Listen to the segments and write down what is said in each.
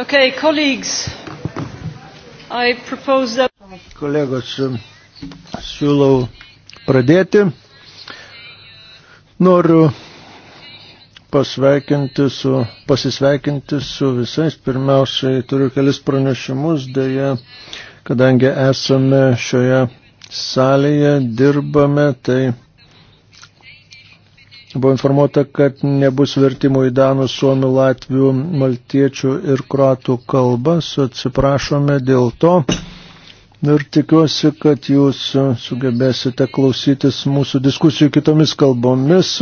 Okay, colleagues, I propose that... Kolegos, siūlau pradėti. Noriu pasveikinti su, pasisveikinti su visais. Pirmiausiai turiu kelis pranešimus, dėja, kadangi esame šioje salėje, dirbame, tai Buvo informuota, kad nebus vertimų į danų, suomių, latvių, maltiečių ir kroatų kalbas. Atsiprašome dėl to. Ir tikiuosi, kad jūs sugebėsite klausytis mūsų diskusijų kitomis kalbomis.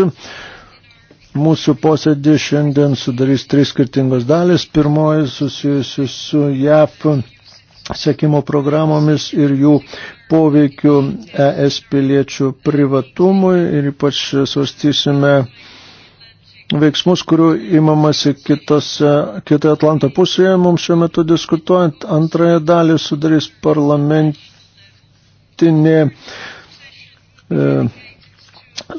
Mūsų posėdį šiandien sudarys trys skirtingos dalis. Pirmoji susijusi su JAP sekimo programomis ir jų poveikiu ES piliečių privatumui ir ypač svarstysime veiksmus, kurių imamasi kitose, kitoje Atlanto pusėje, mums šiuo metu diskutuojant antrąją dalį sudarys parlamentinė e,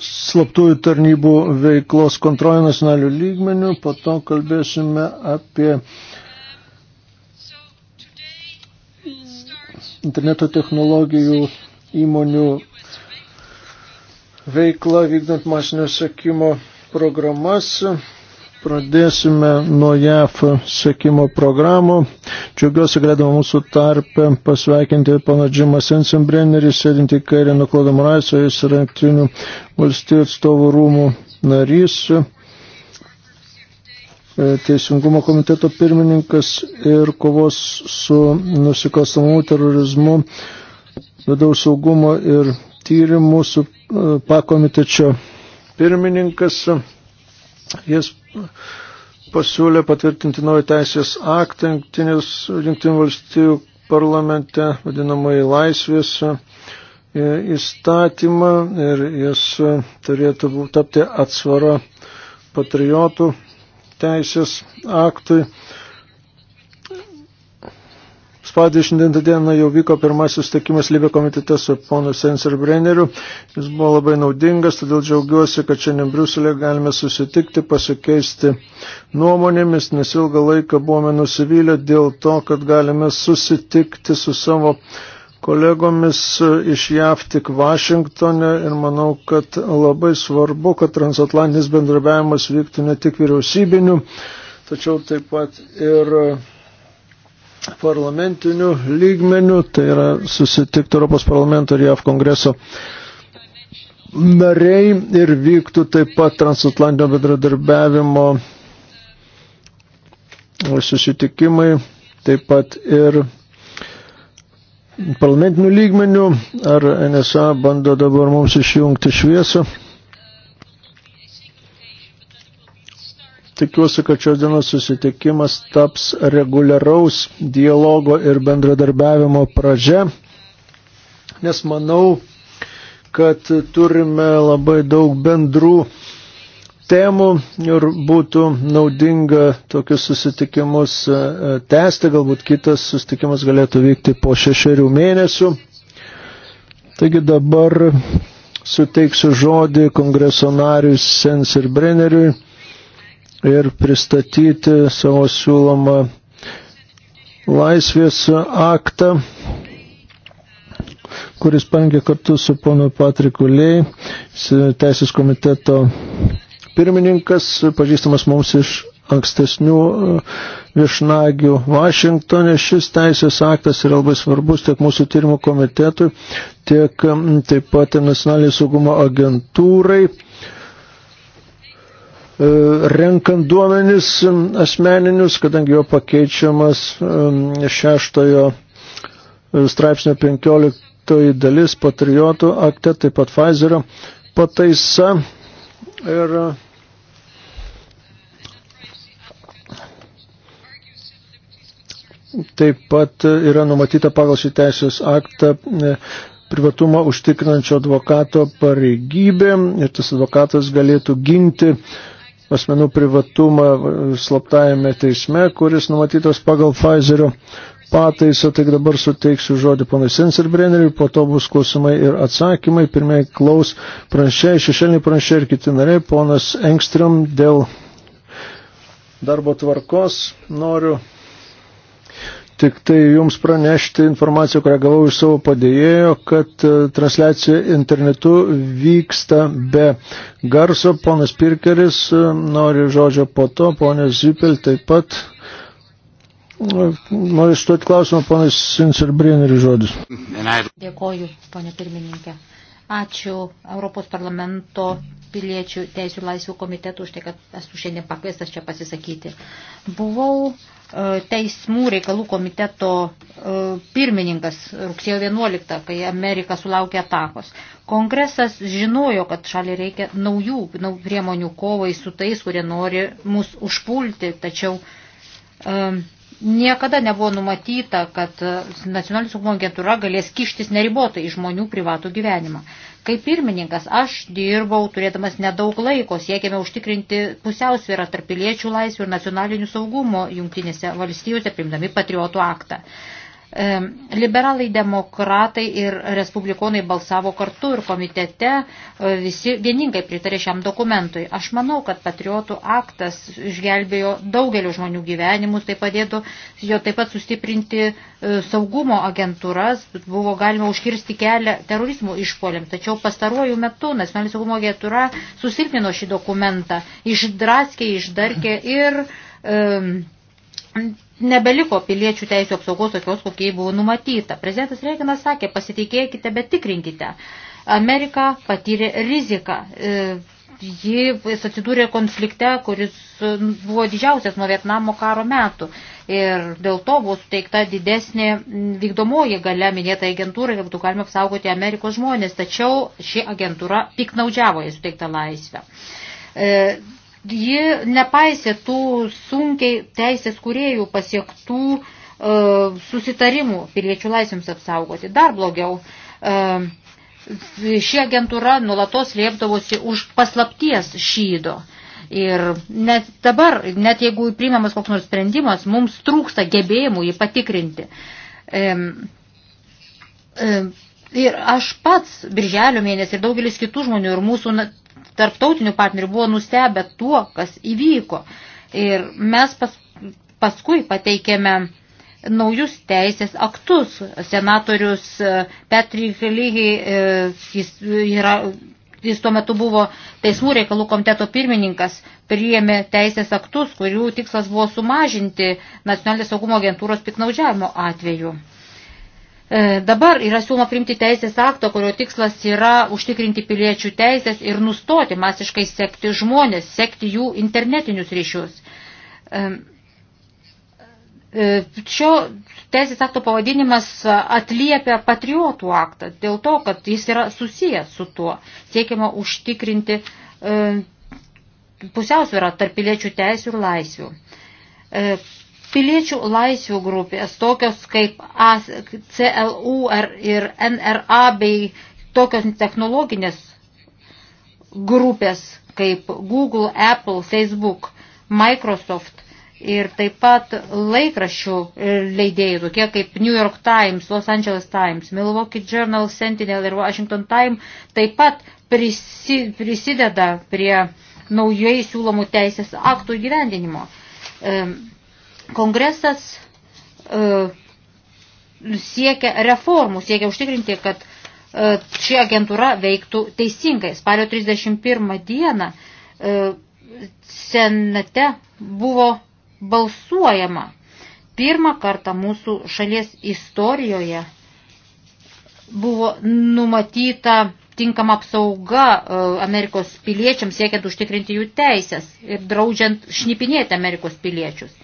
slaptųjų tarnybų veiklos kontrolė nacionalių lygmenių, po to kalbėsime apie e, interneto technologijų įmonių veiklą vykdant masinio sekimo programas. Pradėsime nuo JAF sekimo programų. Džiaugiuosi galėdama mūsų tarpę pasveikinti pana Džimą Sensenbrennerį, sėdinti kairę nuo Klodą Moraisą, jis yra Junktinių valstybių atstovų rūmų narys. E, Teisingumo komiteto pirmininkas ir kovos su nusikalstamumu terorizmu vidaus saugumo ir tyrimų su e, pakomitečio pirmininkas. Jis pasiūlė patvirtinti naują teisės aktą Junktinės Junktinių valstybių parlamente, vadinamai laisvės e, įstatymą ir jis turėtų tapti atsvara patriotų teisės aktui. Spalio 29 dieną jau vyko pirmasis sustikimas Libė komitete su ponu Senserbreneriu. Jis buvo labai naudingas, todėl džiaugiuosi, kad šiandien Briuselė galime susitikti, pasikeisti nuomonėmis, nes ilgą laiką buvome nusivylę dėl to, kad galime susitikti su savo kolegomis iš JAV tik Vašingtone ir manau, kad labai svarbu, kad transatlantinis bendrabiavimas vyktų ne tik vyriausybinių, tačiau taip pat ir parlamentinių lygmenių, tai yra susitikti Europos parlamento ir JAV kongreso nariai ir vyktų taip pat transatlantinio bendradarbiavimo susitikimai, taip pat ir parlamentinių lygmenių, ar NSA bando dabar mums išjungti šviesą. Tikiuosi, kad šios dienos susitikimas taps reguliaraus dialogo ir bendradarbiavimo pradžia, nes manau, kad turime labai daug bendrų temų ir būtų naudinga tokius susitikimus e, e, tęsti, galbūt kitas susitikimas galėtų vykti po šešerių mėnesių. Taigi dabar suteiksiu žodį kongreso nariui Sens ir Brenneriui ir pristatyti savo siūlomą laisvės aktą, kuris pangė kartu su ponu Patriku Lei, teisės komiteto pirmininkas, pažįstamas mums iš ankstesnių e, viešnagių Vašingtonė. Šis teisės aktas yra labai svarbus tiek mūsų tyrimų komitetui, tiek taip pat ir nacionaliniai saugumo agentūrai. E, renkant duomenis asmeninius, kadangi jo pakeičiamas šeštojo e, straipsnio 15 dalis patriotų akte, taip pat Pfizerio pataisa ir Taip pat e, yra numatyta pagal šį teisės aktą e, privatumą užtikrinančio advokato pareigybė ir tas advokatas galėtų ginti asmenų privatumą e, slaptajame teisme, kuris numatytas pagal Pfizerio pataisą. Tik dabar suteiksiu žodį ponui Senserbreneriui, po to bus klausimai ir atsakymai. Pirmieji klaus pranešėjai, šešėliniai pranešėjai ir kiti nariai. Ponas Engstrom dėl darbo tvarkos noriu tik tai jums pranešti informaciją, kurią gavau iš savo padėjėjo, kad e, transliacija internetu vyksta be garso. Ponas Pirkeris e, nori žodžio po to, ponas Zipel taip pat. E, Noriu išduoti klausimą, ponas Sincerbrineri žodis. Dėkoju, ponė pirmininkė. Ačiū Europos parlamento piliečių teisų laisvių komitetų už tai, kad esu šiandien pakviestas čia pasisakyti. Buvau uh, E, teismų reikalų komiteto e, pirmininkas rugsėjo 11, kai Amerika sulaukė atakos. Kongresas žinojo, kad šaliai reikia naujų, naujų priemonių kovai su tais, kurie nori mus užpulti, tačiau um, niekada nebuvo numatyta, kad nacionalinė saugumo agentūra galės kištis neribotai į žmonių privatų gyvenimą. Kaip pirmininkas aš dirbau, turėdamas nedaug laiko, siekėme užtikrinti pusiausvyrą tarp piliečių laisvių ir nacionalinių saugumo jungtinėse valstijose, primdami patriotų aktą. Liberalai demokratai ir respublikonai balsavo kartu ir komitete e, visi vieningai pritarė šiam dokumentui. Aš manau, kad patriotų aktas išgelbėjo daugelio žmonių gyvenimus, tai padėtų jo taip pat sustiprinti e, saugumo agentūras, buvo galima užkirsti kelią terorizmų išpoliams. Tačiau pastaruoju metu nacionalinė saugumo agentūra susilpnino šį dokumentą, išdraskė, išdarkė ir um, nebeliko piliečių teisų apsaugos tokios, kokie buvo numatyta. Prezidentas Reikinas sakė, pasitikėkite, bet tikrinkite. Amerika patyrė riziką. E, ji atsidūrė konflikte, kuris e, buvo didžiausias nuo Vietnamo karo metų. Ir dėl to buvo suteikta didesnė vykdomoji galia minėta agentūra, kad būtų galima apsaugoti Amerikos žmonės. Tačiau ši agentūra piknaudžiavo jai suteiktą laisvę e, ji nepaisė tų sunkiai teisės kuriejų pasiektų e, susitarimų piliečių laisvėms apsaugoti. Dar blogiau, e, ši agentūra nulatos liepdavosi už paslapties šydo. Ir net dabar, net jeigu priimamas koks nors sprendimas, mums trūksta gebėjimų jį patikrinti. E, e, ir aš pats, birželio mėnesį ir daugelis kitų žmonių ir mūsų tarptautinių partnerių buvo nustebę tuo, kas įvyko. Ir mes pas, paskui pateikėme naujus teisės aktus. Senatorius e, Petrik Lygiai, e, jis, yra, jis tuo metu buvo teismų reikalų komiteto pirmininkas, priėmė teisės aktus, kurių tikslas buvo sumažinti nacionalinės saugumo agentūros piknaudžiavimo atveju. E, dabar yra siūloma priimti teisės akto, kurio tikslas yra užtikrinti piliečių teisės ir nustoti masiškai sekti žmonės, sekti jų internetinius ryšius. E, e, šio teisės akto pavadinimas atliepia patriotų aktą, dėl to, kad jis yra susijęs su tuo. Siekiama užtikrinti pusiausvyrą tarp piliečių teisų ir laisvių Piliečių laisvių grupės, tokios kaip CLU ir NRA bei tokios technologinės grupės kaip Google, Apple, Facebook, Microsoft ir taip pat laikraščių leidėjų, tokie kaip New York Times, Los Angeles Times, Milwaukee Journal, Sentinel ir Washington Times, taip pat prisi, prisideda prie naujai siūlomų teisės aktų įgyvendinimo. E, Kongresas e, siekia reformų, siekia užtikrinti, kad e, ši agentūra veiktų teisingai. Spalio 31 dieną e, senate buvo balsuojama. Pirmą kartą mūsų šalies istorijoje buvo numatyta tinkama apsauga e, Amerikos piliečiams, siekiant užtikrinti jų teisės ir draudžiant šnipinėti Amerikos piliečius.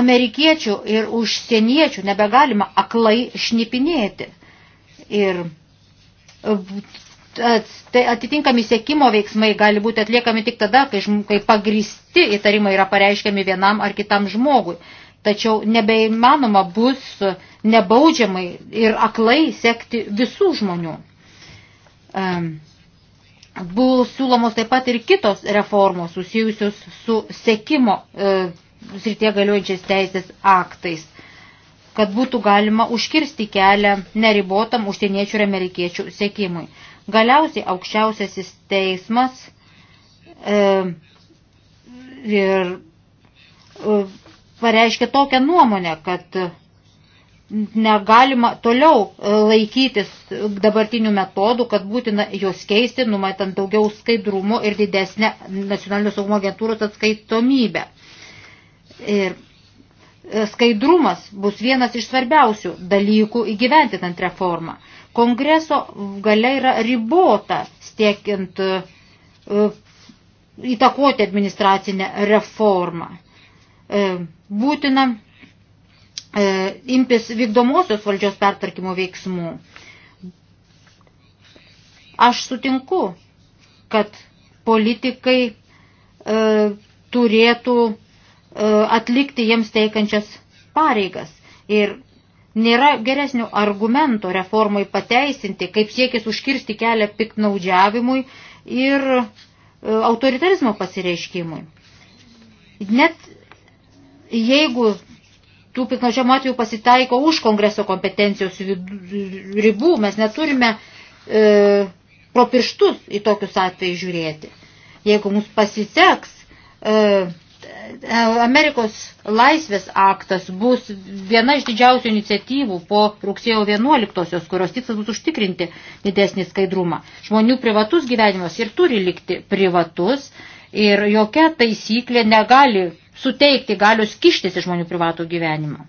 amerikiečių ir užsieniečių nebegalima aklai šnipinėti. Ir e, tai atitinkami sėkimo veiksmai gali būti atliekami tik tada, kai, kai pagristi įtarimai yra pareiškiami vienam ar kitam žmogui. Tačiau nebeįmanoma bus nebaudžiamai ir aklai sekti visų žmonių. Buvo siūlomos taip pat ir kitos reformos susijusios su sekimo e, srityje galiojančiais teisės aktais, kad būtų galima užkirsti kelią neribotam užsieniečių ir amerikiečių sėkimui. Galiausiai aukščiausiasis teismas e, ir e, pareiškė tokią nuomonę, kad negalima toliau e, laikytis dabartinių metodų, kad būtina juos keisti, numatant daugiau skaidrumo ir didesnę nacionalinio saugumo agentūros atskaitomybę. Ir e, skaidrumas bus vienas iš svarbiausių dalykų įgyventinant reformą. Kongreso galia yra ribota stiekiant e, įtakoti administracinę reformą. E, būtina imtis vykdomosios valdžios pertarkimo veiksmų. Aš sutinku, kad politikai turėtų E, atlikti jiems teikančias pareigas. Ir nėra geresnio argumento reformai pateisinti, kaip siekis užkirsti kelią piknaudžiavimui ir e, autoritarizmo pasireiškimui. Net jeigu tų piknaudžiamų atvejų pasitaiko už kongreso kompetencijos ribų, mes neturime e, pro pirštus į tokius atvejus žiūrėti. Jeigu mums pasiseks e, E, Amerikos laisvės aktas bus viena iš didžiausių iniciatyvų po rugsėjo 11-osios, kurios tikslas bus užtikrinti didesnį skaidrumą. Žmonių privatus gyvenimas ir turi likti privatus ir jokia taisyklė negali suteikti galius kištis į žmonių privatų gyvenimą.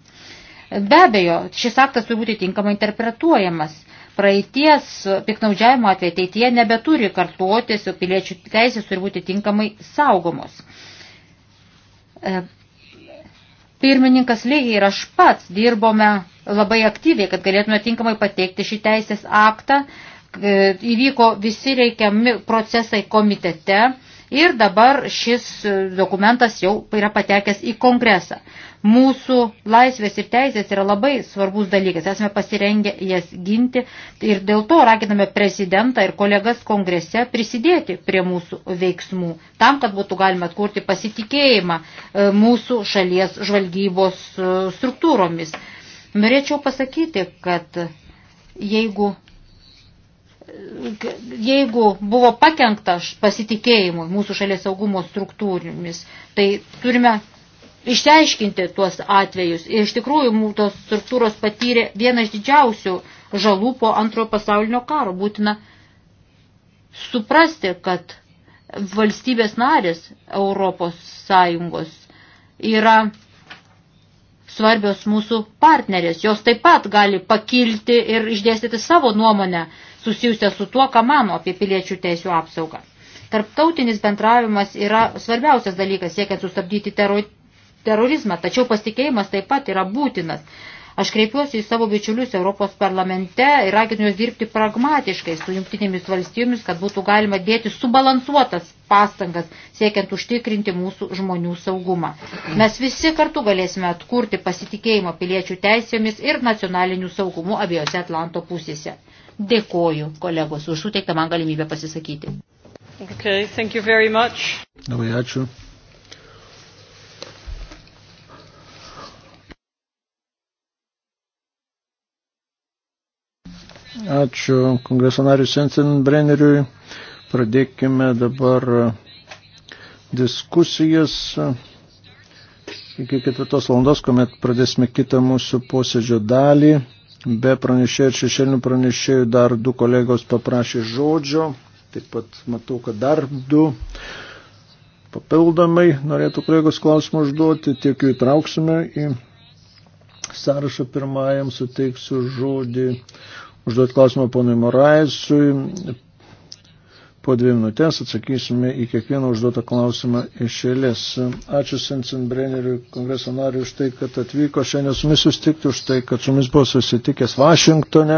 Be abejo, šis aktas turi būti tinkamai interpretuojamas praeities piknaudžiavimo ateityje nebeturi kartuotis, o piliečių teisės turi būti tinkamai saugomos. E, pirmininkas lygiai ir aš pats dirbome labai aktyviai, kad galėtume tinkamai pateikti šį teisės aktą. E, įvyko visi reikiami procesai komitete Ir dabar šis e, dokumentas jau yra patekęs į kongresą. Mūsų laisvės ir teisės yra labai svarbus dalykas. Esame pasirengę jas ginti ir dėl to raginame prezidentą ir kolegas kongrese prisidėti prie mūsų veiksmų, tam, kad būtų galima atkurti pasitikėjimą e, mūsų šalies žvalgybos e, struktūromis. Norėčiau pasakyti, kad jeigu jeigu buvo pakengta pasitikėjimui mūsų šalies saugumo struktūrimis, tai turime išsiaiškinti tuos atvejus. Ir iš tikrųjų mūsų tos struktūros patyrė vieną iš didžiausių žalų po antrojo pasaulinio karo. Būtina suprasti, kad valstybės narės Europos Sąjungos yra svarbios mūsų partnerės. Jos taip pat gali pakilti ir išdėstyti savo nuomonę susijusią su tuo, ką mano apie piliečių teisų apsaugą. Tarptautinis bendravimas yra svarbiausias dalykas siekiant sustabdyti tero, terorizmą, tačiau pasitikėjimas taip pat yra būtinas. Aš kreipiuosi į savo bičiulius Europos parlamente ir raginu juos dirbti pragmatiškai su jungtinėmis valstybėmis, kad būtų galima dėti subalansuotas pastangas, siekiant užtikrinti mūsų žmonių saugumą. Mes visi kartu galėsime atkurti pasitikėjimą piliečių teisėmis ir nacionaliniu saugumu abiejose Atlanto pusėse. Dėkoju kolegos už suteiktą man galimybę pasisakyti. Okay, thank you very much. Labai ačiū. Ačiū kongreso nariu Sensenbrenneriui. Pradėkime dabar diskusijas iki ketvirtos valandos, kuomet pradėsime kitą mūsų posėdžio dalį. Be pranešėjų ir šešėlinių pranešėjų dar du kolegos paprašė žodžio. Taip pat matau, kad dar du papildomai norėtų kolegos klausimą užduoti, tiek jų įtrauksime į sąrašą pirmajam suteiksiu žodį. Užduoti klausimą ponui Moraisui, po dvi minutės atsakysime į kiekvieną užduotą klausimą iš eilės. Ačiū Sensenbreneriui, kongreso nariui, už tai, kad atvyko šiandien su mumis sustikti, už tai, kad su mumis buvo susitikęs Vašingtone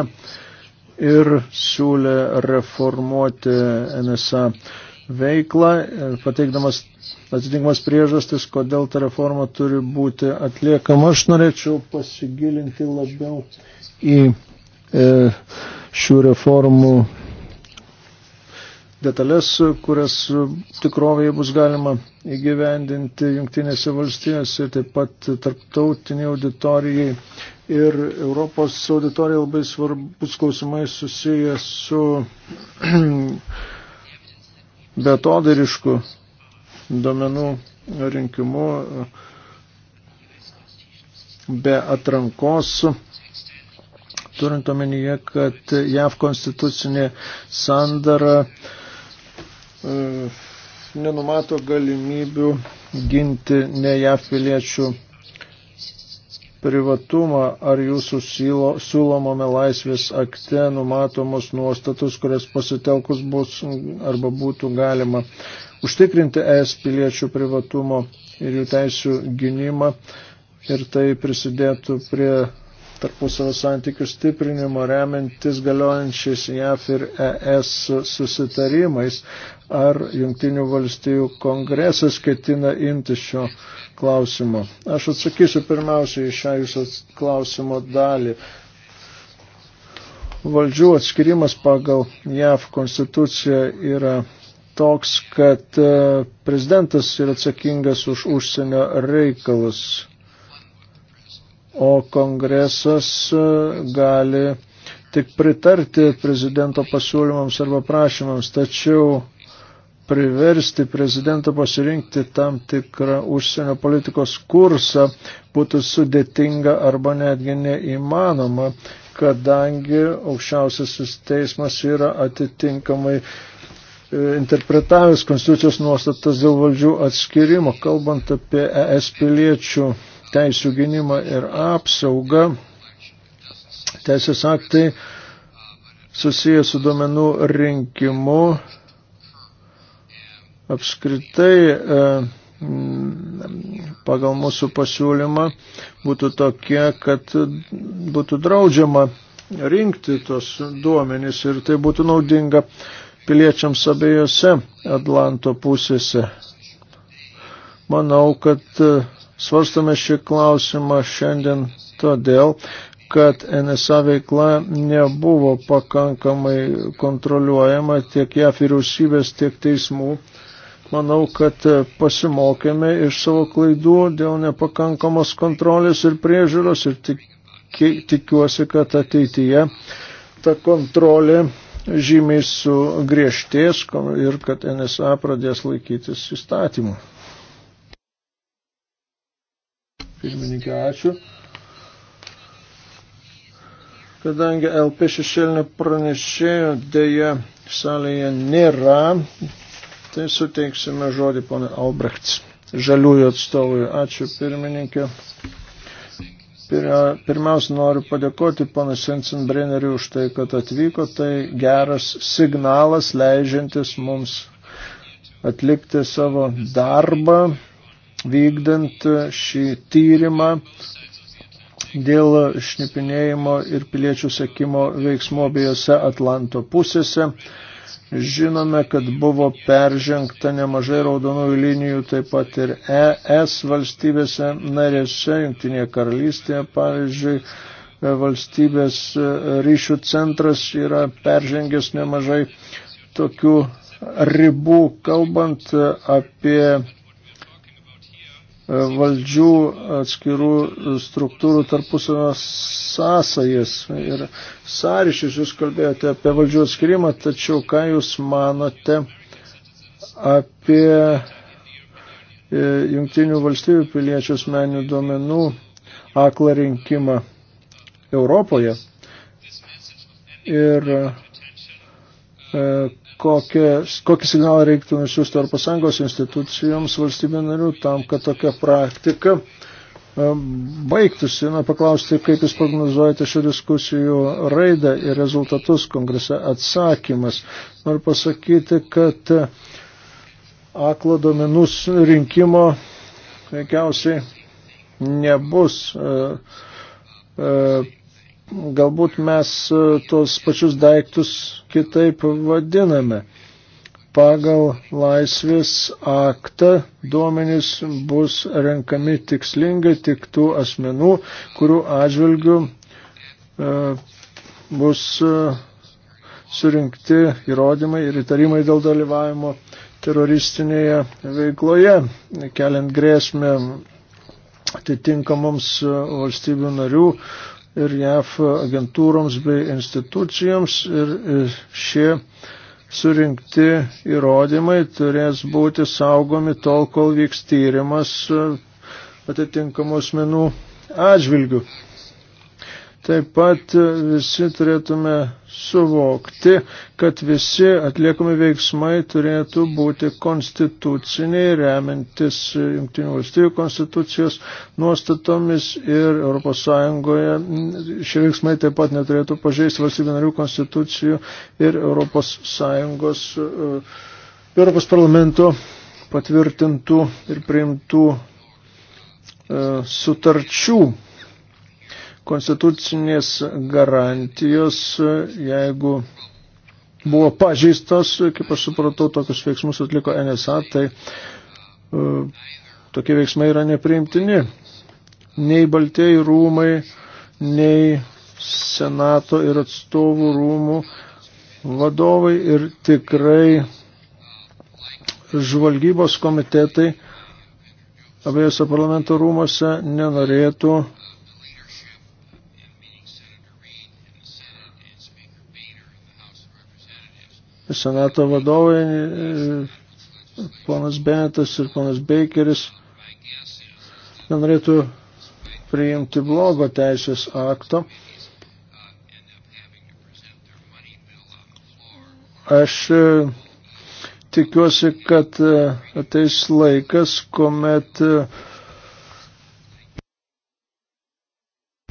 ir siūlė reformuoti NSA veiklą, pateikdamas atitinkamas priežastis, kodėl ta reforma turi būti atliekama. Aš norėčiau pasigilinti labiau į e, šių reformų detalės, kurias tikrovėje bus galima įgyvendinti jungtinėse valstijose, taip pat tarptautiniai auditorijai ir Europos auditorija labai svarbus klausimai susijęs su betodarišku domenų rinkimu be atrankos turint omenyje, kad JAV konstitucinė sandara E, nenumato galimybių ginti ne JAV piliečių privatumą ar jūsų silo, siūlomame laisvės akte numatomos nuostatus, kurias pasitelkus bus arba būtų galima užtikrinti ES piliečių privatumo ir jų teisų gynimą ir tai prisidėtų prie tarpusavio santykių stiprinimo remiantis galiojančiais JAF ir ES susitarimais, ar Junktinių valstijų kongresas ketina imti šio klausimo. Aš atsakysiu pirmiausiai į šią jūsų klausimo dalį. Valdžių atskirimas pagal JAF konstituciją yra toks, kad e, prezidentas yra atsakingas už užsienio reikalus o kongresas e, gali tik pritarti prezidento pasiūlymams arba prašymams, tačiau priversti prezidentą pasirinkti tam tikrą užsienio politikos kursą būtų sudėtinga arba netgi neįmanoma, kadangi aukščiausiasis teismas yra atitinkamai e, interpretavęs konstitucijos nuostatas dėl valdžių atskirimo, kalbant apie ES piliečių teisų gynimą ir apsaugą. Teisės aktai susijęs su duomenų rinkimu apskritai e, pagal mūsų pasiūlymą būtų tokie, kad būtų draudžiama rinkti tos duomenys ir tai būtų naudinga piliečiams abiejose Atlanto pusėse. Manau, kad Svarstame šį klausimą šiandien todėl, kad NSA veikla nebuvo pakankamai kontroliuojama tiek JAF vyriausybės, tiek teismų. Manau, kad pasimokėme iš savo klaidų dėl nepakankamos kontrolės ir priežiūros ir tik, tikiuosi, kad ateityje ta kontrolė žymiai sugriežtės ir kad NSA pradės laikytis įstatymų. Pirmininkė, ačiū. Kadangi LP šešėlinio pranešėjo dėja salėje nėra, tai suteiksime žodį ponė Albrechts. Žaliųjų atstovui. Ačiū pirmininkė. Pirmiausia, noriu padėkoti pana Sensenbreneriui už tai, kad atvyko. Tai geras signalas, leidžiantis mums atlikti savo darbą vykdant šį tyrimą dėl šnipinėjimo ir piliečių sekimo veiksmų abiejose Atlanto pusėse. Žinome, kad buvo peržengta nemažai raudonųjų linijų taip pat ir ES valstybėse narėse, Junktinėje karalystėje, pavyzdžiui, valstybės ryšių centras yra peržengęs nemažai tokių ribų, kalbant apie E, valdžių atskirų struktūrų tarpusavio sąsajas ir sąryšius. Jūs kalbėjote apie valdžių atskirimą, tačiau ką Jūs manote apie e, jungtinių valstybių piliečių asmeninių duomenų aklą rinkimą Europoje? Ir e, kokie, kokį signalą reiktų nusiųsti Europos Sąjungos institucijoms valstybė narių tam, kad tokia praktika e, baigtųsi. Na, paklausti, kaip jūs prognozuojate šių diskusijų raidą ir rezultatus kongrese atsakymas. Noriu pasakyti, kad e, aklo domenų rinkimo veikiausiai nebus. E, e, galbūt mes e, tos pačius daiktus kitaip vadiname. Pagal laisvės aktą duomenys bus renkami tikslingai tik tų asmenų, kurių atžvilgių e, bus e, surinkti įrodymai ir įtarimai dėl dalyvavimo teroristinėje veikloje, keliant grėsmę atitinkamoms e, valstybių narių ir JAF agentūroms bei institucijoms ir šie surinkti įrodymai turės būti saugomi tol, kol vyks tyrimas e, atitinkamų asmenų atžvilgių. Taip pat e, visi turėtume suvokti, kad visi atliekami veiksmai turėtų būti konstituciniai, remiantis Junktinių valstybių konstitucijos nuostatomis ir ES. Šie veiksmai taip pat neturėtų pažeisti valstybių narių konstitucijų ir ES. E, Europos parlamento patvirtintų ir priimtų e, sutarčių konstitucinės garantijos, jeigu buvo pažįstas, kaip aš supratau, tokius veiksmus atliko NSA, tai uh, tokie veiksmai yra nepriimtini. Nei Baltieji rūmai, nei Senato ir atstovų rūmų vadovai ir tikrai žvalgybos komitetai abiejose parlamento rūmose nenorėtų senato vadovai, ponas Benetas ir ponas Bakeris norėtų priimti blogo teisės akto. Aš e, tikiuosi, kad e, ateis laikas, kuomet e,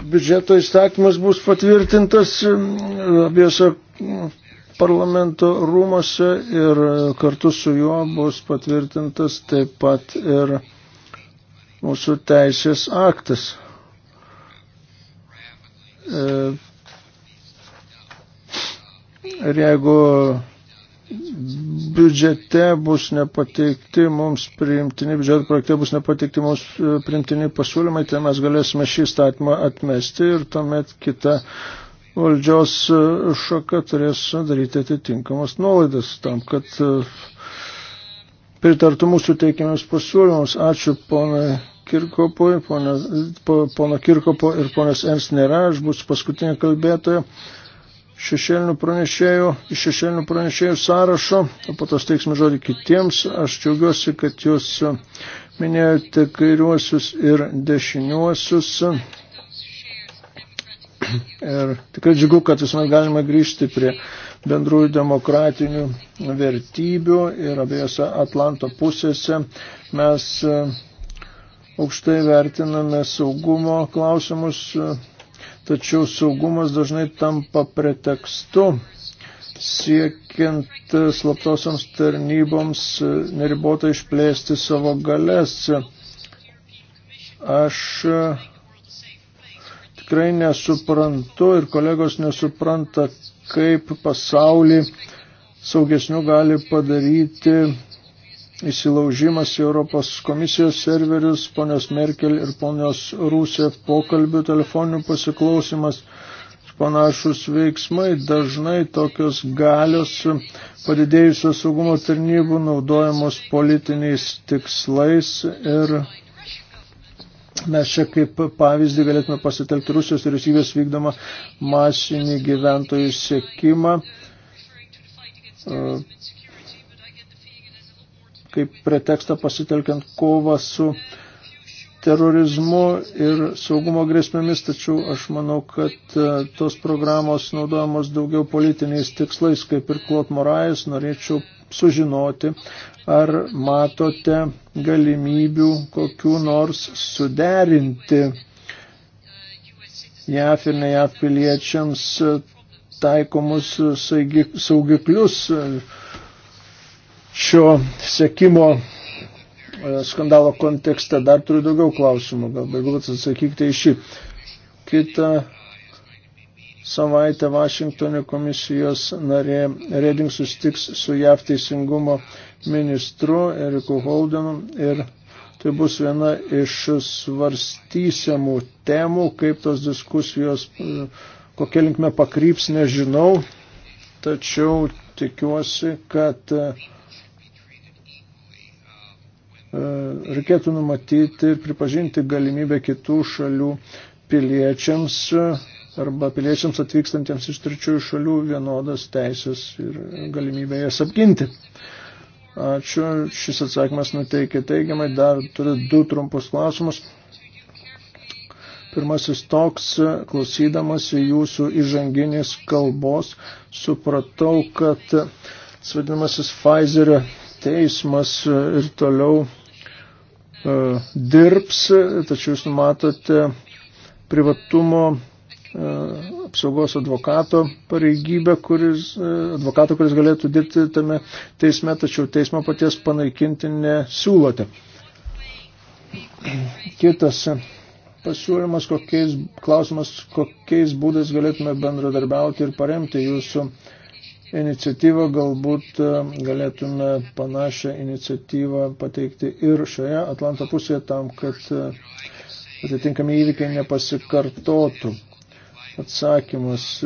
biudžeto įstatymas bus patvirtintas abiejose parlamento rūmose ir kartu su juo bus patvirtintas taip pat ir mūsų teisės aktas. E, ir jeigu biudžete bus nepateikti mums priimtini, biudžeto projekte bus nepateikti mums e, priimtini pasiūlymai, tai mes galėsime šį statymą atmesti ir tuomet kita valdžios e, šaka turės daryti atitinkamas nuolaidas tam, kad e, pritartų mūsų teikiamiams pasiūlymams. Ačiū ponai Kirkopui, pono, pono Kirkopo ir ponas Ens nėra, aš būsiu paskutinė kalbėtoja šešėlinių pranešėjų, iš šešėlinių pranešėjų sąrašo, o po to steiksime žodį kitiems. Aš džiaugiuosi, kad jūs minėjote kairiuosius ir dešiniuosius Ir tikrai džiugu, kad visuomet galima grįžti prie bendrųjų demokratinių vertybių ir abiejose Atlanto pusėse mes e, aukštai vertiname saugumo klausimus, e, tačiau saugumas dažnai tampa pretekstu siekiant slaptosioms tarnyboms e, neribotai išplėsti savo galės. Aš tikrai nesuprantu ir kolegos nesupranta, kaip pasaulį saugesniu gali padaryti įsilaužimas į Europos komisijos serverius, ponios Merkel ir ponios Rūsė pokalbių telefoninių pasiklausimas. Panašus veiksmai dažnai tokios galios padidėjusios saugumo tarnybų naudojamos politiniais tikslais ir Mes čia kaip pavyzdį galėtume pasitelkti Rusijos vyriausybės vykdomą masinį gyventojų sėkimą e, kaip pretekstą pasitelkiant kovą su terorizmu ir saugumo grėsmėmis, tačiau aš manau, kad e, tos programos naudojamos daugiau politiniais tikslais, kaip ir Klot Morais, norėčiau sužinoti, Ar matote galimybių kokiu nors suderinti JAF ir ne JAF piliečiams taikomus saugiklius šio sekimo e, skandalo kontekste. Dar turiu daugiau klausimų, gal galbūt atsakykite į šį. Kita savaitę Vašingtonė komisijos narė Reding sustiks su JAV teisingumo ministru Eriku Holdenu ir tai bus viena iš svarstysiamų temų, kaip tos diskusijos, kokia linkme pakryps, nežinau, tačiau tikiuosi, kad e, reikėtų numatyti ir pripažinti galimybę kitų šalių piliečiams e, arba piliečiams atvykstantiems iš trečiųjų šalių vienodas teisės ir galimybė jas apginti. Ačiū, šis atsakymas nuteikia teigiamai, dar turiu du trumpus klausimus. Pirmasis toks, klausydamasi jūsų įžanginės kalbos, supratau, kad svadinamasis Pfizerio teismas ir toliau uh, dirbs, tačiau jūs numatote privatumo uh, apsaugos advokato pareigybę, kuris, e, advokato, kuris galėtų dirbti tame teisme, tačiau teismo paties panaikinti nesiūlote. Kitas pasiūlymas, kokiais, klausimas, kokiais būdais galėtume bendradarbiauti ir paremti jūsų iniciatyvą, galbūt e, galėtume panašią iniciatyvą pateikti ir šioje Atlanto pusėje tam, kad e, atitinkami įvykiai nepasikartotų atsakymas.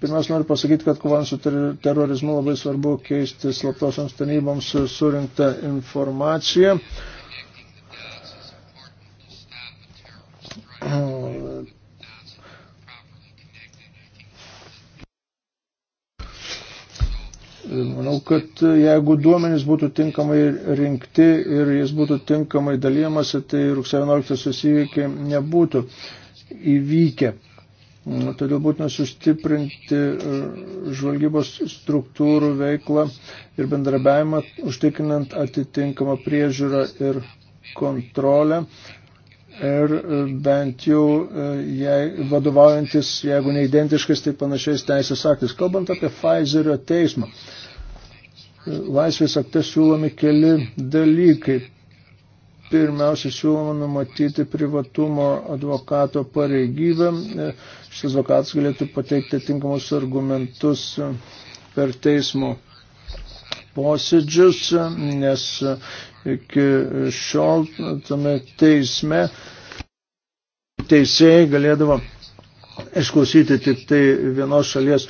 Pirmiausia, noriu pasakyti, kad kovant su terorizmu labai svarbu keisti slaptosioms tarnyboms surinktą informaciją. Manau, kad jeigu duomenys būtų tinkamai rinkti ir jis būtų tinkamai dalyjamasi, tai rugsėjo 11 įvykiai nebūtų įvykę. Todėl būtina sustiprinti e, žvalgybos struktūrų veiklą ir bendrabiavimą, užtikrinant atitinkamą priežiūrą ir kontrolę. Ir e, bent jau e, jei, vadovaujantis, jeigu ne identiškas, tai panašiais teisės aktais. Kalbant apie Pfizerio teismą, laisvės akte siūlomi keli dalykai. Pirmiausia, siūloma numatyti privatumo advokato pareigybę. Šis advokatas galėtų pateikti tinkamus argumentus per teismo posėdžius, nes iki šiol tame teisme teisėjai galėdavo išklausyti tik tai vienos šalies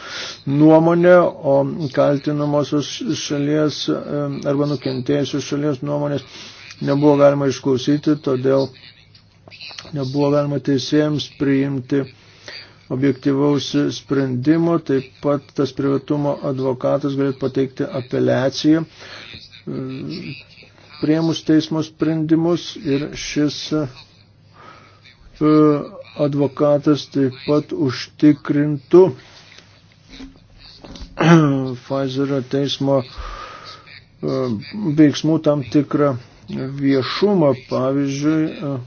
nuomonę, o kaltinamosios šalies e, arba nukentėjusios šalies nuomonės nebuvo galima išklausyti, todėl nebuvo galima teisėjams priimti objektivaus sprendimo, taip pat tas privatumo advokatas galėtų pateikti apeliaciją e, priemus teismo sprendimus ir šis e, advokatas taip pat užtikrintų Pfizerio teismo e, veiksmų tam tikrą viešumą, pavyzdžiui, e,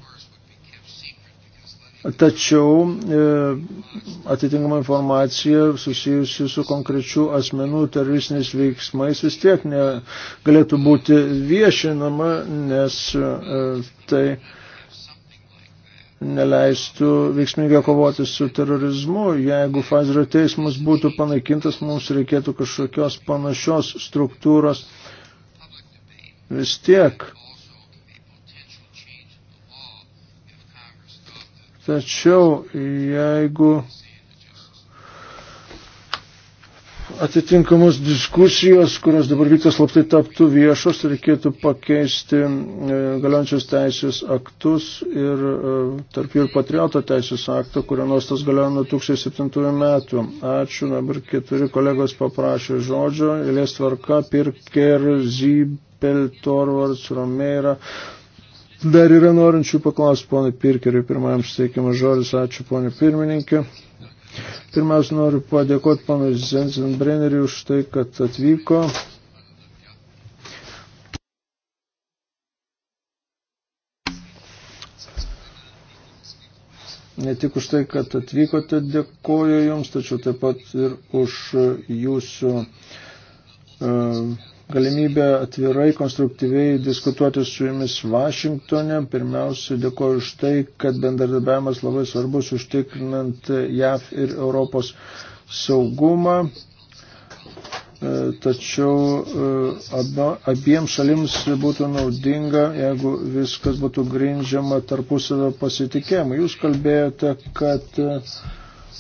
tačiau e, atitinkama informacija susijusi su konkrečių asmenų teroristiniais veiksmais vis tiek negalėtų būti viešinama, nes e, tai neleistų veiksmingai kovoti su terorizmu. Jeigu Fazerio teismas būtų panaikintas, mums reikėtų kažkokios panašios struktūros vis tiek Tačiau jeigu atitinkamos diskusijos, kurios dabar vyksta slaptai taptų viešos, reikėtų pakeisti e, galiojančius teisės aktus ir e, tarp jų ir patrioto teisės akto, kurio nuostas galioja nuo 2007 metų. Ačiū, dabar keturi kolegos paprašė žodžio, eilės tvarka, Pirker, Zybel, Torvards, Romeira, Dar yra norinčių paklausti, ponai Pirkeriui, pirmajam suteikiamas žodis, ačiū ponai pirmininkė. Pirmiausia, noriu padėkoti ponui Zenzenbreneriui už tai, kad atvyko. Ne tik už tai, kad atvykote, dėkoju Jums, tačiau taip pat ir už Jūsų uh, galimybę atvirai, konstruktyviai diskutuoti su jumis Vašingtonė. Pirmiausia, dėkoju už tai, kad bendradarbiavimas labai svarbus užtikrinant JAV ir Europos saugumą. E, tačiau e, abiems šalims būtų naudinga, jeigu viskas būtų grindžiama tarpusavio pasitikėjimu. Jūs kalbėjote, kad e,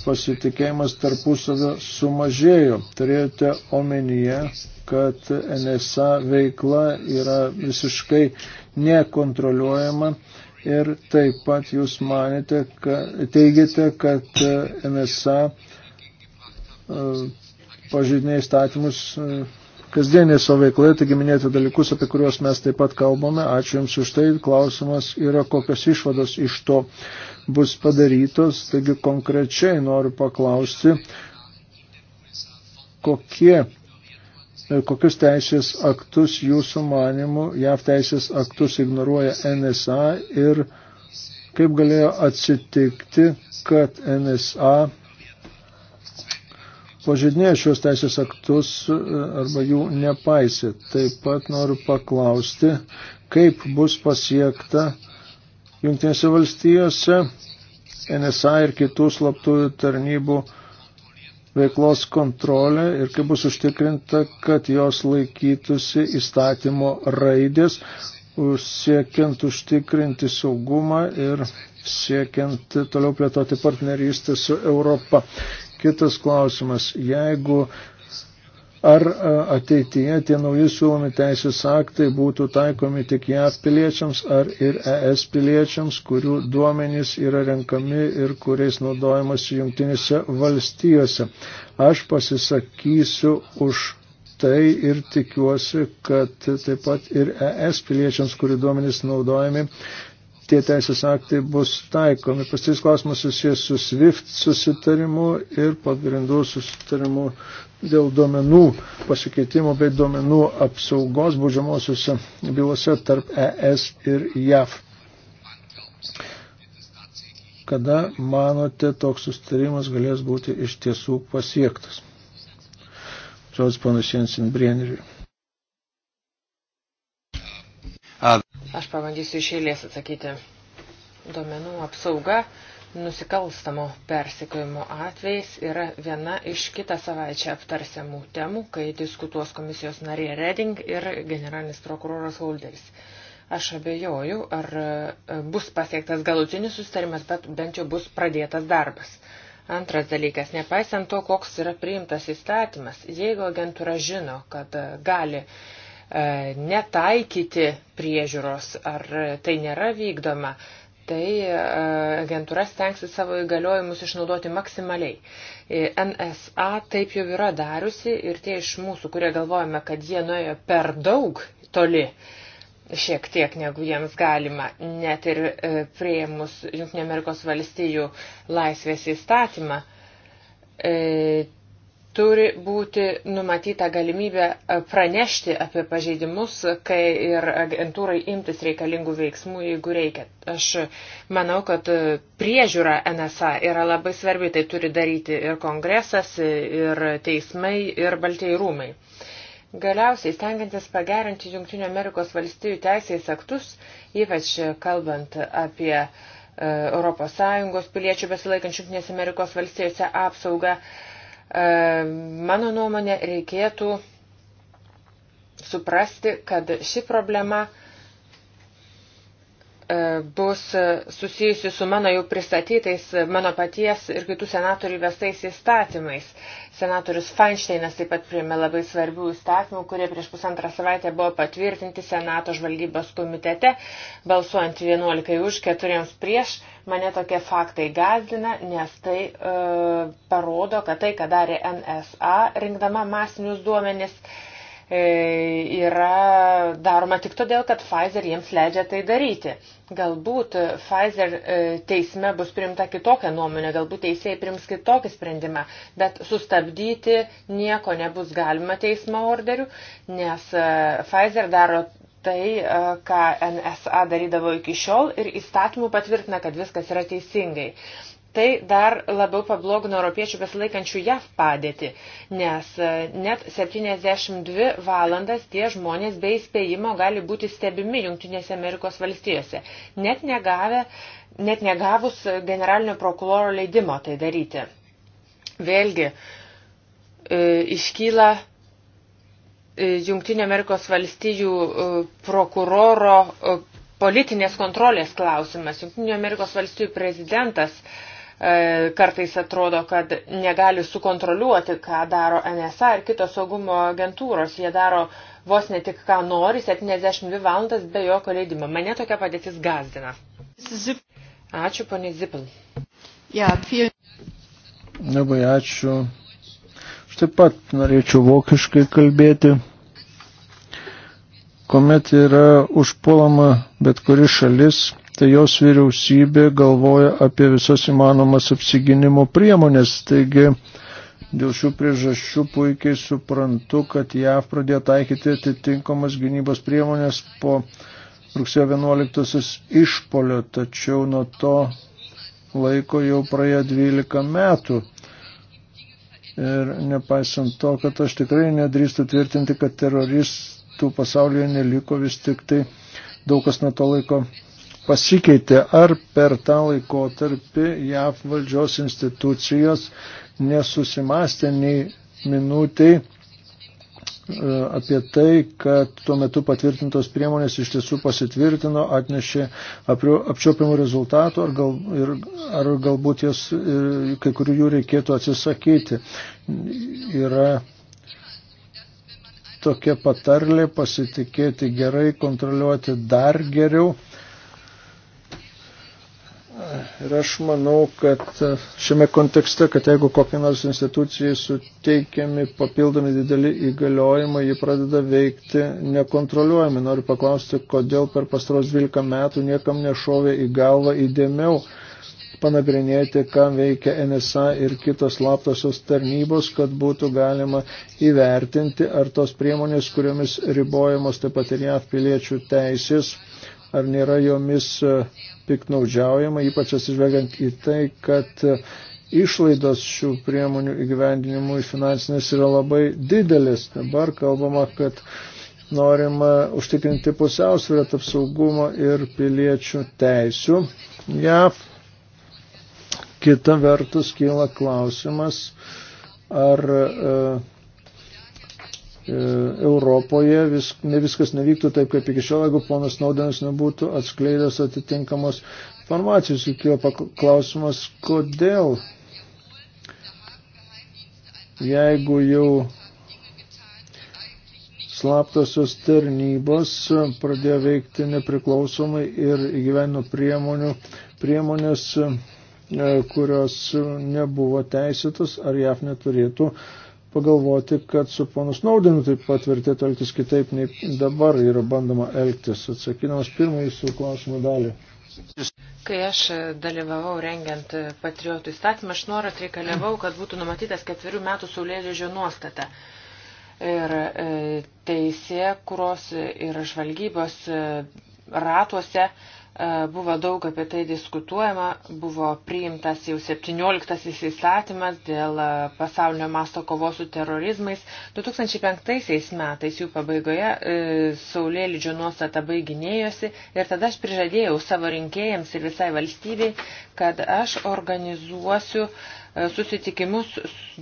pasitikėjimas tarpusavio sumažėjo. Turėjote omenyje, kad NSA veikla yra visiškai nekontroliuojama ir taip pat jūs manėte, kad, teigiate, kad NSA e, pažydinė įstatymus e, kasdienėje savo veikloje, taigi minėti dalykus, apie kuriuos mes taip pat kalbame. Ačiū Jums už tai. Klausimas yra, kokios išvados iš to bus padarytos. Taigi konkrečiai noriu paklausti, kokie, e, kokius teisės aktus Jūsų manimu, JAV teisės aktus ignoruoja NSA ir kaip galėjo atsitikti, kad NSA pažydinėja šios teisės aktus e, arba jų nepaisė. Taip pat noriu paklausti, kaip bus pasiekta Junktinėse valstijose NSA ir kitų slaptųjų tarnybų veiklos kontrolė ir kaip bus užtikrinta, kad jos laikytųsi įstatymo raidės, siekiant užtikrinti saugumą ir siekiant toliau plėtoti partnerystę su Europa. Kitas klausimas, jeigu ar ateityje tie nauji siūlomi teisės aktai būtų taikomi tik JAV piliečiams ar ir ES piliečiams, kurių duomenys yra renkami ir kuriais naudojamasi jungtinėse valstijose. Aš pasisakysiu už tai ir tikiuosi, kad taip pat ir ES piliečiams, kurių duomenys naudojami, tie teisės aktai bus taikomi. Pastis klausimas susijęs su SWIFT susitarimu ir pagrindų susitarimu dėl duomenų pasikeitimo bei duomenų apsaugos baudžiamosiuose bylose tarp ES ir JAV. Kada manote, toks susitarimas galės būti iš tiesų pasiektas? Žodis panašiai Jensen Brieneriui. Aš pabandysiu iš eilės atsakyti. Domenų apsauga nusikalstamo persikojimo atvejais yra viena iš kitą savaitę aptarsiamų temų, kai diskutuos komisijos narė Reding ir generalinis prokuroras Holderis. Aš abejoju, ar e, bus pasiektas galutinis sustarimas, bet bent jau bus pradėtas darbas. Antras dalykas, nepaisant to, koks yra priimtas įstatymas, jeigu agentūra žino, kad e, gali uh, E, netaikyti priežiūros, ar tai nėra vykdoma, tai e, agentūra stengsis savo įgaliojimus išnaudoti maksimaliai. E, NSA taip jau yra dariusi ir tie iš mūsų, kurie galvojame, kad jie nuėjo per daug toli, šiek tiek negu jiems galima, net ir prieimus Junktinė Amerikos valstijų laisvės įstatymą, turi būti numatyta galimybė e, pranešti apie pažeidimus, kai ir agentūrai imtis reikalingų veiksmų, jeigu reikia. Aš manau, kad e, priežiūra NSA yra labai svarbi, tai turi daryti ir kongresas, e, ir teismai, ir baltieji rūmai. Galiausiai, stengiantis pagerinti Junktinių Amerikos valstijų teisės aktus, ypač kalbant apie ES piliečių besilaikančių Junktinės Amerikos valstijose apsaugą, E, mano nuomonė reikėtų suprasti, kad ši problema E, bus susijusi su mano jau pristatytais, mano paties ir kitų senatorių vestais įstatymais. Senatorius Feinsteinas taip pat priėmė labai svarbių įstatymų, kurie prieš pusantrą savaitę buvo patvirtinti Senato žvalgybos komitete, balsuojant 11 už, 4 prieš. Mane tokie faktai gazdina, nes tai e, parodo, kad tai, ką darė NSA, rinkdama masinius duomenis, e, E, yra daroma tik todėl, kad Pfizer jiems leidžia tai daryti. Galbūt Pfizer e, teisme bus primta kitokią nuomonę, galbūt teisėjai prims kitokį sprendimą, bet sustabdyti nieko nebus galima teismo orderių, nes e, Pfizer daro tai, ką NSA darydavo iki šiol ir įstatymų patvirtina, kad viskas yra teisingai. Tai dar labiau pablogino europiečių besilaikančių JAV padėtį, nes e, net 72 valandas tie žmonės be įspėjimo gali būti stebimi Junktinėse Amerikos valstijose, net, negavę, net negavus generalinio prokuroro leidimo tai daryti. Vėlgi, e, iškyla e, Junktinio Amerikos valstijų prokuroro politinės kontrolės klausimas. Junktinio Amerikos valstijų prezidentas uh, E, kartais atrodo, kad negali sukontroliuoti, ką daro NSA ir kitos saugumo agentūros. Jie daro vos ne tik ką nori, 72 valandas be jokio leidimo. Mane tokia padėtis gazdina. Ačiū, ponė Zipil. Labai ačiū. Aš taip pat norėčiau vokiškai kalbėti. Komet yra užpuolama bet kuri šalis tai jos vyriausybė galvoja apie visas įmanomas apsiginimo priemonės. Taigi dėl šių priežasčių puikiai suprantu, kad JAV pradėjo taikyti atitinkamas gynybos priemonės po rugsėjo 11 išpolio, tačiau nuo to laiko jau praėjo 12 metų. Ir nepaisant to, kad aš tikrai nedrįstu tvirtinti, kad teroristų pasaulyje neliko vis tik tai daug kas nuo to laiko pasikeitė, ar per tą laikotarpį JAV valdžios institucijos nesusimastė nei minutiai e, apie tai, kad tuo metu patvirtintos priemonės iš tiesų pasitvirtino, atnešė apčiopiamų rezultatų ar, gal, ir, ar galbūt jas, ir, kai kurių jų reikėtų atsisakyti. Yra tokia patarlė pasitikėti gerai, kontroliuoti dar geriau Ir aš manau, kad šiame kontekste, kad jeigu kokiai nors institucijai suteikiami papildomi dideli įgaliojimai, ji pradeda veikti nekontroliuojami. Noriu paklausti, kodėl per pastaros 12 metų niekam nešovė į galvą įdėmiau panagrinėti, ką veikia NSA ir kitos slaptosios tarnybos, kad būtų galima įvertinti, ar tos priemonės, kuriomis ribojamos taip pat ir JAV piliečių teisės, ar nėra jomis piknaudžiaujama, ypač atsižvelgiant į tai, kad e, išlaidos šių priemonių įgyvendinimui finansinės yra labai didelis. Dabar kalbama, kad norima užtikrinti pusiausvyrą tarp saugumo ir piliečių teisių. JAV kita vertus kyla klausimas, ar e, E, Europoje vis, ne viskas nevyktų taip, kaip iki šiol, jeigu ponas Naudenas nebūtų atskleidęs atitinkamos informacijos. Įkėjo klausimas, kodėl, jeigu jau slaptosios tarnybos pradėjo veikti nepriklausomai ir įgyveno priemonių, priemonės, e, kurios nebuvo teisėtos, ar JAF neturėtų uh, pagalvoti, kad su ponu Snaudinu taip pat vertėtų elgtis kitaip, nei dabar yra bandoma elgtis, atsakydamas pirmąjį su klausimų dalį. Kai aš dalyvavau rengiant patriotų įstatymą, aš norą reikalavau, kad būtų numatytas ketverių metų saulėlėžio nuostata. Ir e, teisė, kuros ir žvalgybos e, ratuose E, buvo daug apie tai diskutuojama, buvo priimtas jau 17 įstatymas dėl e, pasaulinio masto kovos su terorizmais. 2005 metais jų pabaigoje e, Saulėlydžio nuostata baiginėjosi ir tada aš prižadėjau savo rinkėjams ir visai valstybei, kad aš organizuosiu e, susitikimus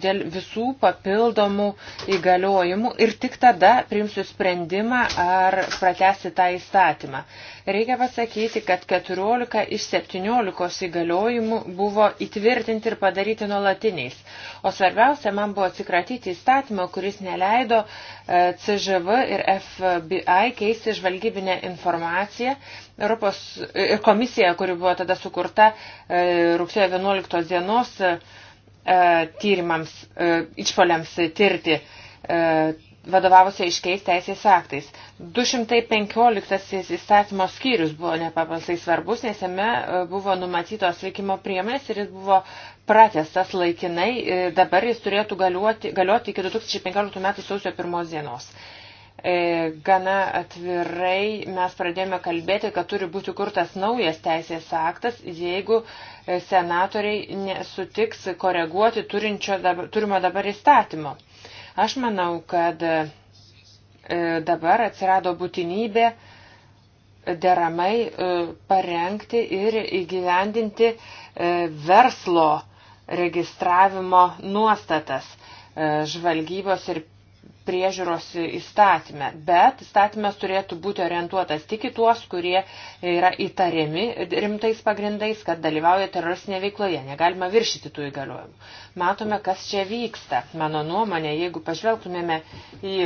dėl visų papildomų įgaliojimų ir tik tada priimsiu sprendimą ar pratesti tą įstatymą. Reikia pasakyti, kad 14 iš 17 įgaliojimų buvo įtvirtinti ir padaryti nuolatiniais. O svarbiausia, man buvo atsikratyti įstatymą, kuris neleido e, CŽV ir FBI keisti žvalgybinę informaciją Europos e, komisija, kuri buvo tada sukurta e, rugsėjo 11 dienos, E, tyrimams, e, išpoliams tirti e, vadovavosi aiškiais teisės aktais. 215 įstatymo skyrius buvo nepaprastai svarbus, nes jame buvo numatytos veikimo priemonės ir jis buvo pratestas laikinai. Dabar jis turėtų galioti, galioti iki 2015 m. sausio 1 dienos. E, gana atvirai mes pradėjome kalbėti, kad turi būti kurtas naujas teisės aktas, jeigu e, senatoriai nesutiks koreguoti dabar, turimo dabar įstatymo. Aš manau, kad e, dabar atsirado būtinybė deramai parengti ir įgyvendinti verslo registravimo nuostatas žvalgybos ir priežiūros įstatymę, bet įstatymas turėtų būti orientuotas tik į tuos, kurie yra įtariami rimtais pagrindais, kad dalyvauja teroristinė veikloje, negalima viršyti tų įgaliojimų. Matome, kas čia vyksta. Mano nuomonė, jeigu pažvelgtumėme į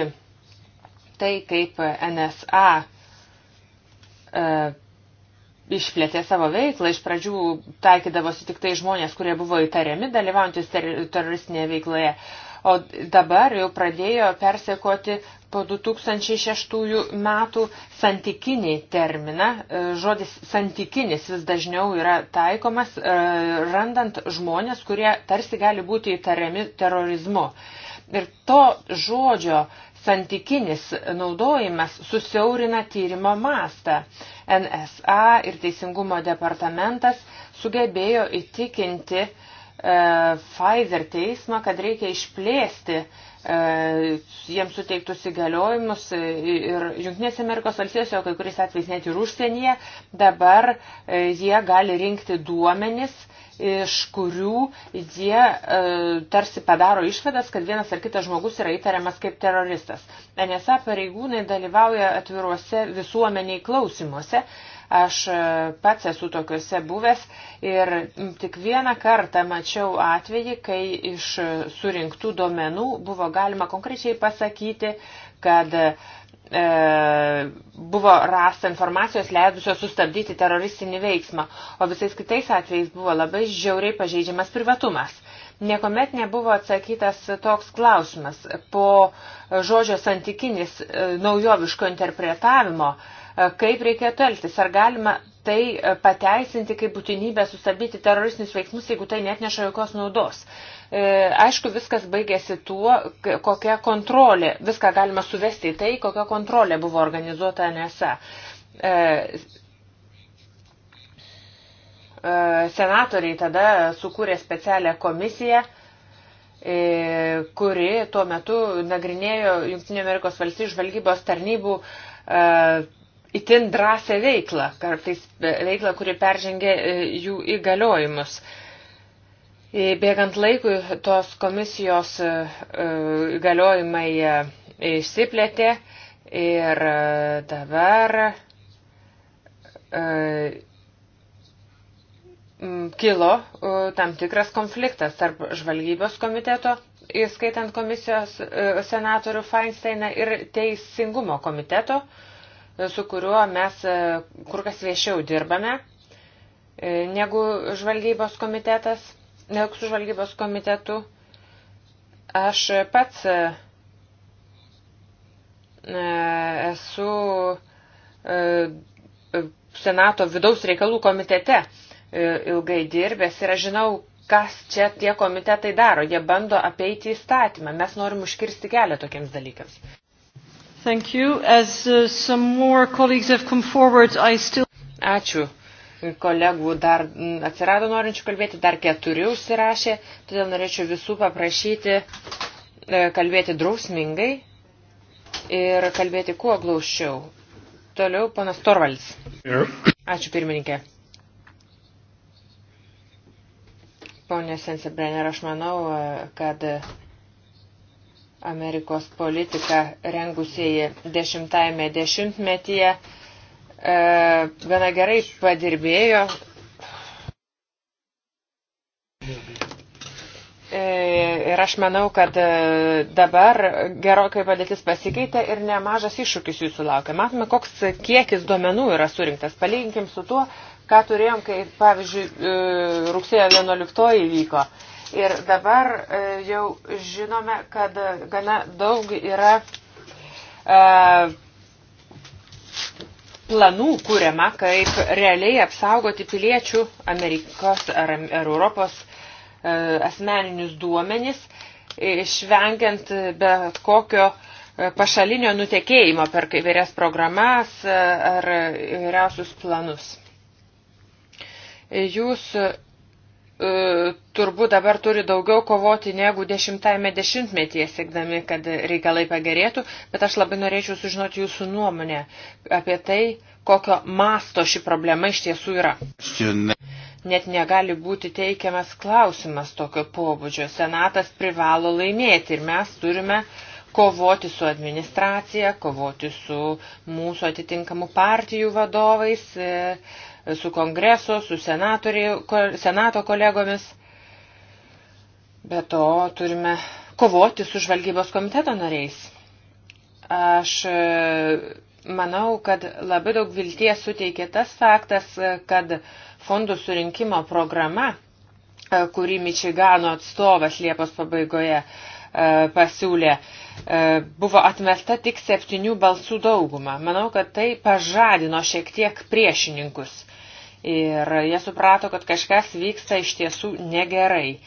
tai, kaip NSA e, išplėtė savo veiklą. Iš pradžių taikydavosi tik tai žmonės, kurie buvo įtariami dalyvaujantis ter teroristinėje veikloje o dabar jau pradėjo persekoti po 2006 metų santykinį terminą. E, žodis santykinis vis dažniau yra taikomas, e, randant žmonės, kurie tarsi gali būti įtariami terorizmu. Ir to žodžio santykinis naudojimas susiaurina tyrimo mastą. NSA ir Teisingumo departamentas sugebėjo įtikinti uh, E, Pfizer teismą, kad reikia išplėsti e, jiems suteiktus įgaliojimus e, ir Junktinėse Amerikos valstijose, o kai kuriais atvejais net ir užsienyje, dabar jie gali rinkti duomenis, iš kurių jie tarsi padaro išvadas, kad vienas ar kitas žmogus yra įtariamas kaip teroristas. NSA pareigūnai dalyvauja atviruose visuomeniai klausimuose Aš e, pats esu tokiuose buvęs ir tik vieną kartą mačiau atvejį, kai iš surinktų duomenų buvo galima konkrečiai pasakyti, kad e, buvo rasta informacijos leidusios sustabdyti teroristinį veiksmą, o visais kitais atvejais buvo labai žiauriai pažeidžiamas privatumas. Niekuomet nebuvo atsakytas toks klausimas. Po žodžio santykinis e, naujoviško interpretavimo e, Kaip reikėtų elgtis? Ar galima tai e, pateisinti kaip būtinybę sustabdyti teroristinius veiksmus, jeigu tai net neša jokios naudos? E, aišku, viskas baigėsi tuo, kokia kontrolė, viską galima suvesti į tai, kokia kontrolė buvo organizuota NSA. E, senatoriai tada sukūrė specialią komisiją kuri tuo metu nagrinėjo Junktinio Amerikos valstybių žvalgybos tarnybų itin drąsią veiklą, kartais veiklą, kuri peržengia e, jų įgaliojimus. E, bėgant laikui tos komisijos e, įgaliojimai išsiplėtė ir dabar kilo tam tikras konfliktas tarp žvalgybos komiteto, įskaitant komisijos senatorių Feinsteiną ir teisingumo komiteto, su kuriuo mes e, kur kas viešiau dirbame e, negu žvalgybos komitetas, negu su žvalgybos komitetu. Aš pats e, esu Senato vidaus reikalų komitete ilgai dirbęs ir aš žinau, kas čia tie komitetai daro. Jie bando apeiti įstatymą. Mes norim užkirsti kelią tokiems dalykams. Thank you. As uh, some more colleagues have come forward, I still... Ačiū. Kolegų dar mm, atsirado norinčių kalbėti, dar keturi užsirašė, todėl norėčiau visų paprašyti e, kalbėti drausmingai ir kalbėti kuo glaušiau. Toliau ponas Torvalis. Ačiū pirmininkė. Pone Sensebrenner, aš manau, kad Amerikos politiką rengusieji dešimtajame dešimtmetyje e, gana gerai padirbėjo. E, ir aš manau, kad e, dabar gerokai padėtis pasikeitė ir nemažas iššūkis jūsų laukia. Matome, koks kiekis duomenų yra surinktas. Palyginkim su tuo, ką turėjom, kai, pavyzdžiui, e, rugsėjo 11 įvyko. vyko Ir dabar e, jau žinome, kad gana daug yra e, planų kūriama, kaip realiai apsaugoti piliečių Amerikos ar, ar Europos e, asmeninius duomenis, išvengiant bet kokio pašalinio nutekėjimo per įvairias programas ar įvairiausius planus. Jūs E, turbūt dabar turi daugiau kovoti negu dešimtajame dešimtmetyje, siekdami, kad reikalai pagerėtų, bet aš labai norėčiau sužinoti jūsų nuomonę apie tai, kokio masto ši problema iš tiesų yra. Net negali būti teikiamas klausimas tokio pobūdžio. Senatas privalo laimėti ir mes turime kovoti su administracija, kovoti su mūsų atitinkamų partijų vadovais. E, su kongreso, su senato kolegomis. Be to turime kovoti su žvalgybos komiteto nariais. Aš e, manau, kad labai daug vilties suteikė tas faktas, e, kad fondų surinkimo programa, e, kurį Mičigano atstovas Liepos pabaigoje pasiūlė, buvo atmesta tik septynių balsų dauguma. Manau, kad tai pažadino šiek tiek priešininkus. Ir jie suprato, kad kažkas vyksta iš tiesų negerai.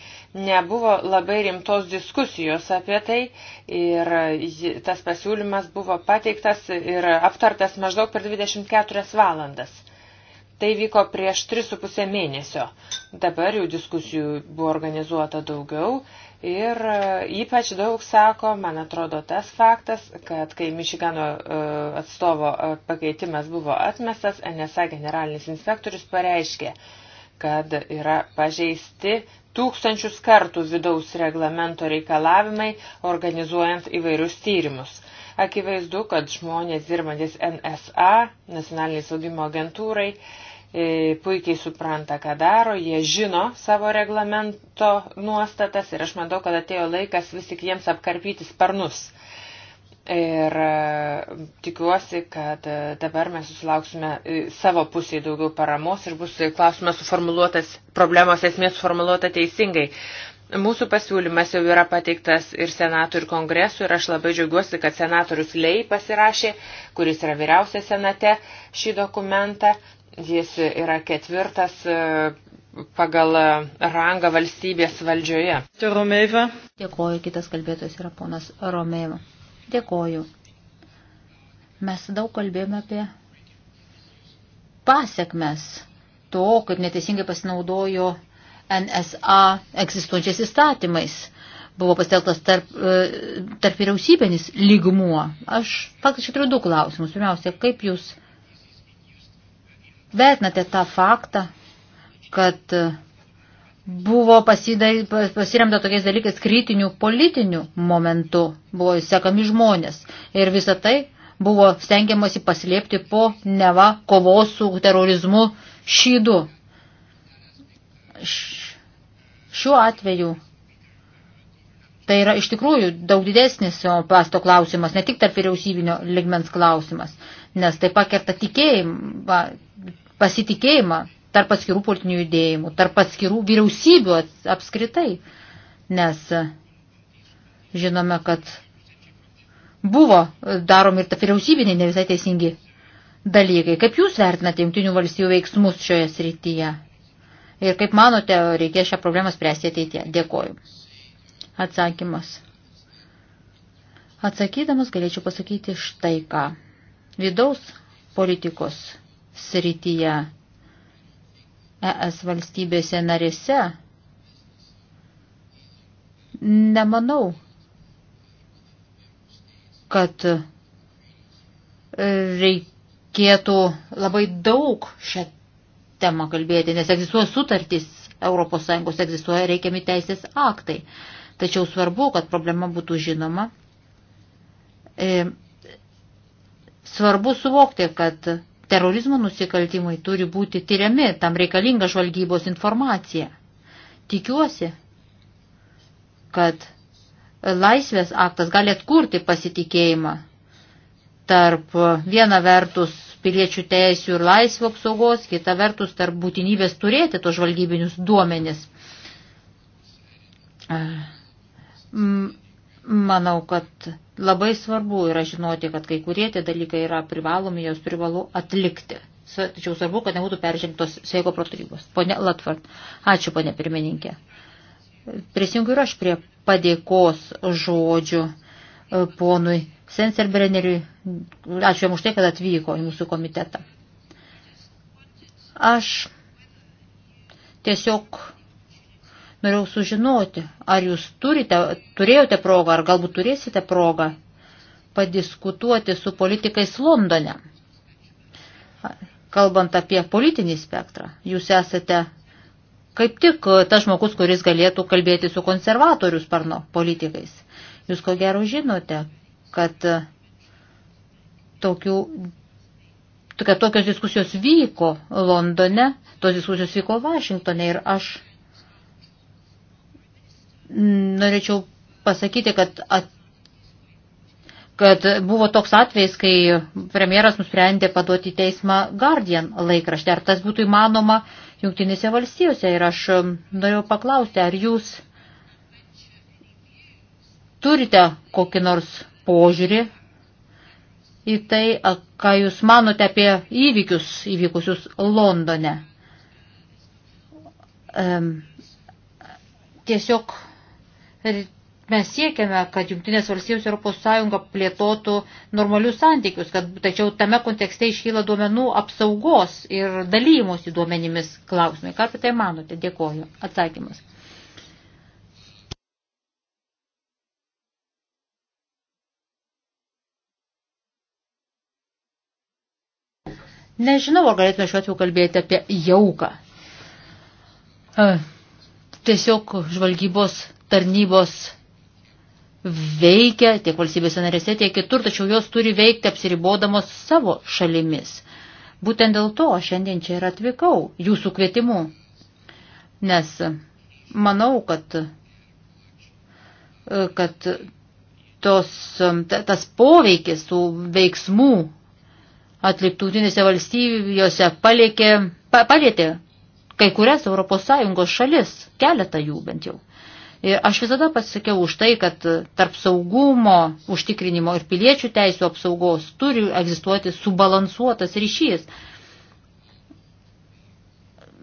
Nebuvo labai rimtos diskusijos apie tai ir tas pasiūlymas buvo pateiktas ir aptartas maždaug per 24 valandas. Tai vyko prieš 3,5 mėnesio. Dabar jau diskusijų buvo organizuota daugiau Ir e, ypač daug sako, man atrodo, tas faktas, kad kai Mišigano e, atstovo e, pakeitimas buvo atmestas, NSA generalinis inspektorius pareiškė, kad yra pažeisti tūkstančius kartų vidaus reglamento reikalavimai, organizuojant įvairius tyrimus. Akivaizdu, kad žmonės dirbantis NSA, nacionaliniai saugimo agentūrai, uh, E, puikiai supranta, ką daro, jie žino savo reglamento nuostatas ir aš manau, kad atėjo laikas vis tik jiems apkarpyti sparnus. Ir e, tikiuosi, kad e, dabar mes susilauksime savo pusėje daugiau paramos ir bus klausimas suformuluotas, problemos esmė suformuluota teisingai. Mūsų pasiūlymas jau yra pateiktas ir senatų ir kongresų ir aš labai džiaugiuosi, kad senatorius Lei pasirašė, kuris yra vyriausias senate šį dokumentą Jis yra ketvirtas e, pagal rangą valstybės valdžioje. Romeva. Dėkoju, kitas kalbėtojas yra ponas Romeva. Dėkoju. Mes daug kalbėjome apie pasiekmes to, kaip neteisingai pasinaudojo NSA egzistuojančiais įstatymais. Buvo pasteltas tarp, e, tarp vyriausybinis lygmuo. Aš faktiškai turiu du klausimus. Pirmiausia, kaip jūs vertinate tą faktą, kad buvo pasidai, pasiremta tokiais dalykais kritiniu politiniu momentu, buvo sekami žmonės ir visą tai buvo stengiamasi paslėpti po neva kovos su terorizmu šydu. Šiuo atveju tai yra iš tikrųjų daug didesnis pasto klausimas, ne tik tarp vyriausybinio ligmens klausimas, nes tai pakerta tikėjimą, pasitikėjimą tarp atskirų politinių judėjimų, tarp atskirų vyriausybių apskritai, nes e, žinome, kad buvo daromi ir ta vyriausybiniai ne visai teisingi dalykai. Kaip jūs vertinate jungtinių valstybių veiksmus šioje srityje? Ir kaip manote, reikia šią problemą spręsti ateityje? Dėkoju. Atsakymas. Atsakydamas galėčiau pasakyti štai ką. Vidaus politikos srityje ES valstybėse narėse, nemanau, kad reikėtų labai daug šią temą kalbėti, nes egzistuoja sutartys ES, egzistuoja reikiami teisės aktai. Tačiau svarbu, kad problema būtų žinoma. E, svarbu suvokti, kad Terorizmo nusikaltimai turi būti tyriami, tam reikalinga žvalgybos informacija. Tikiuosi, kad laisvės aktas gali atkurti pasitikėjimą tarp viena vertus piliečių teisių ir laisvų apsaugos, kita vertus tarp būtinybės turėti tos žvalgybinius duomenis. Manau, kad Labai svarbu yra žinoti, kad kai kurie tie dalykai yra privalomi, jos privalu atlikti. Tačiau svarbu, kad nebūtų peržengtos sveiko protrybos. Pone Latvart, ačiū, pone pirmininkė. Prisijungiu ir aš prie padėkos žodžių e, ponui Senserbreneriui. Ačiū jam už tai, kad atvyko į mūsų komitetą. Aš tiesiog Norėjau sužinoti, ar jūs turite, turėjote progą, ar galbūt turėsite progą padiskutuoti su politikais Londone. Kalbant apie politinį spektrą, jūs esate kaip tik tas žmogus, kuris galėtų kalbėti su konservatorių sparno politikais. Jūs ko gero žinote, kad, tokių, kad tokios diskusijos vyko Londone, tos diskusijos vyko Vašingtone ir aš norėčiau pasakyti, kad, at, kad buvo toks atvejs, kai premjeras nusprendė paduoti teismą Guardian laikraštį. Ar tas būtų įmanoma Jungtinėse valstijose? Ir aš um, norėjau paklausti, ar jūs turite kokį nors požiūrį į tai, ką jūs manote apie įvykius įvykusius Londone. Um, tiesiog mes siekiame, kad Junktinės valstybės Europos Sąjunga plėtotų normalius santykius, kad tačiau tame kontekste iškyla duomenų apsaugos ir dalymosi duomenimis klausimai. Ką apie tai manote? Dėkoju. Atsakymas. Nežinau, ar galėtume šiuo atveju kalbėti apie jauką. E, tiesiog žvalgybos tarnybos veikia tiek valstybėse narėse, tiek kitur, tačiau jos turi veikti apsiribodamos savo šalimis. Būtent dėl to šiandien čia ir atvykau, jūsų kvietimu, nes manau, kad, kad tos, tas poveikis tų veiksmų atliktų jungtinėse valstybėse palėkė, pa, palėtė kai kurias ES šalis, keletą jų bent jau. Aš visada pasisakiau už tai, kad tarp saugumo užtikrinimo ir piliečių teisų apsaugos turi egzistuoti subalansuotas ryšys.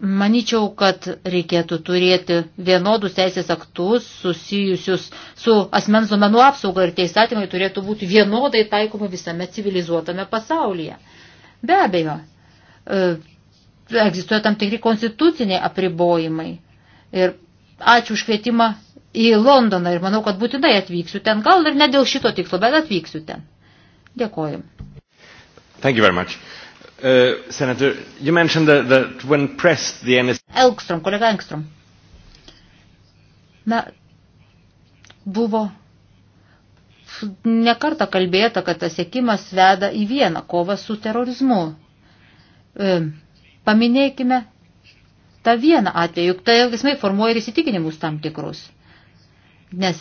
Maničiau, kad reikėtų turėti vienodus teisės aktus susijusius su asmens duomenų apsauga ir tie įstatymai turėtų būti vienodai taikomi visame civilizuotame pasaulyje. Be abejo, e, egzistuoja tam tikri konstituciniai apribojimai. Ir ačiū už kvietimą į Londoną ir manau, kad būtinai atvyksiu ten. Gal ir ne dėl šito tikslo, bet atvyksiu ten. Dėkoju. Thank you very much. Uh, Senator, you mentioned that, that when pressed the NSA... Elkstrom, kolega Elkstrom. Na, buvo nekarta kalbėta, kad tas sėkimas veda į vieną kovą su terorizmu. E, paminėkime tą vieną atvejį, juk tai esmai formuoja ir įsitikinimus tam tikrus. Nes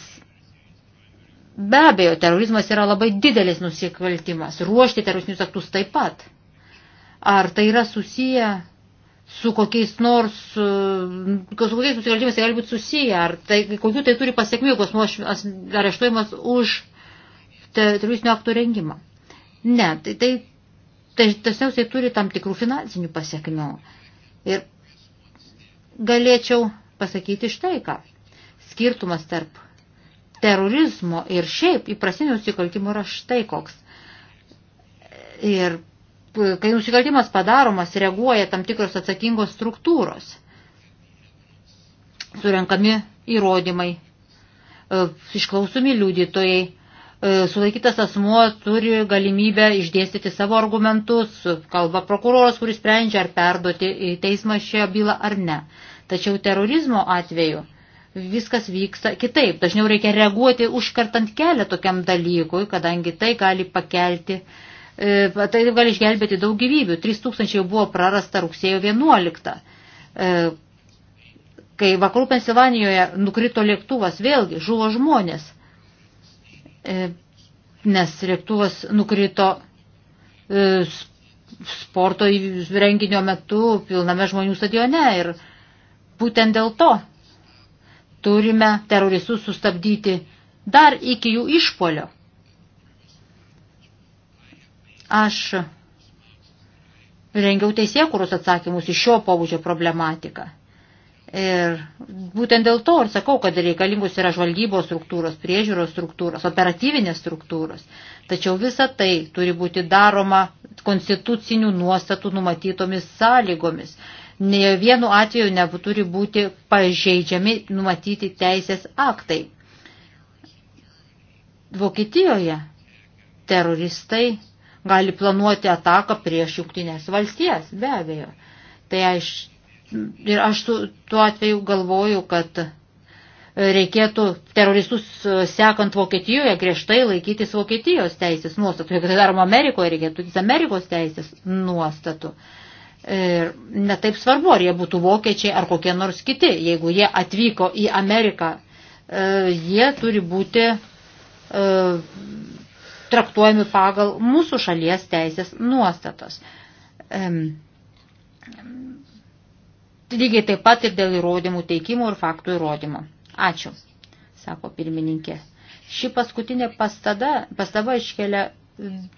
be abejo, terorizmas yra labai didelis nusikaltimas. Ruošti teroristinius aktus taip pat. Ar tai yra susiję su kokiais nors, su kokiais nusikaltimais tai gali būti susiję, ar tai, kokiu tai turi pasiekmių, jeigu asmuo areštuojamas už teroristinio akto rengimą. Ne, tai, tai, tai dažniausiai turi tam tikrų finansinių pasiekmių. Ir galėčiau pasakyti štai ką skirtumas tarp terorizmo ir šiaip įprasinių nusikaltimų yra štai koks. Ir e, kai nusikaltimas padaromas, reaguoja tam tikros atsakingos struktūros. Surenkami įrodymai, e, išklausomi liudytojai, e, sulaikytas asmuo turi galimybę išdėstyti savo argumentus, kalba prokuroras, kuris sprendžia ar perduoti į teismą šią bylą ar ne. Tačiau terorizmo atveju viskas vyksta kitaip. Dažniau reikia reaguoti užkartant kelią tokiam dalykui, kadangi tai gali pakelti, e, tai gali išgelbėti daug gyvybių. 3000 buvo prarasta rugsėjo 11. E, kai vakarų Pensilvanijoje nukrito lėktuvas, vėlgi žuvo žmonės, e, nes lėktuvas nukrito sporto renginio metu pilname žmonių stadione ir būtent dėl to turime teroristus sustabdyti dar iki jų išpolio. Aš rengiau teisėkurus atsakymus į šio pobūdžio problematiką. Ir būtent dėl to ir sakau, kad reikalingus yra žvalgybos struktūros, priežiūros struktūros, operatyvinės struktūros. Tačiau visa tai turi būti daroma konstitucinių nuostatų numatytomis sąlygomis ne vienu atveju nebūturi būti pažeidžiami numatyti teisės aktai. Vokietijoje teroristai gali planuoti ataką prieš jungtinės valstijas, be abejo. Tai aš ir aš tu, tuo atveju galvoju, kad reikėtų teroristus sekant Vokietijoje griežtai laikytis Vokietijos teisės nuostatų. Jeigu tai daroma Amerikoje, reikėtų laikytis Amerikos teisės nuostatų. Uh, netaip svarbu, ar jie būtų vokiečiai ar kokie nors kiti. Jeigu jie atvyko į Ameriką, e, jie turi būti e, traktuojami pagal mūsų šalies teisės nuostatas. Lygiai taip pat ir dėl įrodymų teikimų ir faktų įrodymų. Ačiū, sako pirmininkė. Ši paskutinė pastada, pastaba iškelia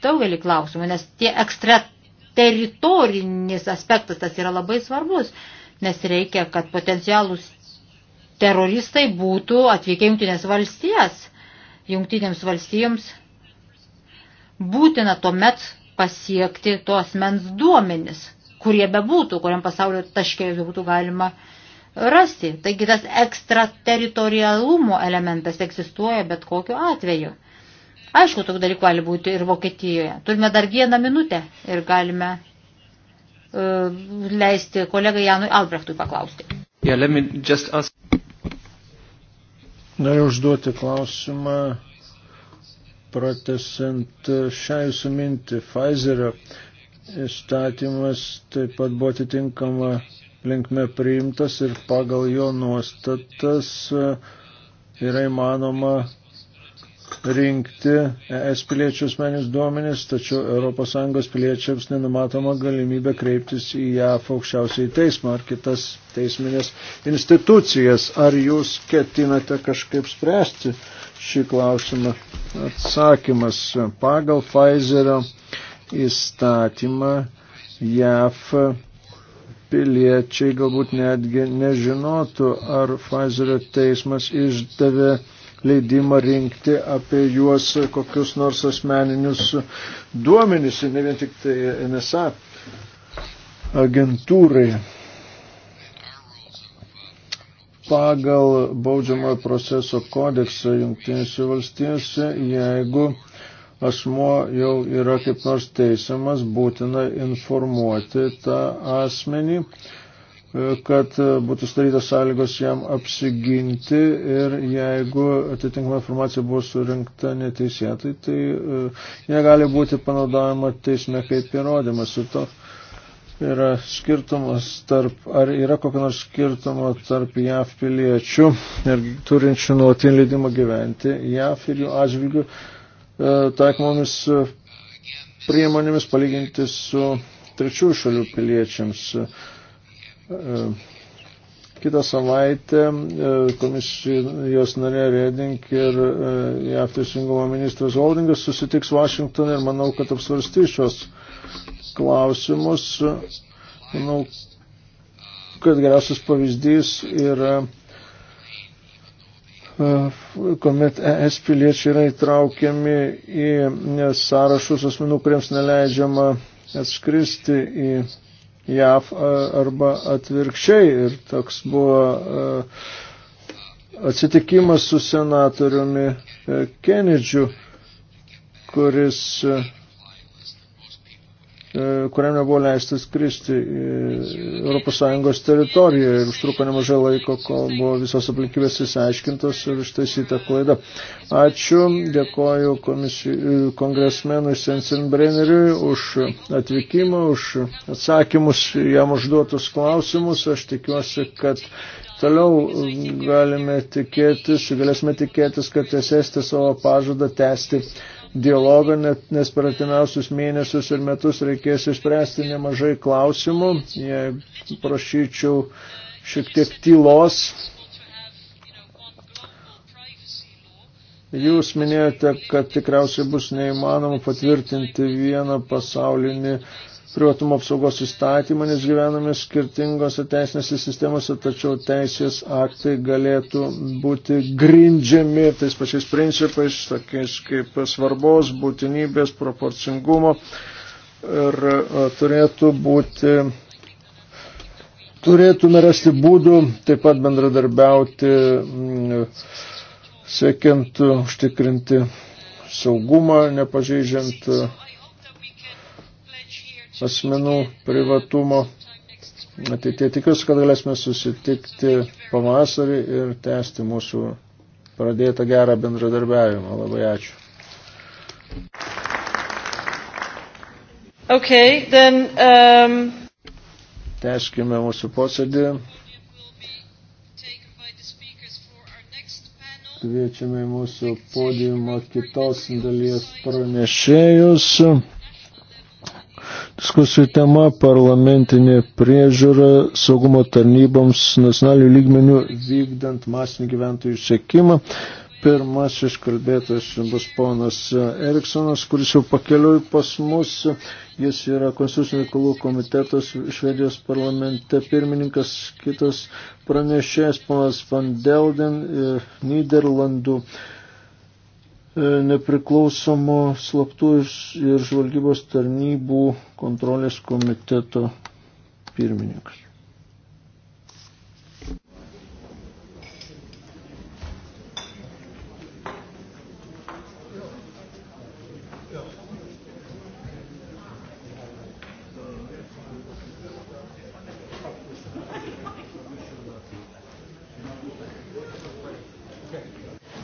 daugelį klausimų, nes tie ekstra, teritorinis aspektas tas yra labai svarbus, nes reikia, kad potencialus teroristai būtų atvykę jungtinės valstijas. Jungtinėms valstijoms būtina tuomet pasiekti to asmens duomenis, kurie bebūtų, kuriam pasaulio taškėje būtų galima rasti. Taigi tas ekstrateritorialumo elementas egzistuoja bet kokiu atveju. Aišku, tokių dalykų gali būti ir Vokietijoje. Turime dar vieną minutę ir galime uh, leisti kolegai Janui Albrechtui paklausti. Yeah, ask... Noriu užduoti klausimą, pratesant šią jūsų mintį. Pfizerio įstatymas taip pat buvo atitinkama linkme priimtas ir pagal jo nuostatas e, yra įmanoma rinkti ES piliečių asmenis duomenis, tačiau ES piliečiams nenumatoma galimybė kreiptis į JAF aukščiausiai teismą ar kitas teisminės institucijas. Ar jūs ketinate kažkaip spręsti šį klausimą? Atsakymas. Pagal Pfizerio įstatymą JAF piliečiai galbūt netgi nežinotų, ar Pfizerio teismas išdavė leidimą rinkti apie juos kokius nors asmeninius duomenys, ne vien tik tai NSA agentūrai. Pagal baudžiamojo proceso kodeksą jungtinėse valstijose, jeigu asmo jau yra kaip nors teisiamas, būtina informuoti tą asmenį kad būtų sudarytos sąlygos jam apsiginti ir jeigu atitinkama informacija buvo surinkta neteisėtai, tai e, jie gali būti panaudojama teisme kaip įrodymas. Ir to yra skirtumas tarp, ar yra kokio nors skirtumo tarp JAV piliečių ir turinčių nuolatinį leidimą gyventi JAV ir jų atžvilgių e, taikomomis e, priemonėmis palyginti su trečių šalių piliečiams. Uh, E, kitą savaitę e, komisijos narė Reding ir e, JAV teisingumo ministras Holdingas susitiks Vašingtonė ir manau, kad apsvarstys šios klausimus. Manau, kad geriausias pavyzdys yra kuomet ES piliečiai yra įtraukiami į sąrašus asmenų, kuriems neleidžiama atskristi į JAV e, arba atvirkščiai. Ir toks buvo e, atsitikimas su senatoriumi e, Kenedžiu, kuris E, kuriam nebuvo leista skristi ES teritorijoje ir užtruko nemažai laiko, kol buvo visos aplinkybės įsiaiškintos ir ištaisyta klaida. Ačiū, dėkoju e, kongresmenui Sensenbrenneriui už atvykimą, už atsakymus jam užduotus klausimus. Aš tikiuosi, kad Toliau galime tikėtis, galėsime tikėtis, kad jūs esate savo pažadą tęsti dialogą, nes per atimiausius mėnesius ir metus reikės išspręsti nemažai klausimų. Jei prašyčiau šiek tiek tylos. Jūs minėjote, kad tikriausiai bus neįmanoma patvirtinti vieną pasaulinį privatumo apsaugos įstatymą, nes gyvename skirtingose teisinėse sistemose, tačiau teisės aktai galėtų būti grindžiami tais pačiais principais, tokiais kaip svarbos, būtinybės, proporcingumo ir e, turėtų būti. Turėtume rasti būdų taip pat bendradarbiauti, siekiant užtikrinti saugumą, nepažeidžiant asmenų privatumo. Ateitie tikiuosi, kad galėsime susitikti pavasarį ir tęsti mūsų pradėtą gerą bendradarbiavimą. Labai ačiū. Okay, then, um... Teškime mūsų posėdį. Kviečiame mūsų podiumo kitos dalies pranešėjus diskusijų tema - parlamentinė priežiūra saugumo tarnyboms nacionalinių lygmenių vykdant masinį gyventojų sėkimą. Pirmasis kalbėtojas bus ponas Eriksonas, kuris jau pakeliui pas mus. Jis yra Konstitucinio reikalų komitetos Švedijos parlamente pirmininkas, kitas pranešėjas ponas Van Delden, e, Niderlandų. E, E, nepriklausomų slaptų ir žvalgybos tarnybų kontrolės komiteto pirmininkas.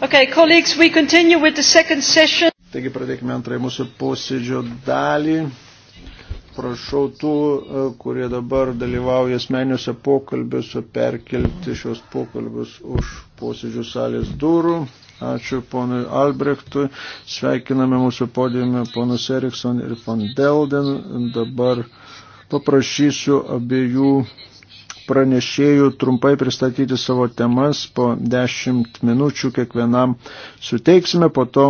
Okay, colleagues, we continue with the second session. Taigi pradėkime antrąją mūsų posėdžio dalį. Prašau tų, e, kurie dabar dalyvauja asmeniuose pokalbiuose, perkelti šios pokalbius už posėdžių salės durų. Ačiū ponui Albrechtui. Sveikiname mūsų podiume ponus Erikson ir von Delden. Dabar paprašysiu abiejų pranešėjų trumpai pristatyti savo temas, po 10 minučių kiekvienam suteiksime, po to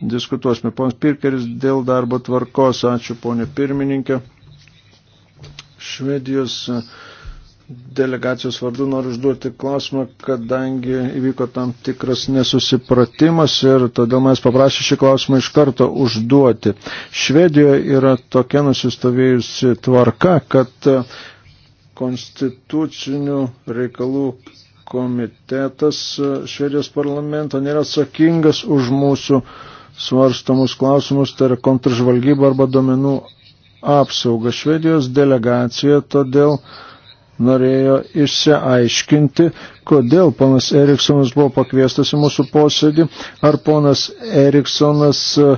diskutuosime. Pons Pirkeris dėl darbo tvarkos, ačiū ponė pirmininkė. Švedijos delegacijos vardu noriu užduoti klausimą, kadangi įvyko tam tikras nesusipratimas ir todėl mes paprašė šį klausimą iš karto užduoti. Švedijoje yra tokia nusistovėjusi tvarka, kad konstitucinių reikalų komitetas Švedijos parlamento nėra atsakingas už mūsų svarstamus klausimus, tai yra kontržvalgyba arba domenų apsauga. Švedijos delegacija todėl norėjo išsiaiškinti, kodėl ponas Eriksonas buvo pakviestas į mūsų posėdį, ar ponas Eriksonas e,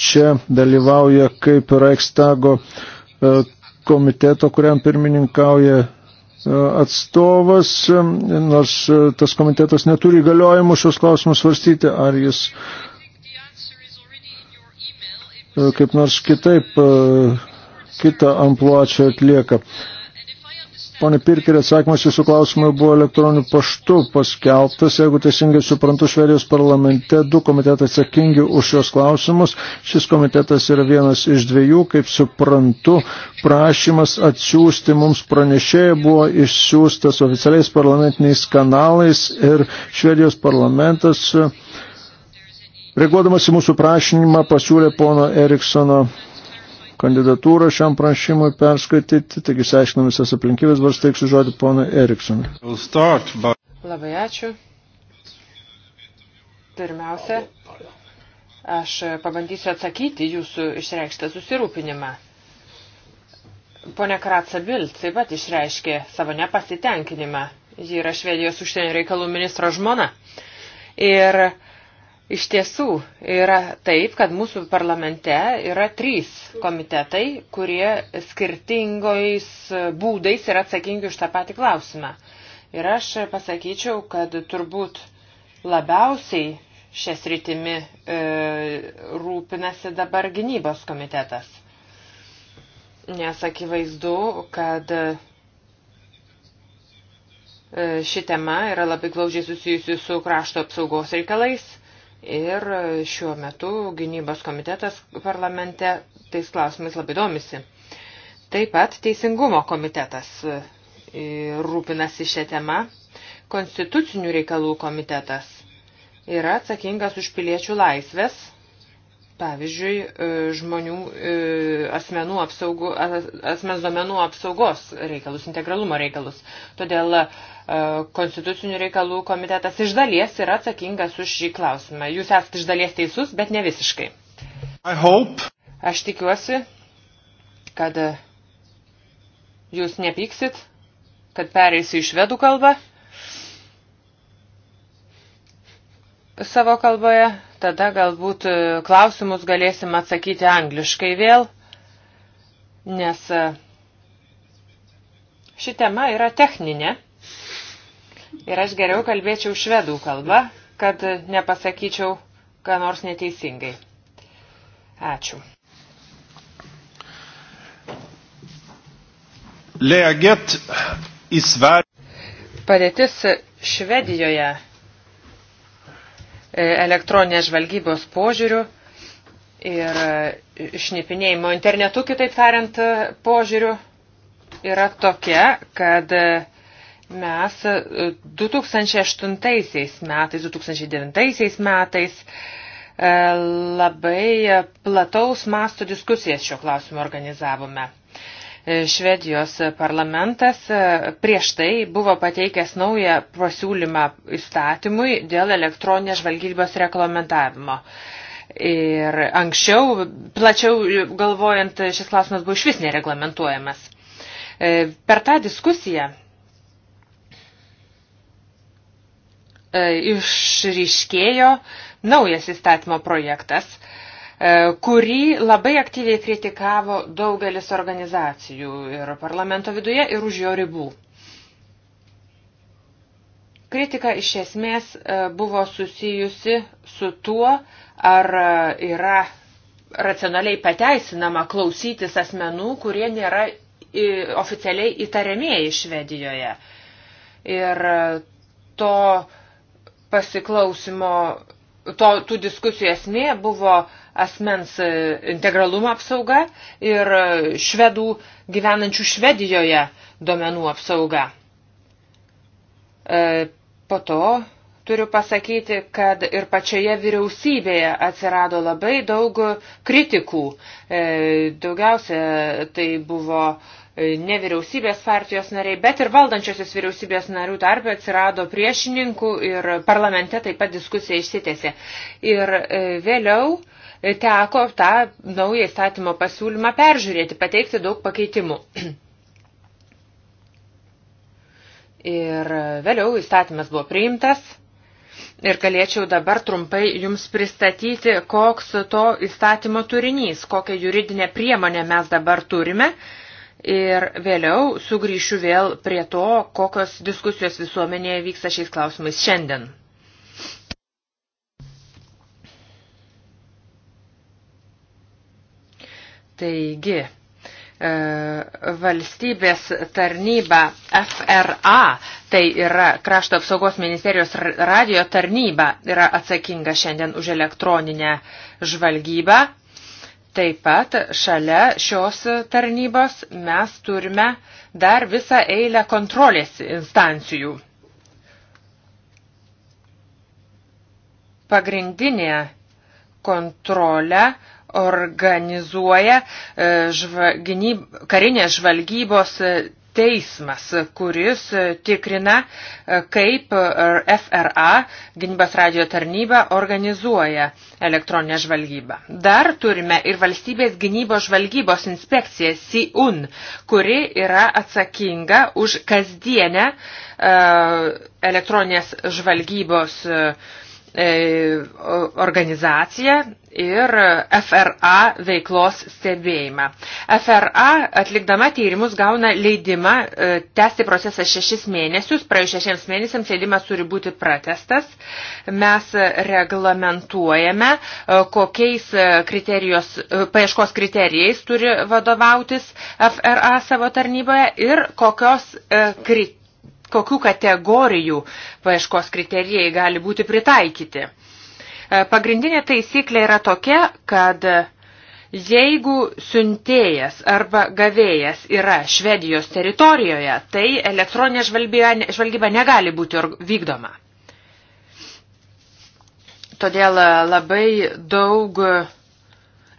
čia dalyvauja kaip Reichstago e, komiteto, kuriam pirmininkauja e, atstovas, e, nors e, tas komitetas neturi galiojimų šios klausimus svarstyti, ar jis kaip nors kitaip kitą ampluočią atlieka. Pone Pirkerė, atsakymas jūsų klausimai buvo elektroniniu paštu paskelbtas. Jeigu teisingai suprantu, Švedijos parlamente du komitetai atsakingi už šios klausimus. Šis komitetas yra vienas iš dviejų. Kaip suprantu, prašymas atsiųsti mums pranešėjai buvo išsiųstas oficialiais parlamentiniais kanalais ir Švedijos parlamentas, reaguodamas į mūsų prašymą, pasiūlė pono Eriksono kandidatūrą šiam prašymui perskaityti, taigi išsiaiškinam visas aplinkybės, dabar steiksiu žodį ponui Eriksonui. By... Labai ačiū. Pirmiausia, aš pabandysiu atsakyti jūsų išreikštą susirūpinimą. Pone Kratsa Bild taip pat išreiškė savo nepasitenkinimą. Ji yra Švedijos užsienio reikalų ministro žmona. Ir Iš tiesų yra taip, kad mūsų parlamente yra trys komitetai, kurie skirtingais būdais yra atsakingi už tą patį klausimą. Ir aš pasakyčiau, kad turbūt labiausiai šias rytimi e, rūpinasi dabar gynybos komitetas. Nes akivaizdu, kad e, ši tema yra labai glaudžiai susijusi su krašto apsaugos reikalais Ir šiuo metu gynybos komitetas parlamente tais klausimais labai domisi. Taip pat teisingumo komitetas e, rūpinasi šią temą. Konstitucinių reikalų komitetas yra atsakingas už piliečių laisvės pavyzdžiui, e, žmonių e, asmenų apsaugų, asmens domenų apsaugos reikalus, integralumo reikalus. Todėl e, Konstitucinių reikalų komitetas iš dalies yra atsakingas už šį klausimą. Jūs esate iš dalies teisus, bet ne visiškai. Aš tikiuosi, kad jūs nepyksit, kad pereisiu į švedų kalbą savo kalboje, Tada galbūt e, klausimus galėsim atsakyti angliškai vėl, nes e, ši tema yra techninė. Ir aš geriau kalbėčiau švedų kalbą, kad nepasakyčiau, ką nors neteisingai. Ačiū. Läget i Sverige. Padėtis Švedijoje E, elektroninės žvalgybos požiūrių ir e, šnipinėjimo internetu, kitaip tariant, e, požiūrių yra tokia, kad mes 2008 metais, 2009 metais labai plataus masto diskusijas šio klausimo organizavome. Švedijos parlamentas e, prieš tai buvo pateikęs naują pasiūlymą įstatymui dėl elektroninės žvalgybos reglamentavimo. Ir anksčiau, plačiau galvojant, šis klausimas buvo iš vis nereglamentuojamas. E, per tą diskusiją e, išryškėjo naujas įstatymo projektas, E, kurį labai aktyviai kritikavo daugelis organizacijų ir parlamento viduje ir už jo ribų. Kritika iš esmės e, buvo susijusi su tuo, ar e, yra racionaliai pateisinama klausytis asmenų, kurie nėra oficialiai įtariamieji Švedijoje. Ir to pasiklausimo, to, tų diskusijų esmė buvo uh, asmens e, integralumo apsauga ir e, švedų gyvenančių Švedijoje duomenų apsauga. E, po to turiu pasakyti, kad ir pačioje vyriausybėje atsirado labai daug kritikų. Daugiausia tai buvo ne vyriausybės partijos nariai, bet ir valdančiosios vyriausybės narių tarpio atsirado priešininkų ir parlamente taip pat diskusija išsitėsi. Ir vėliau teko tą naują įstatymo pasiūlymą peržiūrėti, pateikti daug pakeitimų. Ir vėliau įstatymas buvo priimtas ir galėčiau dabar trumpai jums pristatyti, koks to įstatymo turinys, kokią juridinę priemonę mes dabar turime. Ir vėliau sugrįšiu vėl prie to, kokios diskusijos visuomenėje vyksta šiais klausimais šiandien. Taigi, e, valstybės tarnyba FRA, tai yra krašto apsaugos ministerijos radio tarnyba, yra atsakinga šiandien už elektroninę žvalgybą. Taip pat šalia šios tarnybos mes turime dar visą eilę kontrolės instancijų. Pagrindinė kontrolę organizuoja e, žvalgynyb, karinės žvalgybos e, teismas, kuris e, tikrina, kaip FRA, gynybos radio tarnyba, organizuoja elektroninę žvalgybą. Dar turime ir valstybės gynybos žvalgybos inspekciją SIUN, kuri yra atsakinga už kasdienę elektroninės žvalgybos uh, E, organizaciją ir FRA veiklos stebėjimą. FRA atlikdama tyrimus gauna leidimą e, tęsti procesą šešis mėnesius, praėjus šešiems mėnesiams leidimas turi būti pratestas. Mes reglamentuojame, e, kokiais kriterijos, paieškos kriterijais turi vadovautis FRA savo tarnyboje ir kokios kriterijos kokių kategorijų paieškos kriterijai gali būti pritaikyti. E, pagrindinė taisyklė yra tokia, kad jeigu siuntėjas arba gavėjas yra Švedijos teritorijoje, tai elektroninė žvalgyba negali būti vykdoma. Todėl e, labai daug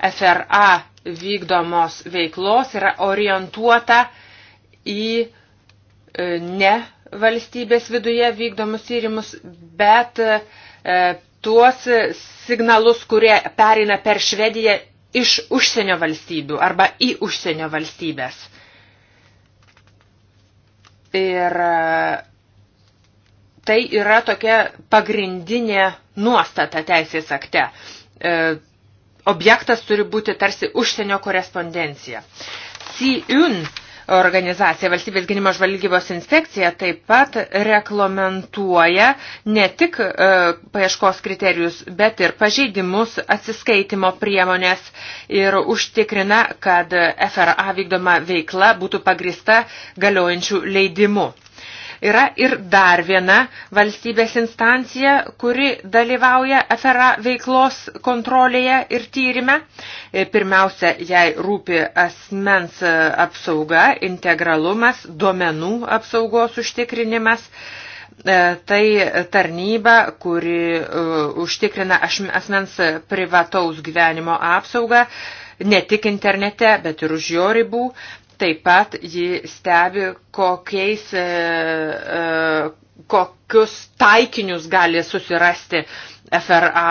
FRA vykdomos veiklos yra orientuota į e, ne valstybės viduje vykdomus tyrimus, bet e, tuos signalus, kurie perina per Švediją iš užsienio valstybių arba į užsienio valstybės. Ir e, tai yra tokia pagrindinė nuostata teisės akte. E, objektas turi būti tarsi užsienio korespondencija. Siun organizacija, valstybės gynimo žvalgybos inspekcija, taip pat reglamentuoja ne tik e, paieškos kriterijus, bet ir pažeidimus atsiskaitimo priemonės ir užtikrina, kad FRA vykdoma veikla būtų pagrista galiojančių leidimų. Yra ir dar viena valstybės instancija, kuri dalyvauja FRA veiklos kontrolėje ir tyrime. E, pirmiausia, jai rūpi asmens apsauga, integralumas, duomenų apsaugos užtikrinimas e, tai tarnyba, kuri e, užtikrina asmens privataus gyvenimo apsaugą ne tik internete, bet ir už jo ribų. Taip pat ji stebi, kokiais, e, e, kokius taikinius gali susirasti FRA.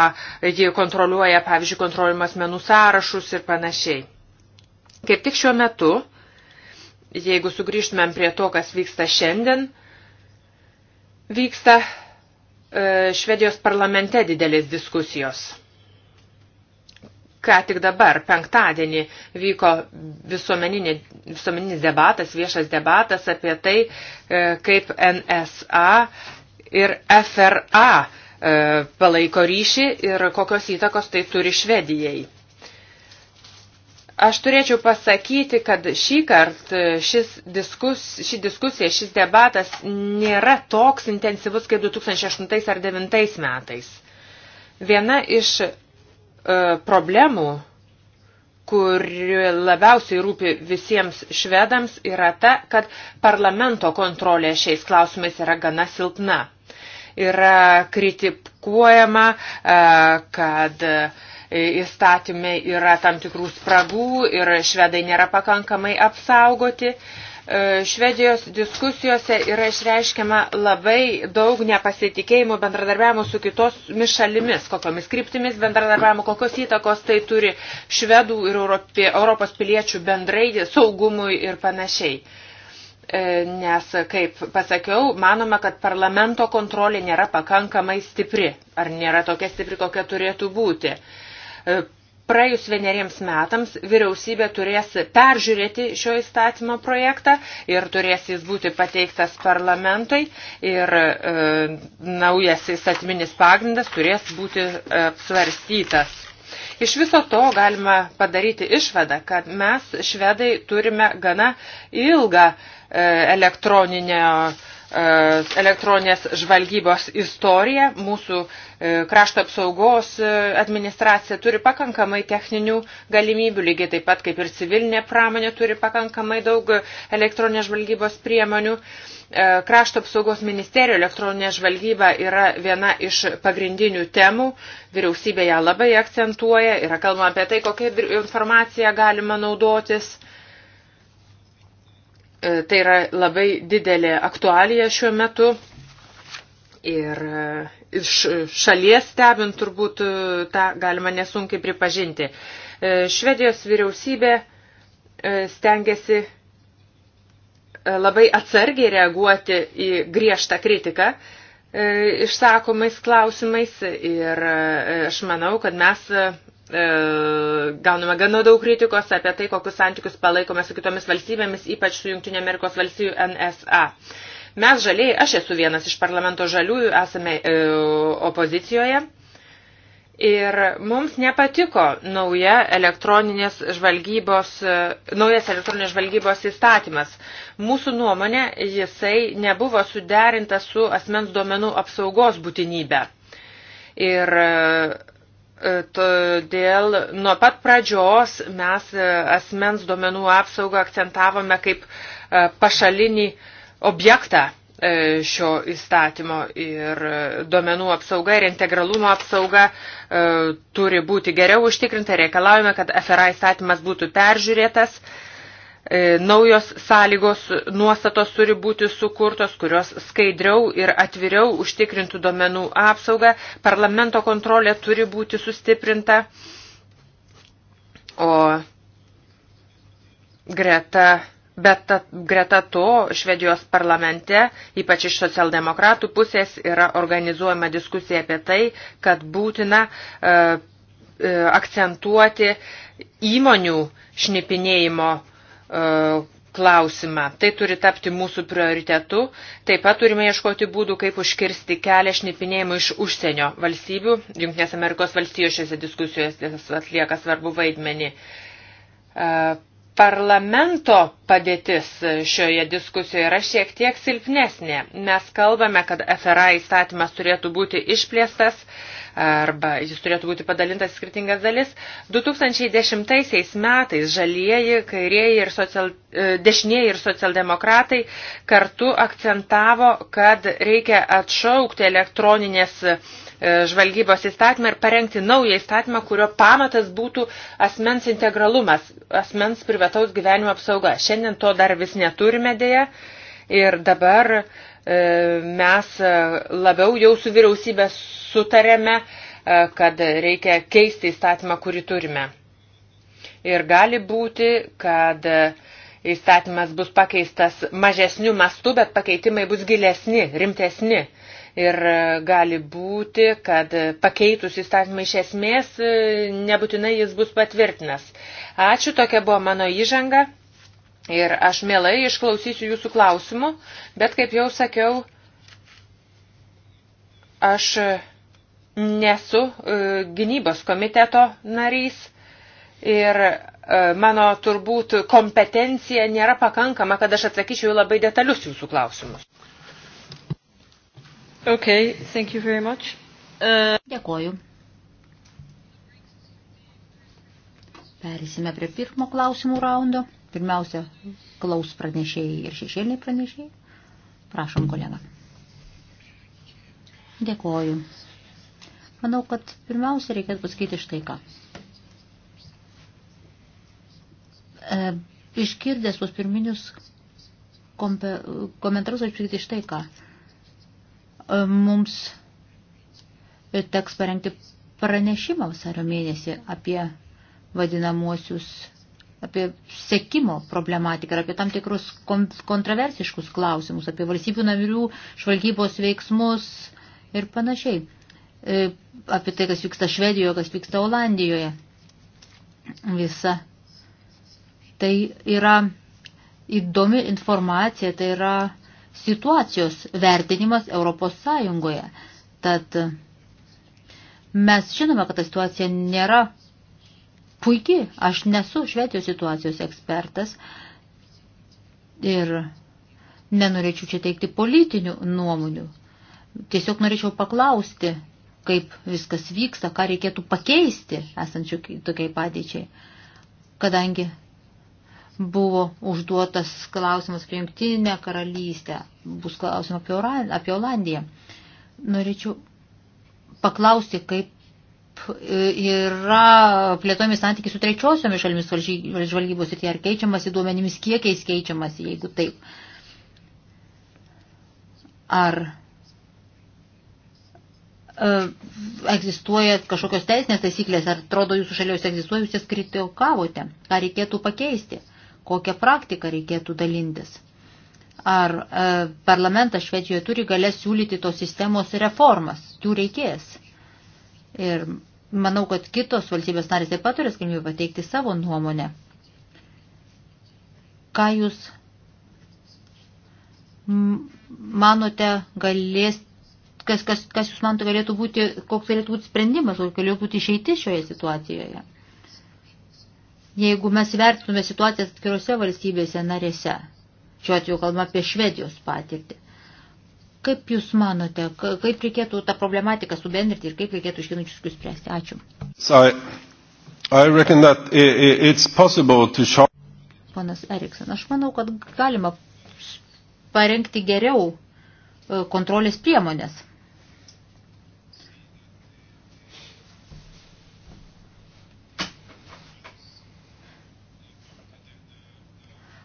Ji kontroliuoja, pavyzdžiui, kontroliuojamas menų sąrašus ir panašiai. Kaip tik šiuo metu, jeigu sugrįžtumėm prie to, kas vyksta šiandien, vyksta e, Švedijos parlamente didelės diskusijos ką tik dabar, penktadienį, vyko visuomeninis debatas, viešas debatas apie tai, e, kaip NSA ir FRA e, palaiko ryšį ir kokios įtakos tai turi Švedijai. Aš turėčiau pasakyti, kad šį kartą e, šis diskus, ši diskusija, šis debatas nėra toks intensyvus kaip 2008 ar 2009 metais. Viena iš E, problemų, kuri labiausiai rūpi visiems švedams, yra ta, kad parlamento kontrolė šiais klausimais yra gana silpna. Yra kritikuojama, e, kad įstatymai yra tam tikrų spragų ir švedai nėra pakankamai apsaugoti. E, Švedijos diskusijose yra išreiškiama labai daug nepasitikėjimų bendradarbiavimų su kitomis šalimis, kokiomis kryptimis bendradarbiavimo, kokios įtakos tai turi švedų ir Europė, Europos piliečių bendrai saugumui ir panašiai. E, nes, kaip pasakiau, manome, kad parlamento kontrolė nėra pakankamai stipri, ar nėra tokia stipri, kokia turėtų būti e, praėjus vieneriems metams vyriausybė turės peržiūrėti šio įstatymo projektą ir turės jis būti pateiktas parlamentui ir e, naujas įstatyminis pagrindas turės būti apsvarstytas. E, Iš viso to galima padaryti išvadą, kad mes švedai turime gana ilgą e, elektroninę e, E, elektroninės žvalgybos istoriją. Mūsų e, krašto apsaugos e, administracija turi pakankamai techninių galimybių, lygiai taip pat kaip ir civilinė pramonė turi pakankamai daug elektroninės žvalgybos priemonių. Krašto apsaugos ministerijų elektroninė žvalgyba yra viena iš pagrindinių temų. Vyriausybė ją labai akcentuoja. Yra kalbama apie tai, kokią informaciją galima naudotis. E, tai yra labai didelė aktualija šiuo metu ir e, iš šalies stebint turbūt e, tą galima nesunkiai pripažinti. Švedijos vyriausybė stengiasi labai atsargiai reaguoti į griežtą kritiką išsakomais klausimais ir aš manau, kad mes E, gauname gana daug kritikos apie tai, kokius santykius palaikome su kitomis valstybėmis, ypač su Junktinė Amerikos valstybių NSA. Mes žaliai, aš esu vienas iš parlamento žaliųjų, esame e, opozicijoje. Ir mums nepatiko nauja elektroninės žvalgybos, e, naujas elektroninės žvalgybos įstatymas. Mūsų nuomonė, jisai nebuvo suderinta su asmens duomenų apsaugos būtinybė. Ir e, E, todėl nuo pat pradžios mes e, asmens duomenų apsaugą akcentavome kaip e, pašalinį objektą šio įstatymo ir duomenų apsauga ir integralumo apsauga turi būti geriau užtikrinta. Reikalavome, kad FRA įstatymas būtų peržiūrėtas E, naujos sąlygos nuostatos turi būti sukurtos, kurios skaidriau ir atviriau užtikrintų domenų apsaugą, parlamento kontrolė turi būti sustiprinta, o greta, bet ta, greta to Švedijos parlamente, ypač iš socialdemokratų pusės, yra organizuojama diskusija apie tai, kad būtina e, e, akcentuoti įmonių šnipinėjimo E, klausimą. Tai turi tapti mūsų prioritetu. Taip pat turime ieškoti būdų, kaip užkirsti kelią šnipinėjimui iš užsienio valstybių. Junktinės Amerikos valstijos šiose diskusijose atlieka svarbu vaidmenį. E, parlamento padėtis šioje diskusijoje yra šiek tiek silpnesnė. Mes kalbame, kad FRA įstatymas turėtų būti išplėstas arba jis turėtų būti padalintas skirtingas dalis. 2010 metais žalieji, kairieji ir social, e, dešinieji ir socialdemokratai kartu akcentavo, kad reikia atšaukti elektroninės e, žvalgybos įstatymą ir parengti naują įstatymą, kurio pamatas būtų asmens integralumas, asmens privataus gyvenimo apsauga. Šiandien to dar vis neturime dėja ir dabar uh, E, mes e, labiau jau su vyriausybė sutarėme, e, kad reikia keisti įstatymą, kurį turime. Ir gali būti, kad įstatymas bus pakeistas mažesnių mastų, bet pakeitimai bus gilesni, rimtesni. Ir gali būti, kad pakeitus įstatymą iš esmės, nebūtinai jis bus patvirtinas. Ačiū, tokia buvo mano įžanga. Ir aš mielai išklausysiu jūsų klausimų, bet kaip jau sakiau, aš nesu e, gynybos komiteto narys ir e, mano turbūt kompetencija nėra pakankama, kad aš atsakyčiau labai detalius jūsų klausimus. Okay, thank you very much. Uh... Dėkoju. Perėsime prie pirmo klausimų raundo. Pirmiausia, klaus pranešėjai ir šešėliai pranešėjai. Prašom, kolega. Dėkoju. Manau, kad pirmiausia reikėtų pasakyti štai ką. E, iškirdęs tuos pirminius kompe, komentarus, aš pasakyti štai ką. E, mums teks parengti pranešimą vasario mėnesį apie vadinamuosius apie sekimo problematiką ir apie tam tikrus kontroversiškus klausimus, apie valstybių narių žvalgybos veiksmus ir panašiai. E, apie tai, kas vyksta Švedijoje, kas vyksta Olandijoje. Visa. Tai yra įdomi informacija, tai yra situacijos vertinimas Europos Sąjungoje. Tad mes žinome, kad ta situacija nėra puikiai. Aš nesu Švedijos situacijos ekspertas ir nenorėčiau čia teikti politinių nuomonių. Tiesiog norėčiau paklausti, kaip viskas vyksta, ką reikėtų pakeisti esančių tokiai padėčiai. Kadangi buvo užduotas klausimas apie jungtinę karalystę, bus klausimas apie, Oran, apie Olandiją. Norėčiau paklausti, kaip E, yra plėtojami santykiai su trečiosiomis šalimis žvalgybos ir tie ar keičiamasi duomenimis, kiekiais keičiamasi, jeigu taip. Ar e, egzistuoja kažkokios teisinės taisyklės, ar atrodo jūsų šalios egzistuoja, jūs jas kritikavote, ką reikėtų pakeisti, kokią praktiką reikėtų dalintis. Ar e, parlamentas Švedijoje turi galės siūlyti tos sistemos reformas, jų reikės. Ir manau, kad kitos valstybės narės taip pat turės galimybę pateikti savo nuomonę. Ką jūs manote galės, kas, kas, kas jūs manote galėtų būti, koks galėtų būti sprendimas, kokia galėtų būti išeitis šioje situacijoje? Jeigu mes vertintume situacijas atskirose valstybėse narėse, šiuo atveju kalbame apie Švedijos patirtį, Kaip Jūs manote, kaip reikėtų tą problematiką subendrinti ir kaip reikėtų iškinučius spręsti? Ačiū. So I, I reckon that it's possible to show... Panas Eriksen, aš manau, kad galima parengti geriau e, kontrolės priemonės.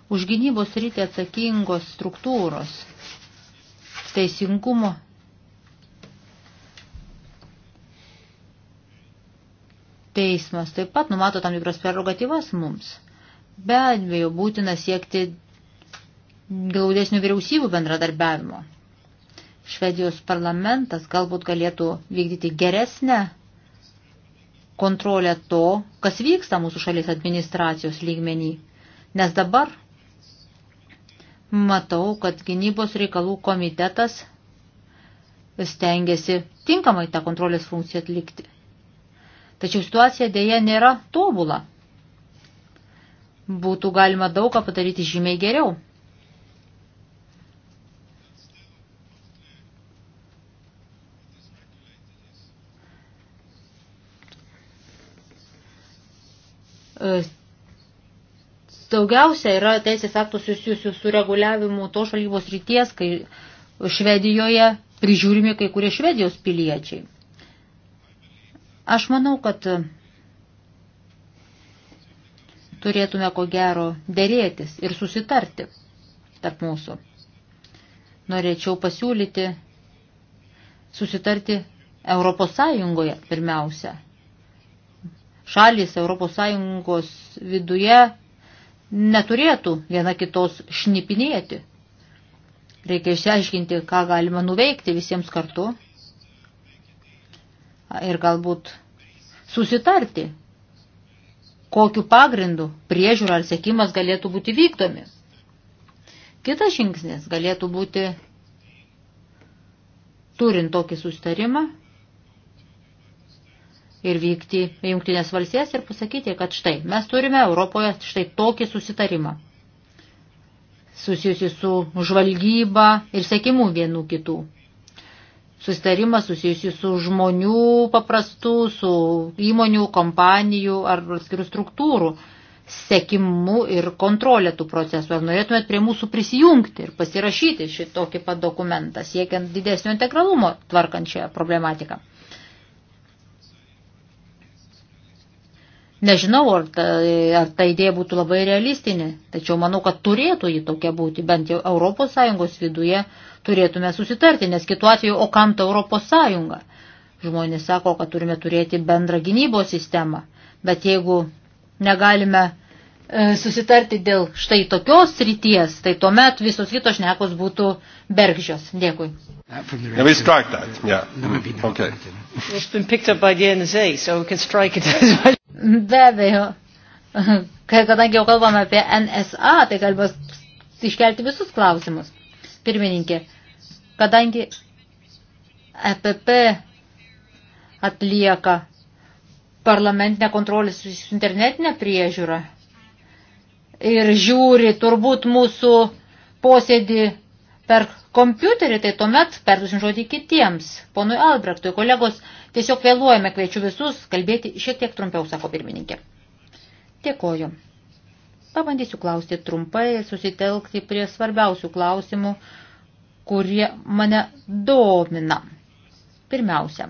Už gynybos rytį atsakingos struktūros – teisingumo. Teismas taip pat numato tam tikras prerogatyvas mums. Be abejo, būtina siekti glaudesnių vyriausybių bendradarbiavimo. Švedijos parlamentas galbūt galėtų vykdyti geresnę kontrolę to, kas vyksta mūsų šalies administracijos lygmenį. Nes dabar matau, kad gynybos reikalų komitetas stengiasi tinkamai tą kontrolės funkciją atlikti. Tačiau situacija dėja nėra tobula. Būtų galima daug ką padaryti žymiai geriau. Daugiausia yra teisės aktų susijusių su reguliavimu to žvalgybos ryties, kai Švedijoje prižiūrimi kai kurie Švedijos piliečiai. Aš manau, kad turėtume ko gero dėrėtis ir susitarti tarp mūsų. Norėčiau pasiūlyti susitarti Europos Sąjungoje pirmiausia. Šalis Europos Sąjungos viduje neturėtų viena kitos šnipinėti. Reikia išsiaiškinti, ką galima nuveikti visiems kartu ir galbūt susitarti, kokiu pagrindu priežiūra ar sėkimas galėtų būti vykdomi. Kitas žingsnis galėtų būti, turint tokį sustarimą, ir vykti į Junktinės valstijas ir pasakyti, kad štai mes turime Europoje štai tokį susitarimą susijusi su žvalgyba ir sekimu vienų kitų. Susitarimas susijusi su žmonių paprastų, su įmonių, kompanijų ar atskirų struktūrų sekimu ir kontrolė tų procesų. Ar norėtumėt prie mūsų prisijungti ir pasirašyti šitokį pat dokumentą, siekiant didesnio integralumo tvarkant šią problematiką. Nežinau, ar ta, ar ta idėja būtų labai realistinė, tačiau manau, kad turėtų ji tokia būti, bent jau ES viduje turėtume susitarti, nes kitu atveju, o kam ta ES? Žmonės sako, kad turime turėti bendrą gynybos sistemą, bet jeigu negalime e, susitarti dėl štai tokios ryties, tai tuomet visos kitos šnekos būtų bergžios. Dėkui. Yeah, we strike that. Yeah. Mm. Okay. It's been picked up by the NSA, so we can strike it as well. Be abejo, kadangi jau kalbame apie NSA, tai galima iškelti visus klausimus. Pirmininkė, kadangi EPP atlieka parlamentinę kontrolę su internetinė priežiūra ir žiūri turbūt mūsų posėdį per kompiuterį, tai tuomet perduosim žodį kitiems, ponui Albrechtui. Kolegos, tiesiog vėluojame, kviečiu visus kalbėti šiek tiek trumpiau, sako pirmininkė. Dėkoju. Pabandysiu klausti trumpai ir susitelkti prie svarbiausių klausimų, kurie mane domina. Pirmiausia,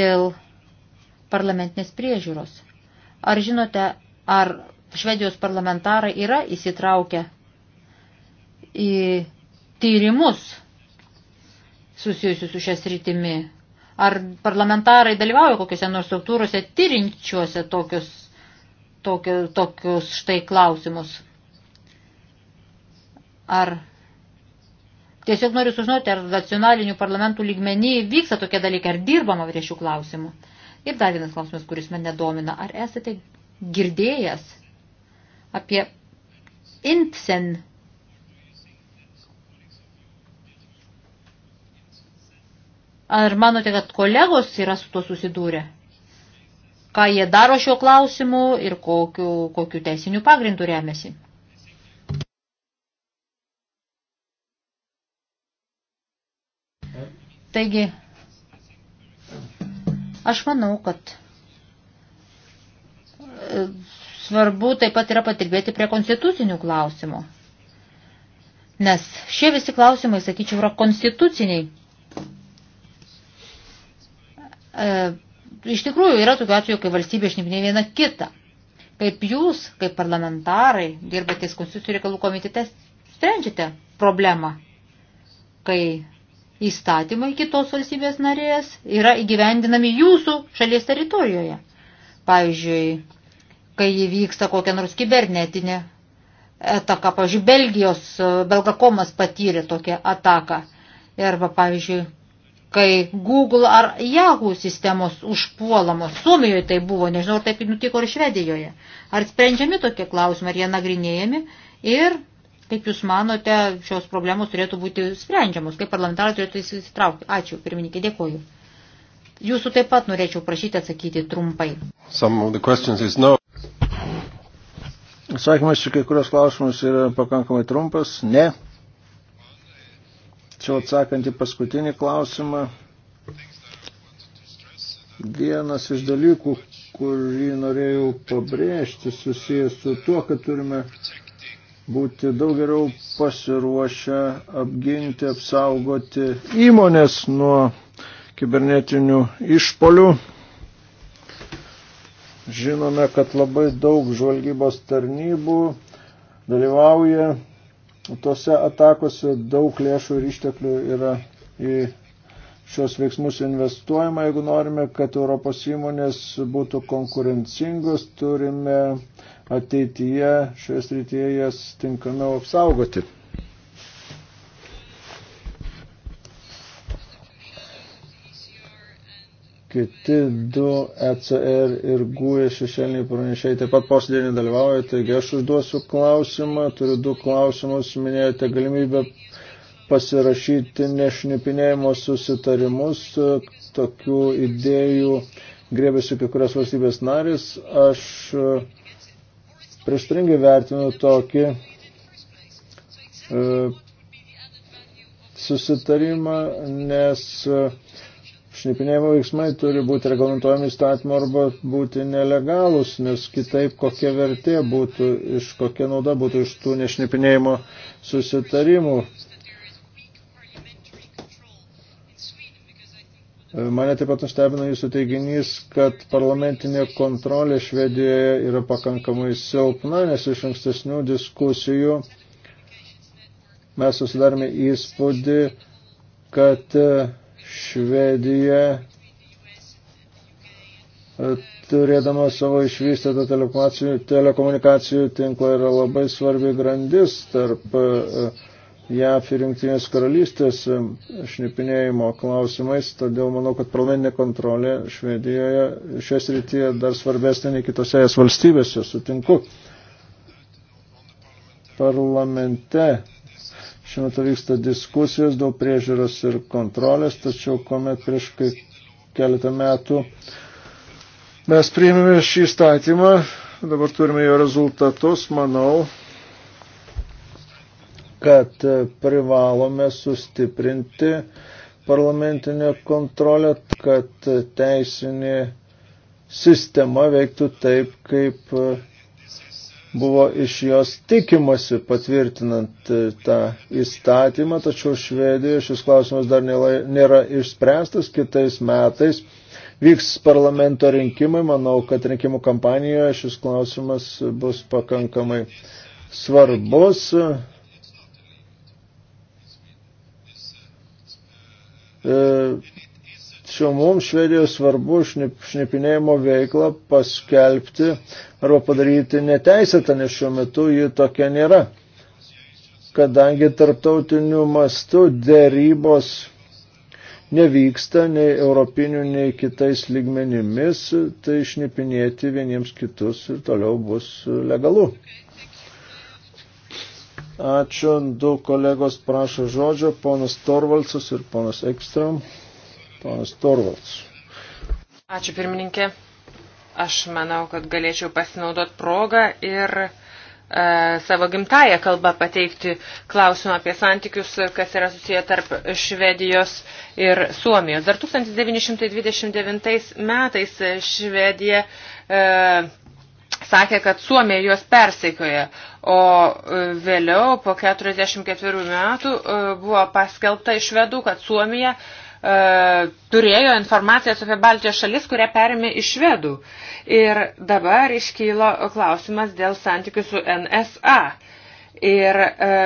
dėl parlamentinės priežiūros. Ar žinote, ar švedijos parlamentarai yra įsitraukę į tyrimus susijusius su šią sritimi. Ar parlamentarai dalyvauja kokiuose nors struktūrose tyrinčiuose tokius, tokius, tokius štai klausimus? Ar tiesiog noriu sužinoti, ar nacionalinių parlamentų lygmenį vyksta tokie dalykai, ar dirbama prie šių klausimų? Ir dar vienas klausimas, kuris mane domina. Ar esate girdėjęs apie Intsen Ar manote, kad kolegos yra su to susidūrę? Ką jie daro šiuo klausimu ir kokiu, kokiu teisiniu pagrindu remiasi? Taigi, aš manau, kad e, svarbu taip pat yra patirbėti prie konstitucinių klausimų. Nes šie visi klausimai, sakyčiau, yra konstituciniai E, iš tikrųjų yra tokių atvejų, kai valstybė išnipinė vieną kitą. Kaip jūs, kaip parlamentarai, dirbatės konstitucijų reikalų komitete, sprendžiate problemą, kai įstatymai kitos valstybės narės yra įgyvendinami jūsų šalies teritorijoje. Pavyzdžiui, kai įvyksta kokia nors kibernetinė ataka, pavyzdžiui, Belgijos, e, Belgakomas patyrė tokią ataką. Arba, pavyzdžiui, kai Google ar Yahoo sistemos užpuolamos. Suomijoje tai buvo, nežinau, ar taip nutiko ir Švedijoje. Ar sprendžiami tokie klausimai, ar jie nagrinėjami ir, kaip Jūs manote, šios problemos turėtų būti sprendžiamos, kaip parlamentarai turėtų įsitraukti. Ačiū, pirmininkė, dėkoju. Jūsų taip pat norėčiau prašyti atsakyti trumpai. No. Atsakymas į kai kurios klausimus yra pakankamai trumpas. Ne. Tačiau atsakant į paskutinį klausimą, vienas iš dalykų, kurį norėjau pabrėžti, susijęs su tuo, kad turime būti daug geriau pasiruošę apginti, apsaugoti įmonės nuo kibernetinių išpolių. Žinome, kad labai daug žvalgybos tarnybų dalyvauja Tose atakose daug lėšų ir išteklių yra į šios veiksmus investuojama. Jeigu norime, kad Europos įmonės būtų konkurencingos, turime ateityje šioje srityje jas tinkamiau apsaugoti. Kiti du ECR ir GUE šešėliniai pranešėjai taip pat posėdėje nedalyvauja, taigi aš užduosiu klausimą, turiu du klausimus, minėjote galimybę pasirašyti nešnipinėjimo susitarimus, tokių idėjų grėbėsi kai kurios valstybės narės. Aš prieštaringai vertinu tokį e, susitarimą, nes šnipinėjimo veiksmai turi būti reglamentojami įstatymu arba būti nelegalus, nes kitaip kokia vertė būtų, iš kokia nauda būtų iš tų nešnipinėjimo susitarimų. Mane taip pat nustebino jūsų teiginys, kad parlamentinė kontrolė Švedijoje yra pakankamai silpna, nes iš ankstesnių diskusijų mes susidarėme įspūdį, kad Švedija, e, turėdama savo išvystytą telekomunikacijų tinklą, yra labai svarbi grandis tarp e, JAF ir Junktinės karalystės e, šnipinėjimo klausimais, todėl manau, kad parlamentinė kontrolė Švedijoje šios rytyje dar svarbesnė nei kitose jas valstybėse, sutinku. Parlamente Šiuo metu vyksta diskusijos dėl priežiūros ir kontrolės, tačiau kuomet prieš keletą metų mes priėmėme šį įstatymą, dabar turime jo rezultatus, manau, kad privalome sustiprinti parlamentinę kontrolę, kad teisinė sistema veiktų taip, kaip buvo iš jos tikimasi patvirtinant e, tą įstatymą, tačiau Švedijoje šis klausimas dar nėra išspręstas kitais metais. Vyks parlamento rinkimai, manau, kad rinkimų kampanijoje šis klausimas bus pakankamai svarbus. E, Tačiau mums Švedijoje svarbu šnip, šnipinėjimo veiklą paskelbti arba padaryti neteisėtą, nes šiuo metu ji tokia nėra. Kadangi tarptautiniu mastu dėrybos nevyksta nei europinių, nei kitais lygmenimis, tai šnipinėti vieniems kitus ir toliau bus legalu. Ačiū, du kolegos prašo žodžio, ponas Torvalsas ir ponas Ekstram. Ponas Torvalds. Ačiū pirmininkė. Aš manau, kad galėčiau pasinaudoti progą ir e, savo gimtają kalbą pateikti klausimą apie santykius, kas yra susiję tarp Švedijos ir Suomijos. Dar 1929 metais Švedija e, sakė, kad Suomija juos persekioja, o e, vėliau po 44 metų e, buvo paskelbta iš švedų, kad Suomija e, E, turėjo informacijos apie Baltijos šalis, kurią perėmė iš švedų. Ir dabar iškylo klausimas dėl santykių su NSA. Ir e,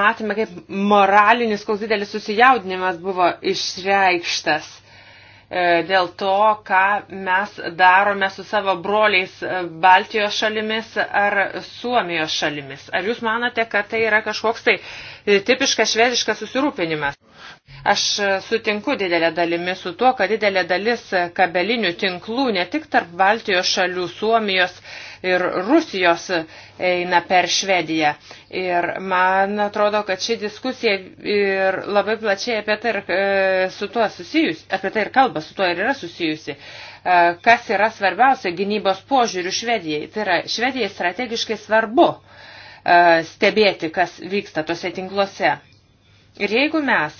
matėme, kaip moralinis, koks didelis susijaudinimas buvo išreikštas. E, dėl to, ką mes darome su savo broliais e, Baltijos šalimis ar Suomijos šalimis. Ar jūs manote, kad tai yra kažkoks tai e, tipiškas švediškas susirūpinimas? Aš sutinku didelę dalimi su tuo, kad didelė dalis kabelinių tinklų ne tik tarp Baltijos šalių, Suomijos, ir Rusijos eina per Švediją. Ir man atrodo, kad ši diskusija ir labai plačiai apie tai ir, e, su tuo susijusi, apie tai ir kalba, su tuo ir yra susijusi e, kas yra svarbiausia gynybos požiūrių Švedijai. Tai yra, Švedijai strategiškai svarbu e, stebėti, kas vyksta tose tinkluose. Ir jeigu mes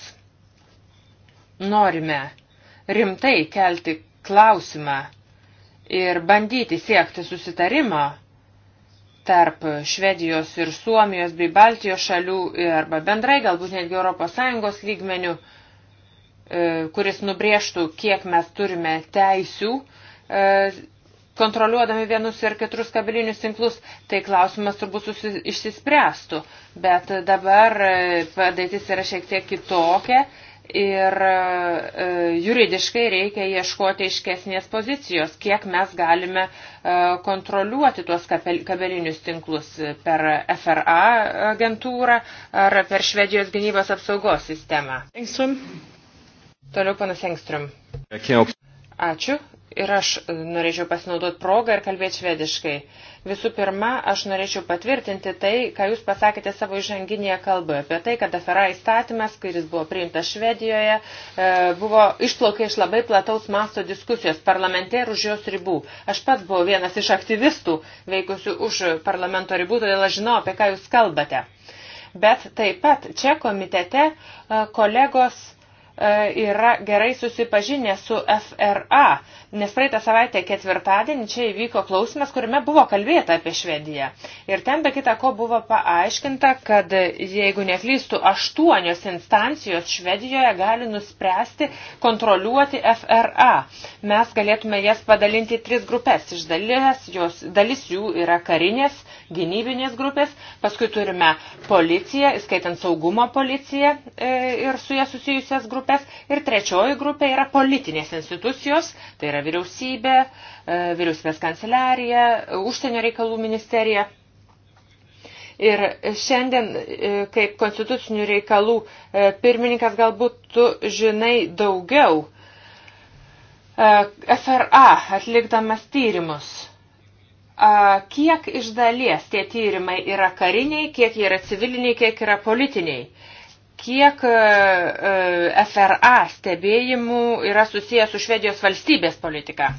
norime rimtai kelti klausimą, ir bandyti siekti susitarimo tarp Švedijos ir Suomijos bei Baltijos šalių arba bendrai galbūt netgi ES lygmenių, e, kuris nubrėžtų, kiek mes turime teisių e, kontroliuodami vienus ir kitrus kabelinius tinklus, tai klausimas turbūt susi, išsispręstų. Bet dabar e, padėtis yra šiek tiek kitokia ir e, juridiškai reikia ieškoti iškesnės pozicijos, kiek mes galime e, kontroliuoti tuos kabelinius tinklus per FRA agentūrą ar per Švedijos gynybos apsaugos sistemą. Engström. Toliau panas Engström. Ačiū. Ir aš e, norėčiau pasinaudoti progą ir kalbėti švediškai. Visų pirma, aš norėčiau patvirtinti tai, ką jūs pasakėte savo įžanginėje kalboje, apie tai, kad afera įstatymas, kuris buvo priimtas Švedijoje, e, buvo išplaukė iš labai plataus masto diskusijos parlamente ir už jos ribų. Aš pats buvau vienas iš aktyvistų veikusių už parlamento ribų, todėl aš žinau, apie ką jūs kalbate. Bet taip pat čia komitete e, kolegos E, yra gerai susipažinę su FRA, nes praeitą savaitę ketvirtadienį čia įvyko klausimas, kuriame buvo kalbėta apie Švediją. Ir ten be kita ko buvo paaiškinta, kad jeigu neklystų aštuonios instancijos Švedijoje gali nuspręsti kontroliuoti FRA. Mes galėtume jas padalinti į tris grupės. Iš dalies, jos, dalis jų yra karinės gynybinės grupės, paskui turime policiją, įskaitant saugumo policiją e, ir su jie susijusias grupės, ir trečioji grupė yra politinės institucijos, tai yra vyriausybė, e, vyriausybės kanceliarija, užsienio reikalų ministerija. Ir šiandien, e, kaip konstitucinių reikalų pirmininkas, galbūt tu žinai daugiau FRA atlikdamas tyrimus kiek iš dalies tie tyrimai yra kariniai, kiek jie yra civiliniai, kiek yra politiniai, kiek e, e, FRA stebėjimų yra susijęs su Švedijos valstybės politika.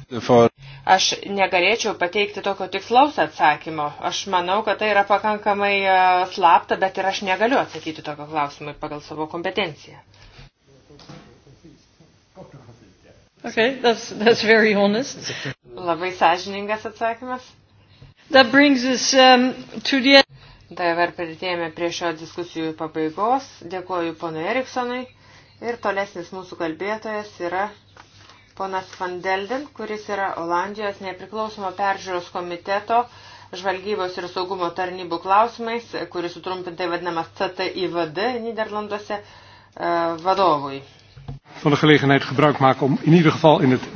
Aš negalėčiau pateikti tokio tikslaus atsakymo. Aš manau, kad tai yra pakankamai e, slapta, bet ir aš negaliu atsakyti tokio klausimui pagal savo kompetenciją. Okay, that's, that's very honest. Labai sąžiningas atsakymas. Us, um, the... Dabar pridėjome prie šio diskusijų pabaigos. Dėkuoju ponui Eriksonui. Ir tolesnis mūsų kalbėtojas yra ponas Van Delden, kuris yra Olandijos nepriklausomo peržiūros komiteto žvalgybos ir saugumo tarnybų klausimais, kuris sutrumpintai vadinamas CTIVD Niderlanduose, uh, vadovui. Van de gelegenheid gebruik maken om in ieder geval in het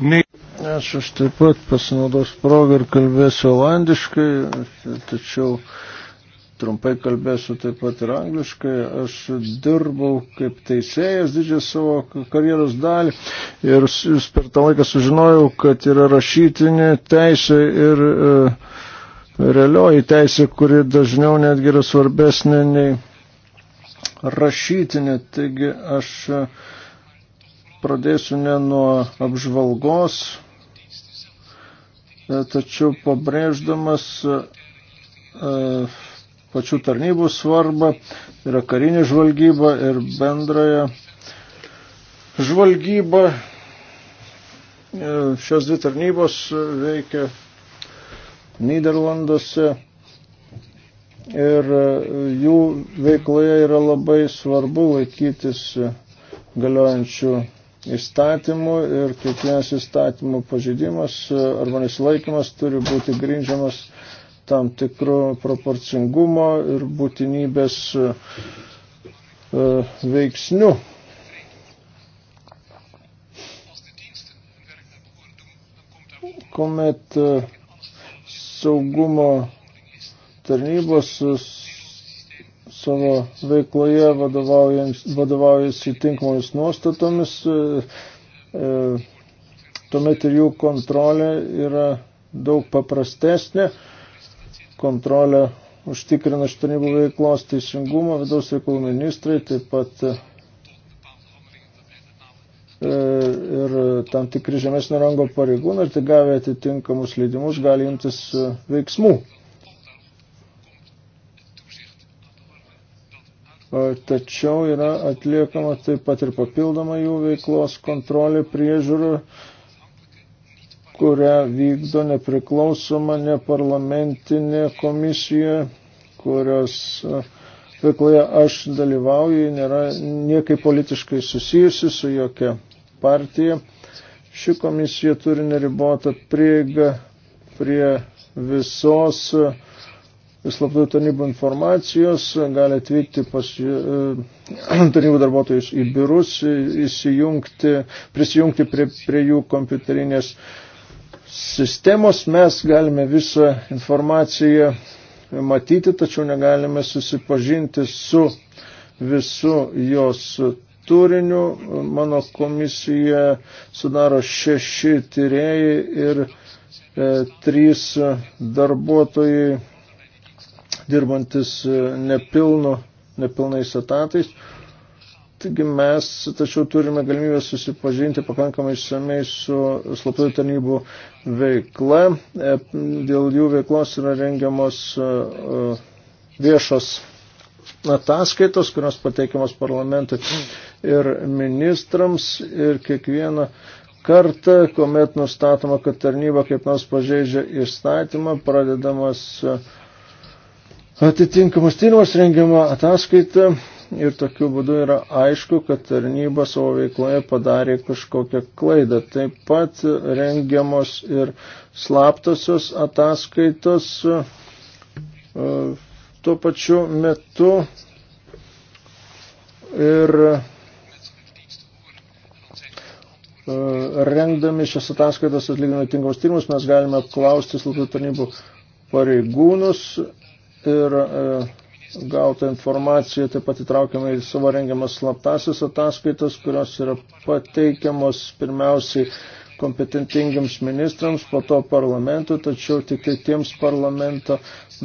Aš aš taip pat pasinaudos progą ir kalbėsiu olandiškai, tačiau trumpai kalbėsiu taip pat ir angliškai. Aš dirbau kaip teisėjas didžią savo karjeros dalį ir per tą laiką sužinojau, kad yra rašytinė teisė ir e, realioji teisė, kuri dažniau netgi yra svarbesnė nei rašytinė. Taigi aš e, pradėsiu ne nuo apžvalgos E, tačiau pabrėždamas e, e, pačių tarnybų svarbą, yra karinė žvalgyba ir bendraja žvalgyba. Šios dvi tarnybos veikia Niderlanduose ir jų veikloje yra labai svarbu laikytis galiojančių įstatymų ir kiekvienas įstatymų pažeidimas e, arba nesilaikimas turi būti grindžiamas tam tikru proporcingumo ir būtinybės e, e, veiksniu. Komet saugumo tarnybos savo veikloje vadovaujasi tinkamomis nuostatomis, e, e, tuomet ir jų kontrolė yra daug paprastesnė. Kontrolė užtikrina štarnybų veiklos teisingumą, vidaus reikalų ministrai taip pat e, ir tam tikri žemesnio rango pareigūnai, tai gavę atitinkamus leidimus, gali imtis veiksmų. tačiau yra atliekama taip pat ir papildoma jų veiklos kontrolė priežiūra, kurią vykdo nepriklausoma neparlamentinė komisija, kurios veikloje aš dalyvauju, nėra niekai politiškai susijusi su jokia partija. Ši komisija turi neribotą prieigą prie visos uh, slaptųjų tarnybų informacijos, gali atvykti pas e, tarnybų darbuotojus į biurus, įsijungti, prisijungti prie, prie jų kompiuterinės sistemos. Mes galime visą informaciją matyti, tačiau negalime susipažinti su visu jos turiniu. Mano komisija sudaro šeši tyrėjai ir e, trys darbuotojai dirbantis e, nepilnu, nepilnais etatais. Taigi mes tačiau turime galimybę susipažinti pakankamai išsamei su slaptųjų tarnybų veikla. E, dėl jų veiklos yra rengiamos e, viešos ataskaitos, kurios pateikiamos parlamentui ir ministrams ir kiekvieną kartą, kuomet nustatoma, kad tarnyba kaip nors pažeidžia įstatymą, pradedamas uh, atitinkamas tyrimas rengiama ataskaita ir tokiu būdu yra aišku, kad tarnyba savo veikloje padarė kažkokią klaidą. Taip pat rengiamos ir slaptosios ataskaitos e, tuo pačiu metu ir e, rengdami šias ataskaitas atlikdami tinkamus tyrimus mes galime apklausti slaptų tarnybų pareigūnus ir e, gautą informaciją taip pat įtraukiame į savo rengiamas slaptasis ataskaitas, kurios yra pateikiamos pirmiausiai kompetentingiams ministrams, po to parlamentui, tačiau tik tai tiems parlamento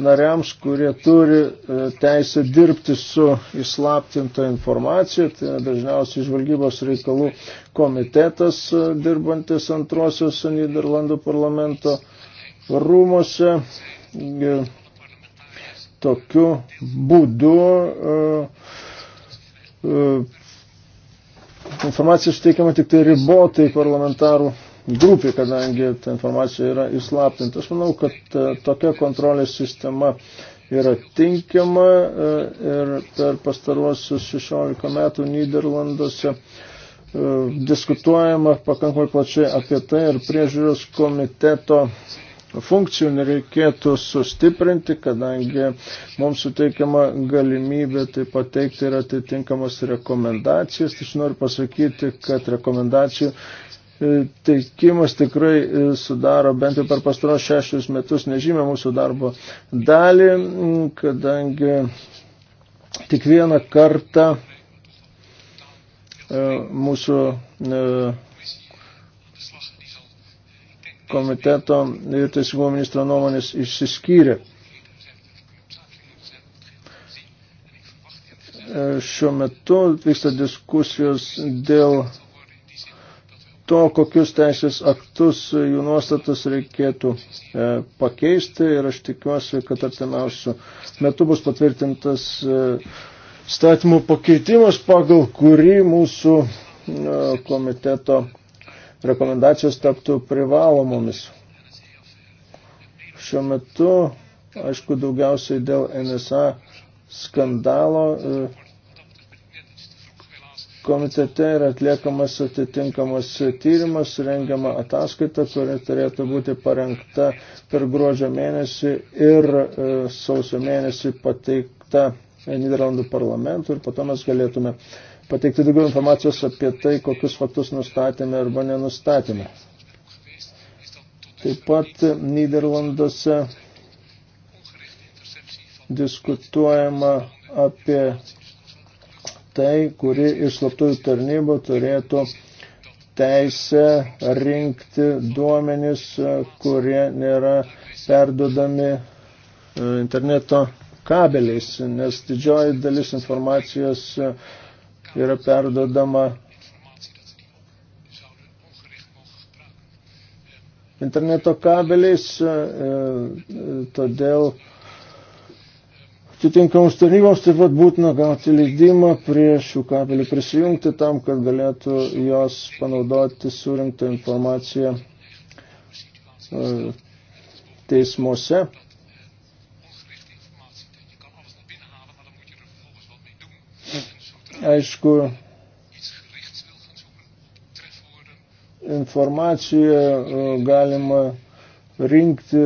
nariams, kurie turi e, teisę dirbti su įslaptinta informacija, tai dažniausiai žvalgybos reikalų komitetas e, dirbantis antrosios Niderlandų parlamento rūmose tokiu būdu e, e, informacija suteikiama tik tai ribotai parlamentarų grupė, kadangi ta informacija yra įslaptinta. Aš manau, kad e, tokia kontrolės sistema yra tinkiama ir per pastaruosius 16 metų Niderlanduose diskutuojama pakankamai plačiai apie tai ir priežiūros komiteto funkcijų nereikėtų sustiprinti, kadangi mums suteikiama galimybė tai pateikti ir atitinkamas rekomendacijas. Aš noriu pasakyti, kad rekomendacijų e, teikimas tikrai e, sudaro bent jau per pastaros šešius metus nežymę mūsų darbo dalį, kadangi tik vieną kartą e, mūsų komiteto ir teisingumo ministro nuomonės išsiskyrė. Šiuo metu vyksta diskusijos dėl to, kokius teisės aktus jų nuostatas reikėtų e, pakeisti ir aš tikiuosi, kad artimiausių metų bus patvirtintas e, statymų pakeitimas, pagal kurį mūsų e, komiteto rekomendacijos taptų privalomomis. Šiuo metu, aišku, daugiausiai dėl NSA skandalo e, komitete yra atliekamas atitinkamas tyrimas, rengiama ataskaita, kuri turėtų būti parengta per gruodžio mėnesį ir e, sausio mėnesį pateikta Niderlandų parlamentų ir po to mes galėtume uh, pateikti daugiau informacijos apie tai, kokius faktus nustatėme arba nenustatėme. Taip pat Niderlanduose diskutuojama apie tai, kuri iš slaptųjų tarnybų turėtų teisę rinkti duomenis, kurie nėra perdodami e, interneto kabeliais, nes didžioji dalis informacijos yra perdodama interneto kabeliais, e, e, todėl atitinkamus tarnyboms taip pat būtina gauti leidimą prie šių kabelių prisijungti tam, kad galėtų jos panaudoti surinktą informaciją e, teismuose. Aišku, informaciją e, galima rinkti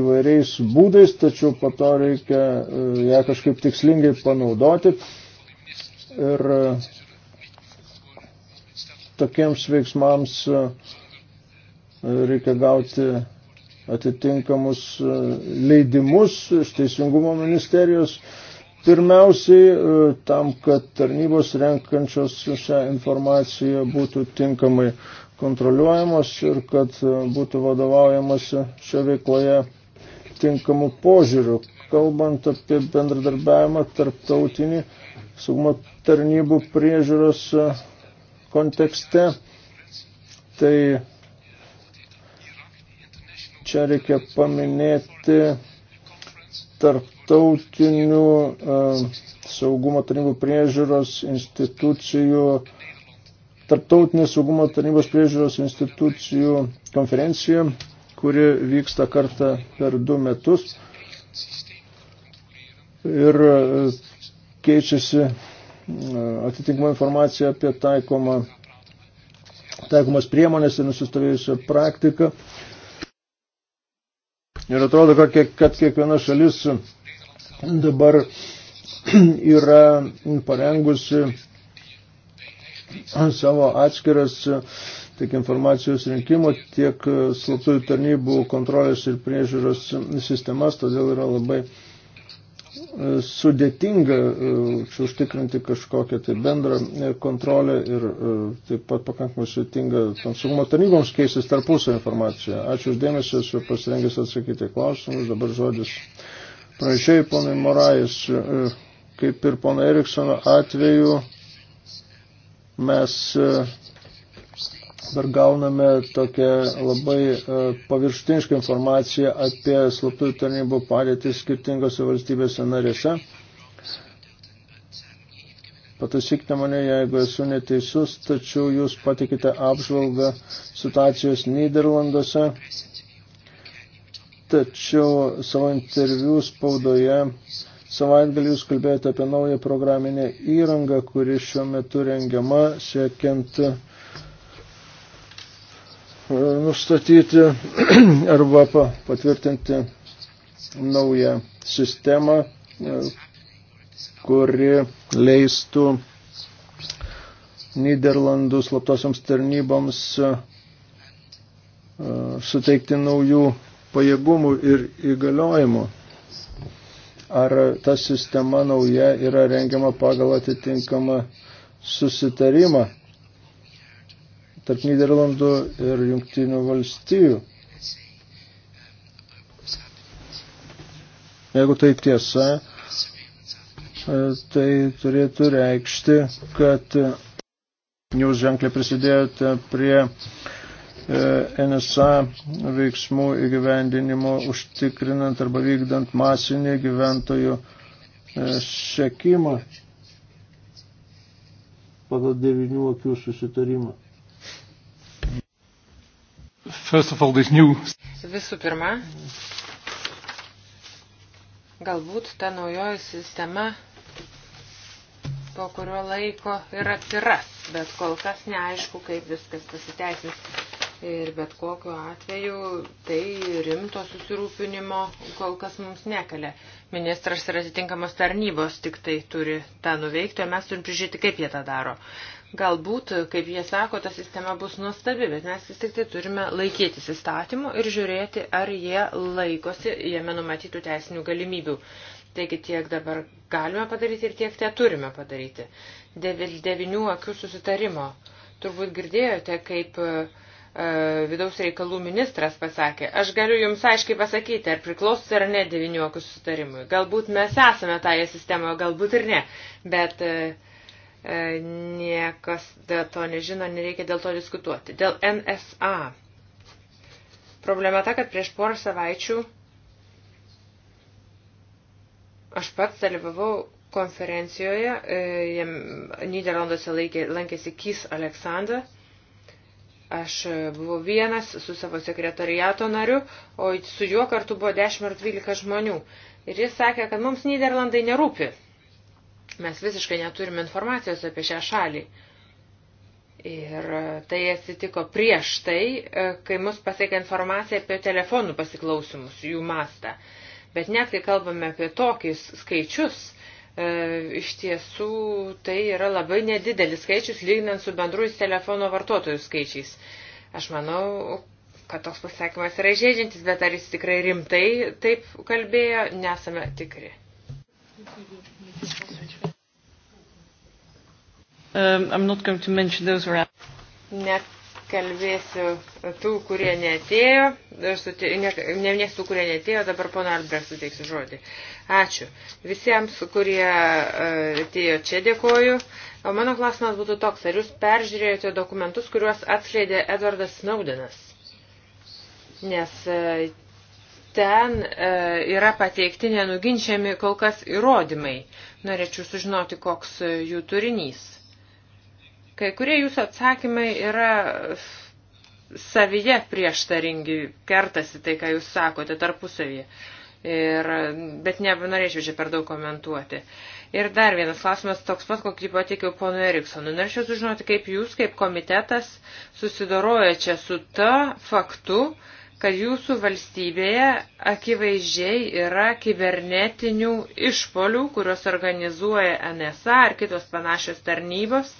įvairiais būdais, tačiau po to reikia e, ją kažkaip tikslingai panaudoti. Ir e, tokiems veiksmams reikia gauti atitinkamus leidimus iš Teisingumo ministerijos Pirmiausiai, e, tam, kad tarnybos renkančios šią informaciją būtų tinkamai kontroliuojamos ir kad e, būtų vadovaujamasi šio veikloje tinkamų požiūrių. Kalbant apie bendradarbiavimą tarptautinį saugumo tarnybų priežiūros e, kontekste, tai čia reikia paminėti tarptautinių e, saugumo tarnybų priežiūros institucijų, tarptautinės saugumo tarnybos priežiūros institucijų konferencija, kuri vyksta kartą per du metus ir e, keičiasi e, atitinkama informacija apie taikomą, taikomas priemonės ir nusistovėjusią praktiką. Ir atrodo, kad kiekviena šalis dabar yra parengusi savo atskiras tiek informacijos rinkimo, tiek slaptųjų tarnybų kontrolės ir priežiūros sistemas, todėl yra labai sudėtinga e, užtikrinti kažkokią tai bendrą e, kontrolę ir e, taip pat pakankamai sudėtinga tom saugumo tarnyboms keistis tarpusą informaciją. Ačiū uždėmesį, esu pasirengęs atsakyti klausimus. Dabar žodis pranešėjai ponai Morais. Kaip ir pono Eriksono atveju mes Dabar gauname tokią labai e, paviršutinišką informaciją apie slaptųjų tarnybų padėtį skirtingose valstybėse narėse. Pataisykite mane, jeigu esu neteisus, tačiau jūs patikite apžvalgą situacijos Niderlanduose. Tačiau savo interviu spaudoje savaitgalį jūs kalbėjote apie naują programinę įrangą, kuri šiuo metu rengiama siekiant nustatyti arba patvirtinti naują sistemą, e, kuri leistų Niderlandų slaptosioms tarnyboms e, suteikti naujų pajėgumų ir įgaliojimų. Ar ta sistema nauja yra rengiama pagal atitinkamą susitarimą? tarp Niderlandų ir Jungtinių valstijų. Jeigu tai tiesa, e, tai turėtų reikšti, kad jūs ženkliai prisidėjote prie e, NSA veiksmų įgyvendinimo, užtikrinant arba vykdant masinį gyventojų e, sekimą pagal devinių akių susitarimą all, new... Visų pirma, galbūt ta naujoji sistema po kurio laiko ir atsiras, bet kol kas neaišku, kaip viskas pasiteisins. Ir bet kokiu atveju tai rimto susirūpinimo kol kas mums nekelia. Ministras ir atitinkamos tarnybos tik tai turi tą nuveikti, o mes turim prižiūrėti, kaip jie tą daro. Galbūt, kaip jie sako, ta sistema bus nuostabi, bet mes vis tik tai turime laikytis įstatymų ir žiūrėti, ar jie laikosi jame numatytų teisinių galimybių. Taigi tiek dabar galime padaryti ir tiek te turime padaryti. Devinių akių susitarimo. Turbūt girdėjote, kaip uh, vidaus reikalų ministras pasakė, aš galiu jums aiškiai pasakyti, ar priklausote ar ne deviniuokų susitarimui. Galbūt mes esame tąją sistemoje, galbūt ir ne, bet uh, E, niekas dėl to nežino, nereikia dėl to diskutuoti. Dėl NSA. Problema ta, kad prieš porą savaičių aš pats dalyvavau konferencijoje, e, jam Niderlanduose laikė, lankėsi Kis Aleksandra. Aš e, buvau vienas su savo sekretariato nariu, o su juo kartu buvo 10 ar 12 žmonių. Ir jis sakė, kad mums Niderlandai nerūpi. Mes visiškai neturime informacijos apie šią šalį. Ir e, tai atsitiko prieš tai, e, kai mus pasiekė informacija apie telefonų pasiklausimus, jų mastą. Bet net kai kalbame apie tokius skaičius, e, iš tiesų tai yra labai nedidelis skaičius, lyginant su bendruoju telefono vartotojų skaičiais. Aš manau, kad toks pasakymas yra žaidžiantis, bet ar jis tikrai rimtai taip kalbėjo, nesame tikri. Um, I'm not going to mention those around. Nekalbėsiu tų, kurie neatėjo. Sutė, ne, ne tų, kurie neatėjo, dabar pono Albrecht suteiksiu žodį. Ačiū. Visiems, kurie uh, atėjo čia, dėkoju. O mano klausimas būtų toks, ar jūs peržiūrėjote dokumentus, kuriuos atskleidė Edvardas Snowdenas? Nes uh, ten e, yra pateikti nenuginčiami kol kas įrodymai. Norėčiau sužinoti, koks uh, jų turinys. Kai kurie jūsų atsakymai yra savyje prieštaringi, kertasi tai, ką jūs sakote tarpusavyje. Ir, bet nenorėčiau čia per daug komentuoti. Ir dar vienas klausimas toks pat, kokį pateikiau ponu Eriksonu. Norėčiau sužinoti, kaip jūs, kaip komitetas, susidoroja čia su ta faktu, kad jūsų valstybėje akivaizdžiai yra kibernetinių išpolių, kuriuos organizuoja NSA ar kitos panašios tarnybos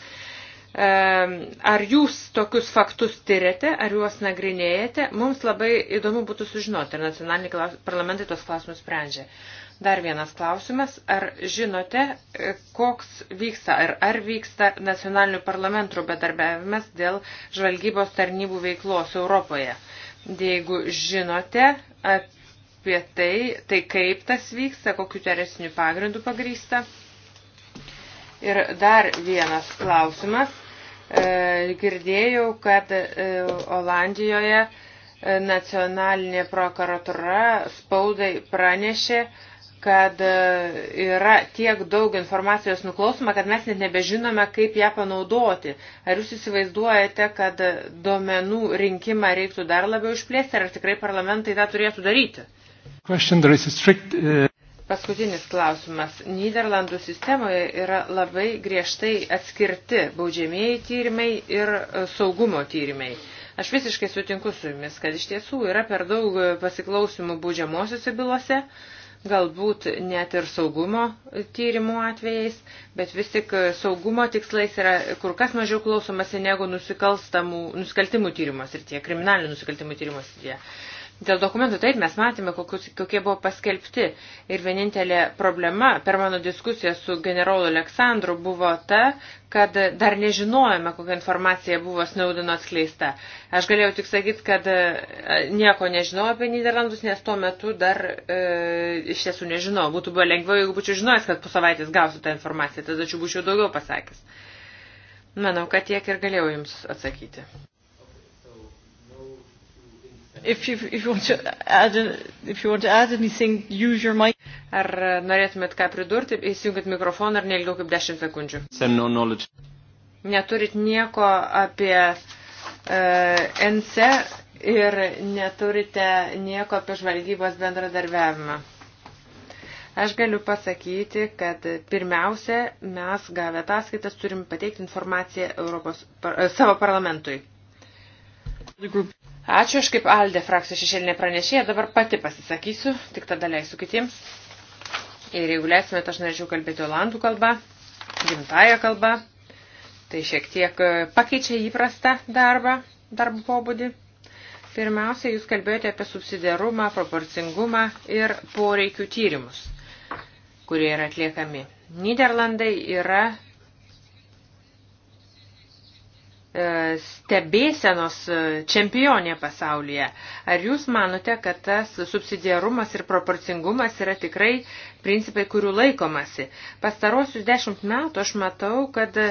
Ar jūs tokius faktus tyrėte, ar juos nagrinėjate? Mums labai įdomu būtų sužinoti, ar nacionaliniai klaus... parlamentai tos klausimus sprendžia. Dar vienas klausimas. Ar žinote, e, koks vyksta ir ar vyksta nacionalinių parlamentų bedarbiavimas dėl žvalgybos tarnybų veiklos Europoje? Jeigu žinote apie tai, tai kaip tas vyksta, kokiu teresiniu pagrindu pagrysta? Ir dar vienas klausimas E, girdėjau, kad e, Olandijoje e, nacionalinė prokuratura spaudai pranešė, kad yra tiek daug informacijos nuklausoma, kad mes net nebežinome, kaip ją panaudoti. Ar jūs įsivaizduojate, kad duomenų rinkimą reiktų dar labiau išplėsti, ar tikrai parlamentai tą turėtų daryti? Question, strict, uh... Paskutinis klausimas. Niderlandų sistemoje yra labai griežtai atskirti baudžiamieji tyrimai ir e, saugumo tyrimai. Aš visiškai sutinku su jumis, kad iš tiesų yra per daug e, pasiklausimų baudžiamosiuose bylose, galbūt net ir saugumo e, tyrimų atvejais, bet vis tik saugumo tikslais yra kur kas mažiau klausomasi negu nusikaltimų tyrimos ir tie kriminalinių nusikaltimų tyrimos ir tie. Dėl dokumentų taip mes matėme, kokius, kokie buvo paskelbti. Ir vienintelė problema per mano diskusiją su generolu Aleksandru buvo ta, kad dar nežinojame, kokia informacija buvo Snaudino atskleista. Aš galėjau tik sakyti, kad e, nieko nežinojau apie Niderlandus, nes tuo metu dar e, iš tiesų nežinojau. Būtų buvę lengviau, jeigu būčiau žinojęs, kad po savaitės gausiu tą informaciją, tada čia būčiau daugiau pasakęs. Manau, kad tiek ir galėjau Jums atsakyti if you, if you want to add, if you want to add anything, use your mic. Ar norėtumėt ką pridurti, įsijungit mikrofoną ar neilgiau kaip 10 sekundžių. No knowledge. Neturit nieko apie uh, e, NC ir neturite nieko apie žvalgybos bendradarbiavimą. Aš galiu pasakyti, kad pirmiausia, mes gavę ataskaitas turim pateikti informaciją Europos, par, savo parlamentui. The group Ačiū, aš kaip Aldė frakcijos šešėlinė pranešėja, dabar pati pasisakysiu, tik tada leisiu kitiems. Ir jeigu leisimėte, aš norėčiau kalbėti olandų kalbą, gimtają kalbą. Tai šiek tiek e, pakeičia įprastą darbą, darbų pobūdį. Pirmiausia, jūs kalbėjote apie subsidiarumą, proporcingumą ir poreikių tyrimus, kurie yra atliekami. Niderlandai yra E, stebėsenos e, čempionė pasaulyje. Ar jūs manote, kad tas subsidiarumas ir proporcingumas yra tikrai principai, kurių laikomasi? Pastarosius dešimt metų aš matau, kad e,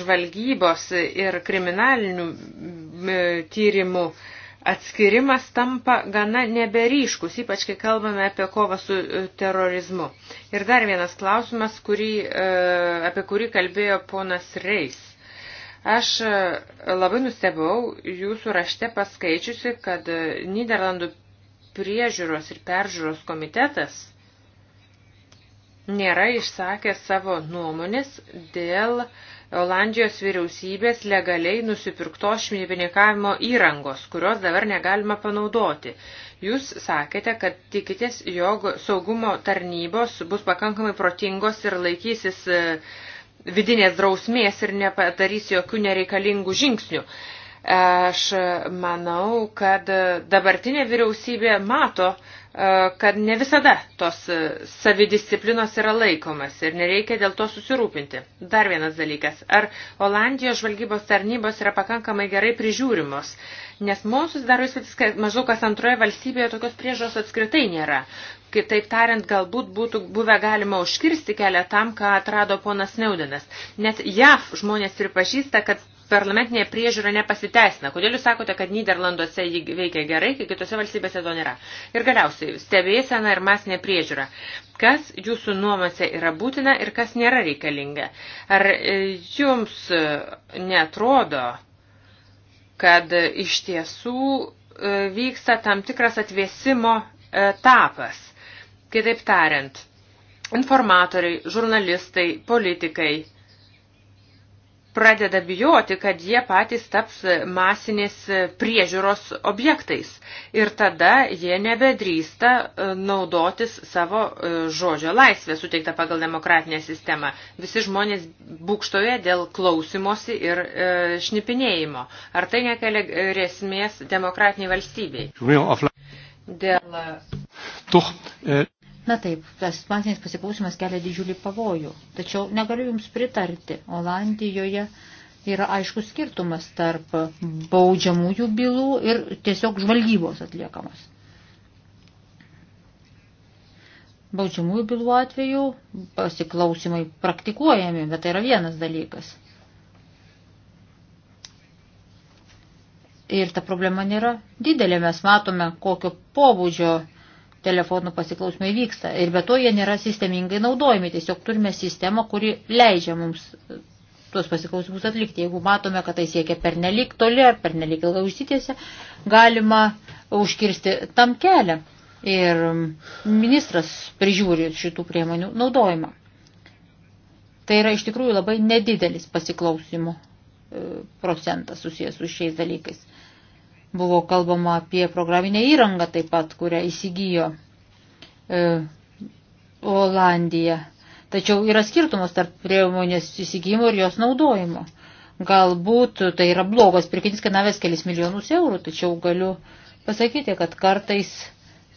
žvalgybos ir kriminalinių tyrimų atskirimas tampa gana neberyškus, ypač kai kalbame apie kovą su terorizmu. Ir dar vienas klausimas, kurį, apie kurį kalbėjo ponas Reis Aš e, labai nustebau jūsų rašte paskaičiusi, kad e, Niderlandų priežiūros ir peržiūros komitetas nėra išsakę savo nuomonės dėl Olandijos vyriausybės legaliai nusipirktos šminipinikavimo įrangos, kurios dabar negalima panaudoti. Jūs sakėte, kad tikitės, jog saugumo tarnybos bus pakankamai protingos ir laikysis uh, vidinės drausmės ir nepadarys jokių nereikalingų žingsnių. Aš manau, kad dabartinė vyriausybė mato, e, kad ne visada tos e, savidisciplinos yra laikomas ir nereikia dėl to susirūpinti. Dar vienas dalykas. Ar Olandijos žvalgybos tarnybos yra pakankamai gerai prižiūrimos? Nes mums susidaro įspūdis, kad maždaug kas antroje valstybėje tokios priežos apskritai nėra. Kitaip tariant, galbūt būtų buvę galima užkirsti kelią tam, ką atrado ponas Neudinas. Net JAV žmonės pripažįsta, kad parlamentinė priežiūra nepasiteisina. Kodėl jūs sakote, kad Niderlanduose ji veikia gerai, kai kitose valstybėse to nėra? Ir galiausiai, stebėsena ir masinė priežiūra. Kas jūsų nuomose yra būtina ir kas nėra reikalinga? Ar e, jums e, netrodo, kad e, iš tiesų vyksta tam tikras atvėsimo etapas? Kitaip tariant, informatoriai, žurnalistai, politikai pradeda bijoti, kad jie patys taps masinės priežiūros objektais ir tada jie nebedrįsta e, naudotis savo e, žodžio laisvę suteikta pagal demokratinę sistemą. Visi žmonės būkštoje dėl klausimosi ir e, šnipinėjimo. Ar tai nekelia grėsmės demokratiniai valstybei? Dėl... Tuch, e... Eh, Na taip, tas masinis pasiklausimas kelia didžiulį pavojų, tačiau negaliu Jums pritarti. Olandijoje yra aiškus skirtumas tarp baudžiamųjų bylų ir tiesiog žvalgybos atliekamos. Baudžiamųjų bylų atveju pasiklausimai praktikuojami, bet tai yra vienas dalykas. Ir ta problema nėra didelė, mes matome, kokio pobūdžio telefonų pasiklausimai vyksta. Ir be to jie nėra sistemingai naudojami. Tiesiog turime sistemą, kuri leidžia mums e, tuos pasiklausimus atlikti. Jeigu matome, kad tai siekia pernelik toli ar pernelik ilgai užsitėse, galima užkirsti tam kelią. Ir ministras prižiūri šitų priemonių naudojimą. Tai yra iš tikrųjų labai nedidelis pasiklausimų e, procentas susijęs su šiais dalykais. Buvo kalbama apie programinę įrangą taip pat, kurią įsigijo e, Olandija. Tačiau yra skirtumas tarp priemonės įsigijimo ir jos naudojimo. Galbūt tai yra blogas pirkinys kainavęs kelis milijonus eurų, tačiau galiu pasakyti, kad kartais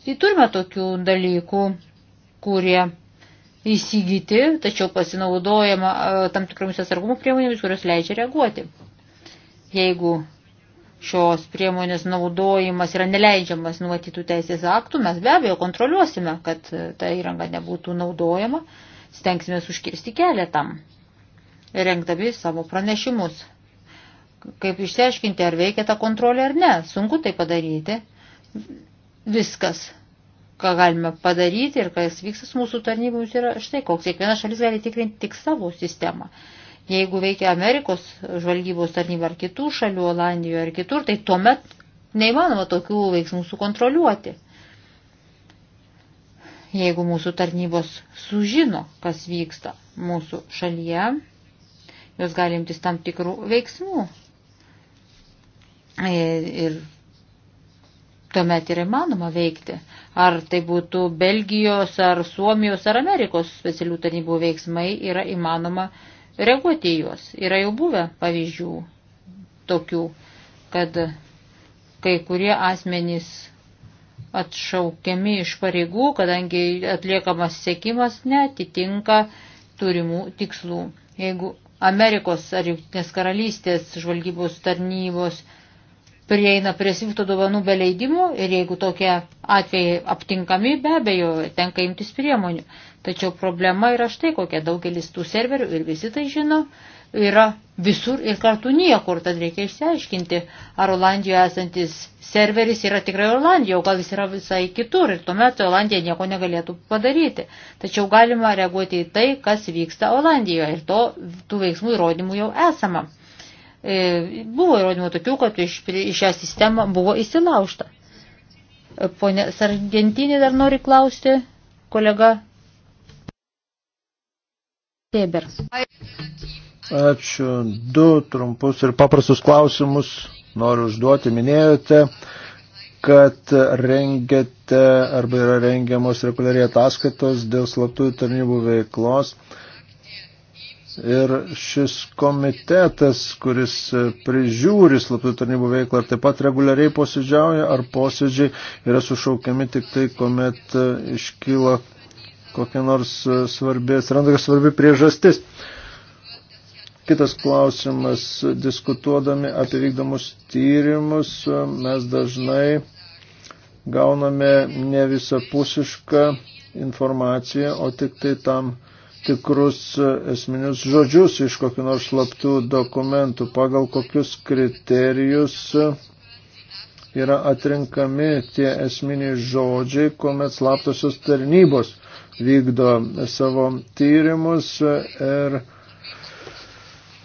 tai turime tokių dalykų, kurie įsigyti, tačiau pasinaudojama e, tam tikromis atsargumo priemonėmis, kurios leidžia reaguoti. Jeigu šios priemonės naudojimas yra neleidžiamas numatytų teisės aktų, mes be abejo kontroliuosime, kad ta įranga nebūtų naudojama, stengsime užkirsti kelią tam, rengdami savo pranešimus. Kaip išsiaiškinti, ar veikia ta kontrolė ar ne, sunku tai padaryti. Viskas ką galime padaryti ir kas vyksas mūsų tarnyboms yra štai koks. Kiekviena šalis gali tikrinti tik savo sistemą. Jeigu veikia Amerikos žvalgybos tarnyba ar kitų šalių, Olandijoje ar kitur, tai tuomet neįmanoma tokių veiksmų sukontroliuoti. Jeigu mūsų tarnybos sužino, kas vyksta mūsų šalyje, jos gali imtis tam tikrų veiksmų. E, ir tuomet yra įmanoma veikti. Ar tai būtų Belgijos, ar Suomijos, ar Amerikos specialių tarnybų veiksmai yra įmanoma veikti reaguoti į juos. Yra jau buvę pavyzdžių tokių, kad kai kurie asmenys atšaukiami iš pareigų, kadangi atliekamas sėkimas netitinka turimų tikslų. Jeigu Amerikos ar Junktinės karalystės žvalgybos tarnybos prieina prie svifto duomenų be leidimų ir jeigu tokie atvejai aptinkami, be abejo, tenka imtis priemonių. Tačiau problema yra štai kokia daugelis tų serverių ir visi tai žino, yra visur ir kartu niekur, tad reikia išsiaiškinti, ar Olandijoje esantis serveris yra tikrai Olandijoje, o gal jis yra visai kitur ir tuomet Olandija nieko negalėtų padaryti. Tačiau galima reaguoti į tai, kas vyksta Olandijoje ir to, tų veiksmų įrodymų jau esama. E, buvo įrodymų tokių, kad iš, iš šią sistemą buvo įsilaužta. E, Pone Sargentinė dar nori klausti, kolega Teber. Ačiū. Du trumpus ir paprastus klausimus noriu užduoti. Minėjote, kad rengiate arba yra rengiamos reguliariai ataskaitos dėl slaptųjų tarnybų veiklos. Ir šis komitetas, kuris prižiūri slaptų tarnybų veiklą, ar taip pat reguliariai posėdžiauja, ar posėdžiai yra sušaukiami tik tai, kuomet iškyla kokia nors svarbi, atsiranda svarbi priežastis. Kitas klausimas, diskutuodami apie vykdomus tyrimus, mes dažnai gauname ne visapusišką informaciją, o tik tai tam tikrus esminius žodžius iš kokių nors slaptų dokumentų, pagal kokius kriterijus yra atrenkami tie esminiai žodžiai, kuomet slaptosios tarnybos vykdo savo tyrimus ir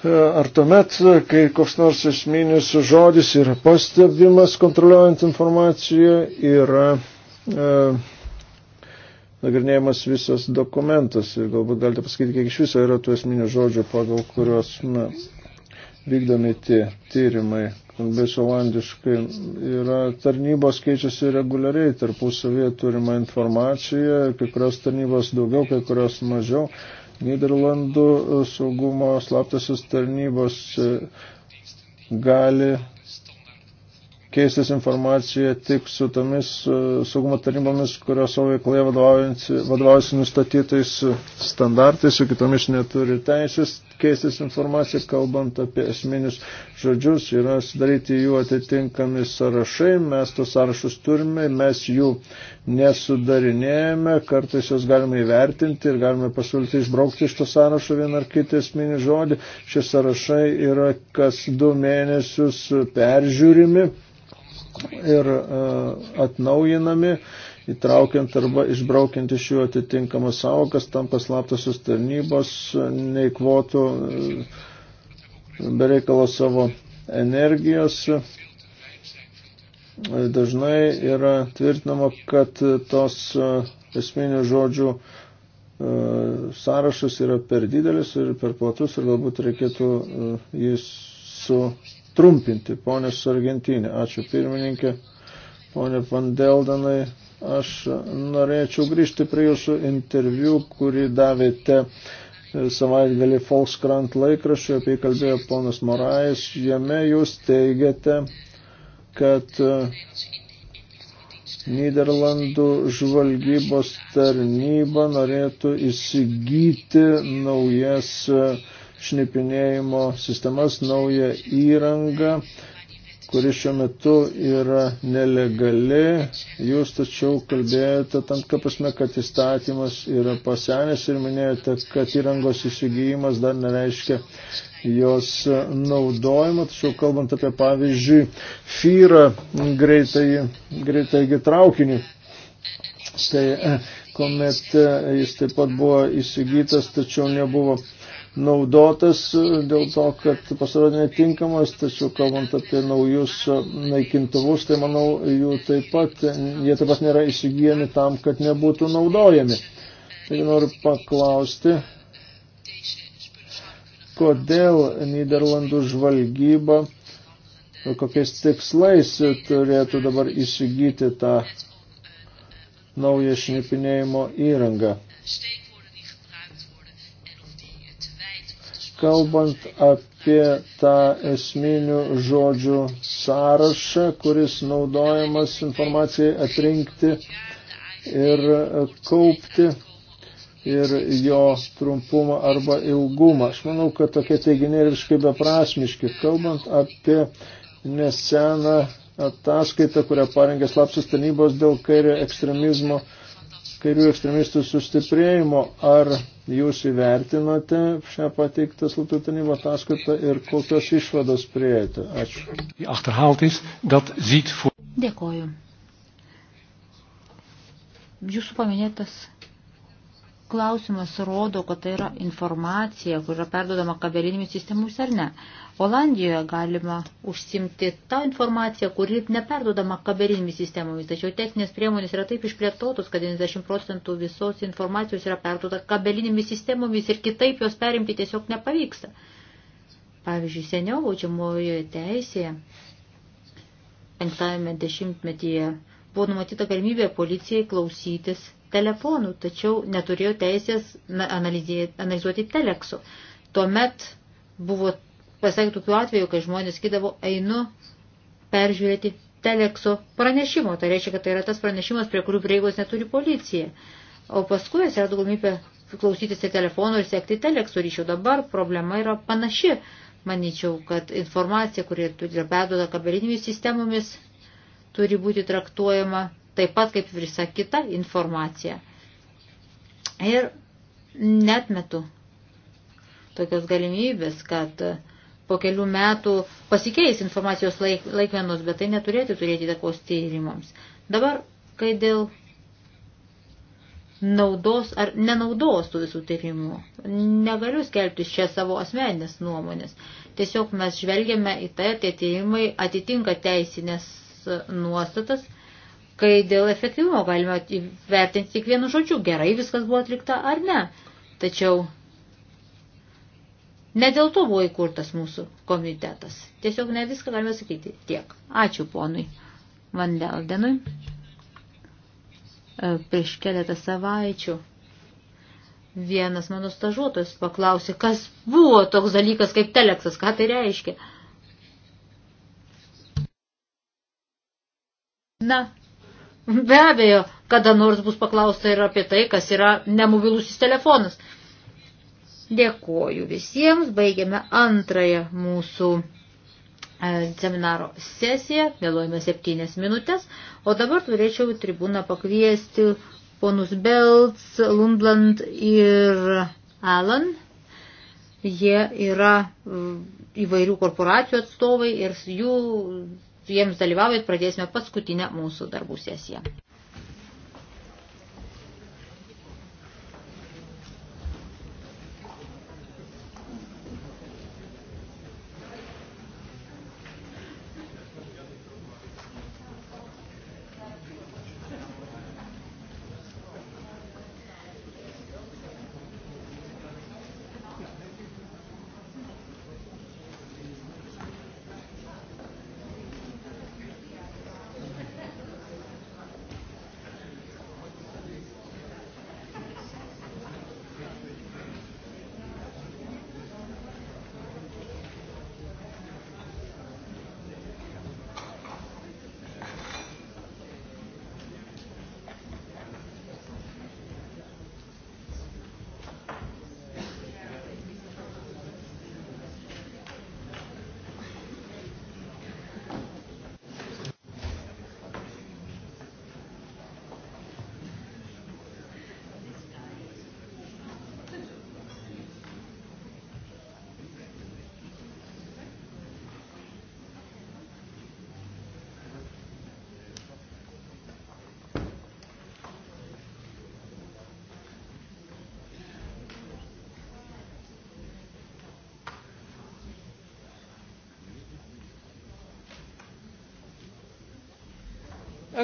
Ar tuomet, kai koks nors esminis žodis yra pastebimas kontroliuojant informaciją, yra e, nagrinėjamas visas dokumentas ir galbūt galite pasakyti, kiek iš viso yra tų esminių žodžių, pagal kuriuos na, vykdomi tie tyrimai. Kalbėsiu olandiškai. Yra tarnybos keičiasi reguliariai, tarpusavėje turima informacija, kai kurios tarnybos daugiau, kai kurios mažiau. Niderlandų saugumo slaptasis tarnybos e, gali keistis informacija tik su tomis e, saugumo tarnybomis, kurios savo veikloje vadovaujasi nustatytais standartais, su kitomis neturi teisės keistis informacija, kalbant apie esminius žodžius, yra sudaryti jų atitinkami sąrašai, mes tos sąrašus turime, mes jų nesudarinėjame, kartais juos galime įvertinti ir galime pasiūlyti išbraukti iš to sąrašo vieną ar kitą esminį žodį. Šie sąrašai yra kas du mėnesius peržiūrimi ir e, atnaujinami, įtraukiant arba išbraukiant iš jų atitinkamas savokas, tam paslaptosios tarnybos neikvotų e, bereikalo savo energijos. Dažnai yra tvirtinama, kad tos e, esminių žodžių sąrašas yra per didelis ir per platus ir galbūt reikėtų jis su trumpinti. Pone Sargentinė, ačiū pirmininkė. Pone Vandeldanai, aš norėčiau grįžti prie jūsų interviu, kurį davėte savaitgalį Volkskrant laikraščiui, apie jį kalbėjo ponas Morais. Jame jūs teigiate, kad e, Niderlandų žvalgybos tarnyba norėtų įsigyti naujas uh, šnipinėjimo sistemas, naują įrangą, kuri šiuo metu yra nelegali. Jūs tačiau kalbėjote tam, kad prasme, kad įstatymas yra pasenęs ir minėjote, kad įrangos įsigijimas dar nereiškia jos naudojimą. Tačiau kalbant apie pavyzdžiui fyrą greitai, greitai traukinį. Tai e, kuomet e, jis taip pat buvo įsigytas, tačiau nebuvo naudotas e, dėl to, kad pasirodė netinkamas, tačiau kalbant apie naujus e, naikintuvus, tai manau, jų taip pat, e, jie taip pat nėra įsigijami tam, kad nebūtų naudojami. Taigi noriu paklausti, kodėl Niderlandų žvalgyba kokiais tikslais turėtų dabar įsigyti tą naują šnipinėjimo įrangą. kalbant apie tą esminių žodžių sąrašą, kuris naudojamas informacijai atrinkti ir kaupti ir jo trumpumą arba ilgumą. Aš manau, kad tokie teiginiai yra visiškai beprasmiški. Kalbant apie neseną ataskaitą, kurią parengė slapsus tarnybos dėl kairio ekstremizmo, kairių ekstremistų sustiprėjimo, ar jūs įvertinote šią pateiktą slaptų tarnybų ataskaitą ir kokios išvados prieėjote? Ačiū. Dėkoju. Jūsų paminėtas klausimas rodo, kad tai yra informacija, kur yra perdodama kabelinimis sistemus ar ne. Olandijoje galima užsimti tą informaciją, kuri neperdodama kabelinimis sistemomis, tačiau techninės priemonės yra taip išplėtotos, kad 90 procentų visos informacijos yra perdodama kabelinimis sistemomis ir kitaip jos perimti tiesiog nepavyksta. Pavyzdžiui, seniau baudžiamojoje teisėje, penktajame dešimtmetyje, buvo numatyta galimybė policijai klausytis telefonų, tačiau neturėjo teisės analizuoti teleksų. Tuomet buvo pasakyti tokių atvejų, kai žmonės skydavo einu peržiūrėti telekso pranešimo. Tai reiškia, kad tai yra tas pranešimas, prie kurių prieigos neturi policija. O paskui atsirado galimybė klausytis į telefoną ir sekti telekso ryšio. Dabar problema yra panaši. Manyčiau, kad informacija, kuri yra perduota kabelinėmis sistemomis, turi būti traktuojama taip pat kaip visa kita informacija. Ir net metu tokios galimybės, kad e, po kelių metų pasikeis informacijos laik, laikmenos, bet tai neturėtų turėti takos tyrimams. Dabar, kai dėl naudos ar nenaudos tų visų tyrimų, negaliu skelbti čia savo asmeninės nuomonės. Tiesiog mes žvelgiame į tai, tie tyrimai atitinka teisinės nuostatas – kai dėl efektyvumo galima vertinti tik vienu žodžiu, gerai viskas buvo atlikta ar ne. Tačiau ne dėl to buvo įkurtas mūsų komitetas. Tiesiog ne viską galime sakyti tiek. Ačiū ponui Vandeldenui. E, prieš keletą savaičių vienas mano stažuotojas paklausė, kas buvo toks dalykas kaip teleksas, ką tai reiškia. Na, Be abejo, kada nors bus paklausta ir apie tai, kas yra nemobilusis telefonas. Dėkuoju visiems, baigiame antrąją mūsų e, seminaro sesiją, vėluojame septynės minutės, o dabar turėčiau tribūną pakviesti ponus Belts, Lundland ir Alan. Jie yra mm, įvairių korporacijų atstovai ir jų jiems dalyvaujant pradėsime paskutinę mūsų darbų sesiją.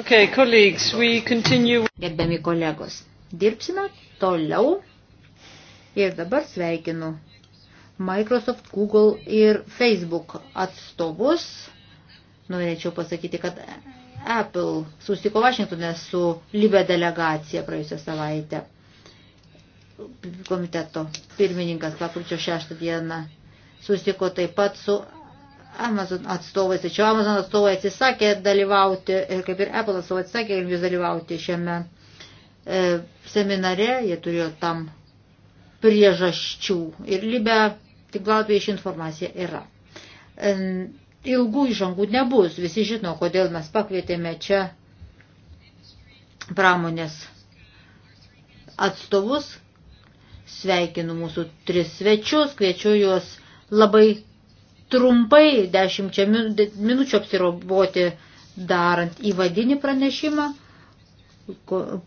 Okay, colleagues, we continue. Gerbiami kolegos, dirbsime toliau ir dabar sveikinu Microsoft, Google ir Facebook atstovus. Norėčiau pasakyti, kad Apple susitiko Vašingtonė su Libė delegacija praėjusią savaitę. Komiteto pirmininkas lapkričio 6 dieną susitiko taip pat su Amazon atstovais, tačiau Amazon atstovai atsisakė dalyvauti, kaip ir Apple atstovai atsisakė galimybės dalyvauti šiame e, seminare, jie turėjo tam priežasčių ir libe tinklalapyje ši informacija yra. E, ilgų įžangų nebus, visi žino, kodėl mes pakvietėme čia pramonės atstovus, sveikinu mūsų tris svečius, kviečiu juos labai trumpai dešimčia minučių apsiroboti darant įvadinį pranešimą.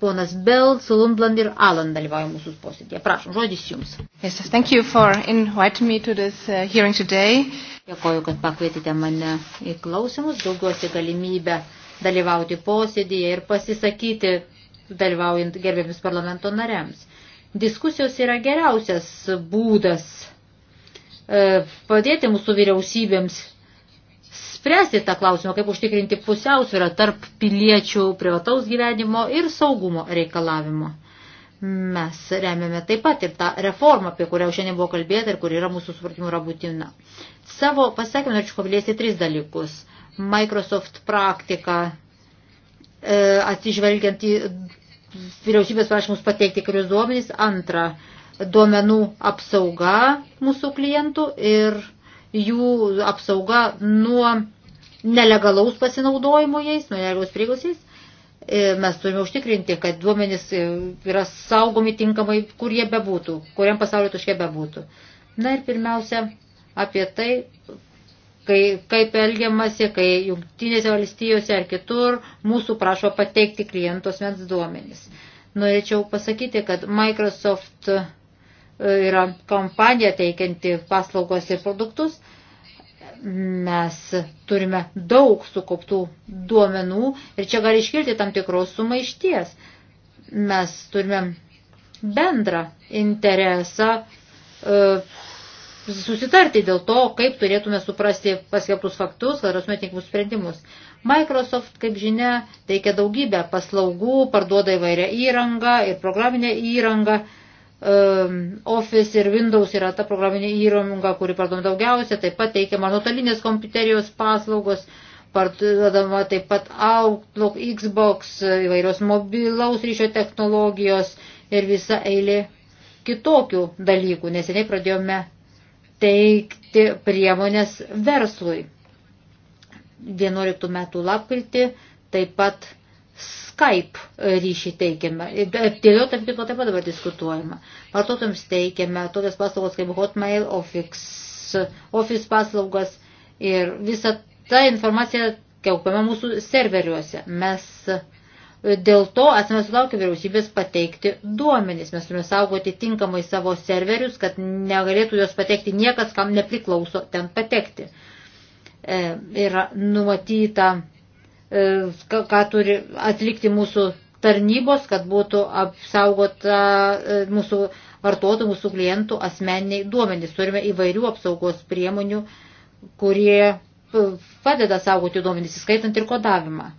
Ponas Bell, Lundland ir Alan dalyvauja mūsų posėdėje. Prašom, žodis jums. Yes, thank you for inviting me to this uh, hearing today. Dėkoju, kad pakvietėte mane į klausimus. Daugiuosi galimybę dalyvauti posėdėje ir pasisakyti, dalyvaujant gerbėmis parlamento nariams. Diskusijos yra geriausias būdas uh, E, padėti mūsų vyriausybėms spręsti tą klausimą, kaip užtikrinti pusiausvyrą tarp piliečių privataus gyvenimo ir saugumo reikalavimo. Mes remiame taip pat ir tą reformą, apie kurią šiandien buvo kalbėta ir kuri yra mūsų supratimu yra būtina. Savo pasakymą norėčiau paviliesti tris dalykus. Microsoft praktika, e, atsižvelgiant į vyriausybės prašymus pateikti karius duomenys. Antra, duomenų apsauga mūsų klientų ir jų apsauga nuo nelegalaus pasinaudojimo jais, nuo nelegalaus priegausiais. E, mes turime užtikrinti, kad duomenys e, yra saugomi tinkamai, kur jie bebūtų, kuriam pasaulio tuškė bebūtų. Na ir pirmiausia, apie tai, kai, kaip elgiamasi, kai jungtinėse valstijose ar kitur mūsų prašo pateikti klientos mens duomenys. Norėčiau pasakyti, kad Microsoft uh, yra kompanija teikianti paslaugos ir produktus. Mes turime daug sukauptų duomenų ir čia gali iškilti tam tikros sumaišties. Mes turime bendrą interesą e, susitarti dėl to, kaip turėtume suprasti paskelbtus faktus, kad rasume tinkamus sprendimus. Microsoft, kaip žinia, teikia daugybę paslaugų, parduoda įvairią įrangą ir programinę įrangą. E, Ehm, Office ir Windows yra ta programinė įranga, kuri parduodama daugiausia, taip pat teikiama nuotolinės kompiuterijos paslaugos, parduodama taip pat Outlook, Xbox, įvairios mobilaus ryšio technologijos ir visa eilė kitokių dalykų. Neseniai pradėjome teikti priemonės verslui. 11 metų lapkritį taip pat Skype ryšį teikiame. Dėl jo taip taip pat dabar diskutuojama. Vartotojams teikiame tokias paslaugas kaip Hotmail, Office, Office paslaugas ir visa ta informacija kaupiama mūsų serveriuose. Mes e, dėl to esame sulaukę vyriausybės pateikti duomenys. Mes turime saugoti tinkamai savo serverius, kad negalėtų jos patekti niekas, kam nepriklauso ten patekti. E, yra numatyta E, ką turi atlikti mūsų tarnybos, kad būtų apsaugota e, mūsų vartotojų, mūsų klientų asmeniniai duomenys. Turime įvairių apsaugos priemonių, kurie e, padeda saugoti duomenys, įskaitant ir kodavimą.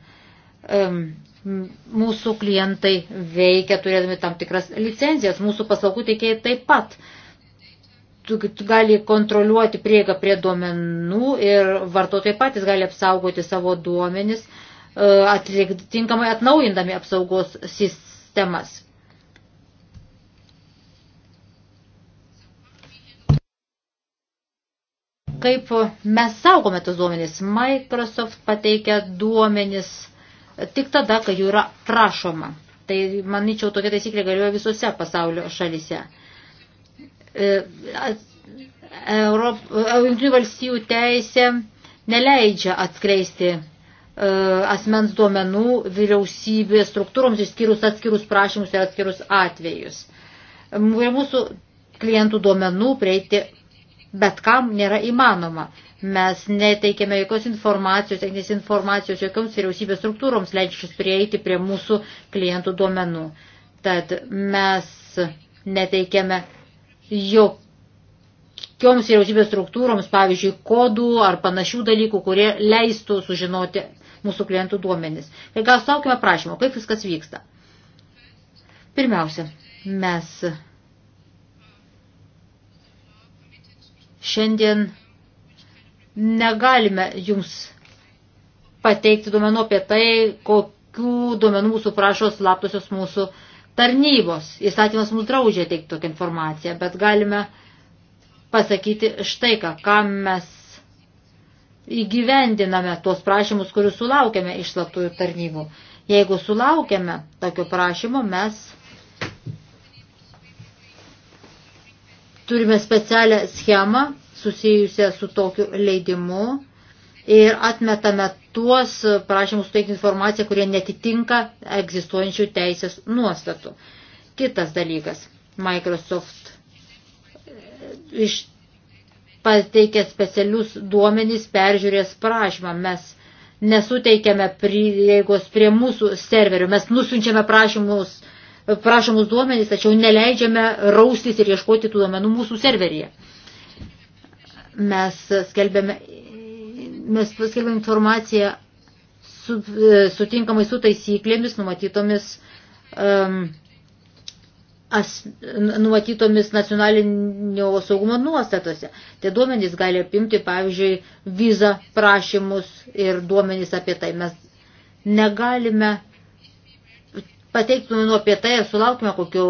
Mūsų klientai veikia turėdami tam tikras licenzijas, mūsų paslaugų teikėjai taip pat gali kontroliuoti prieigą prie duomenų ir vartotojai patys gali apsaugoti savo duomenis E, atitinkamai atnaujindami apsaugos sistemas. Kaip mes saugome tos duomenys? Microsoft pateikia duomenys tik tada, kai jų yra prašoma. Tai, manyčiau, tokia taisyklė galioja visose pasaulio šalise. E, Jungtinių valstybių teisė neleidžia atskleisti E, asmens duomenų vyriausybės struktūroms išskyrus atskirus prašymus ir atskirus atvejus. Prie mūsų klientų duomenų prieiti bet kam nėra įmanoma. Mes neteikėme jokios informacijos, techninės informacijos jokioms vyriausybės struktūroms leidžiančius prieiti prie mūsų klientų duomenų. Tad mes neteikėme jokioms vyriausybės struktūroms, pavyzdžiui, kodų ar panašių dalykų, kurie leistų sužinoti mūsų klientų duomenis. Ir gal saukime prašymo, kaip viskas vyksta. Pirmiausia, mes šiandien negalime jums pateikti duomenų apie tai, kokių duomenų mūsų prašo slaptosios mūsų tarnybos. Įstatymas mums draudžia teikti tokią informaciją, bet galime pasakyti štai ką, ką mes įgyvendiname tuos prašymus, kurių sulaukėme iš slaptųjų tarnybų. Jeigu sulaukėme tokio prašymo, mes turime specialią schemą susijusią su tokiu leidimu ir atmetame tuos prašymus suteikti informaciją, kurie netitinka egzistuojančių teisės nuostatų. Kitas dalykas. Microsoft e, iš pateikia specialius duomenys, peržiūrės prašymą. Mes nesuteikiame prieigos prie mūsų serverių, mes nusinčiame prašymus, prašymus duomenys, tačiau neleidžiame raustis ir ieškoti tų duomenų mūsų serveryje. Mes skelbėme, mes skelbėme informaciją su, e, sutinkamai su taisyklėmis numatytomis um, as, numatytomis nacionalinio saugumo nuostatose. Tie duomenys gali apimti, pavyzdžiui, vizą prašymus ir duomenys apie tai. Mes negalime pateikti duomenų apie tai ir sulaukime kokiu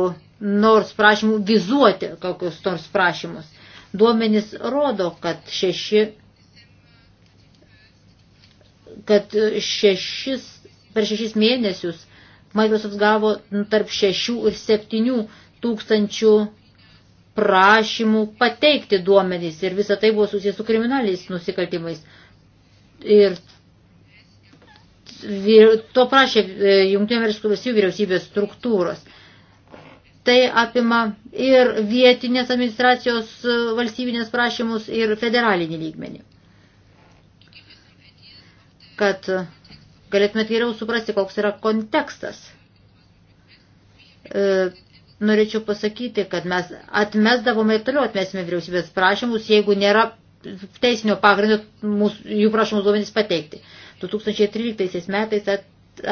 nors prašymu vizuoti kokius nors prašymus. Duomenys rodo, kad šeši kad šešis, per šešis mėnesius Microsoft gavo tarp 6 ir 7 tūkstančių prašymų pateikti duomenys ir visa tai buvo susijęs su kriminaliais nusikaltimais. Ir to prašė e, Junktinių Amerikos vyriausybės struktūros. Tai apima ir vietinės administracijos e, valstybinės prašymus ir federalinį lygmenį. Kad galėtumėt geriau suprasti, koks yra kontekstas. E, norėčiau pasakyti, kad mes atmesdavome ir toliau atmesime vyriausybės prašymus, jeigu nėra teisinio pagrindo jų prašymus duomenys pateikti. 2013 metais at,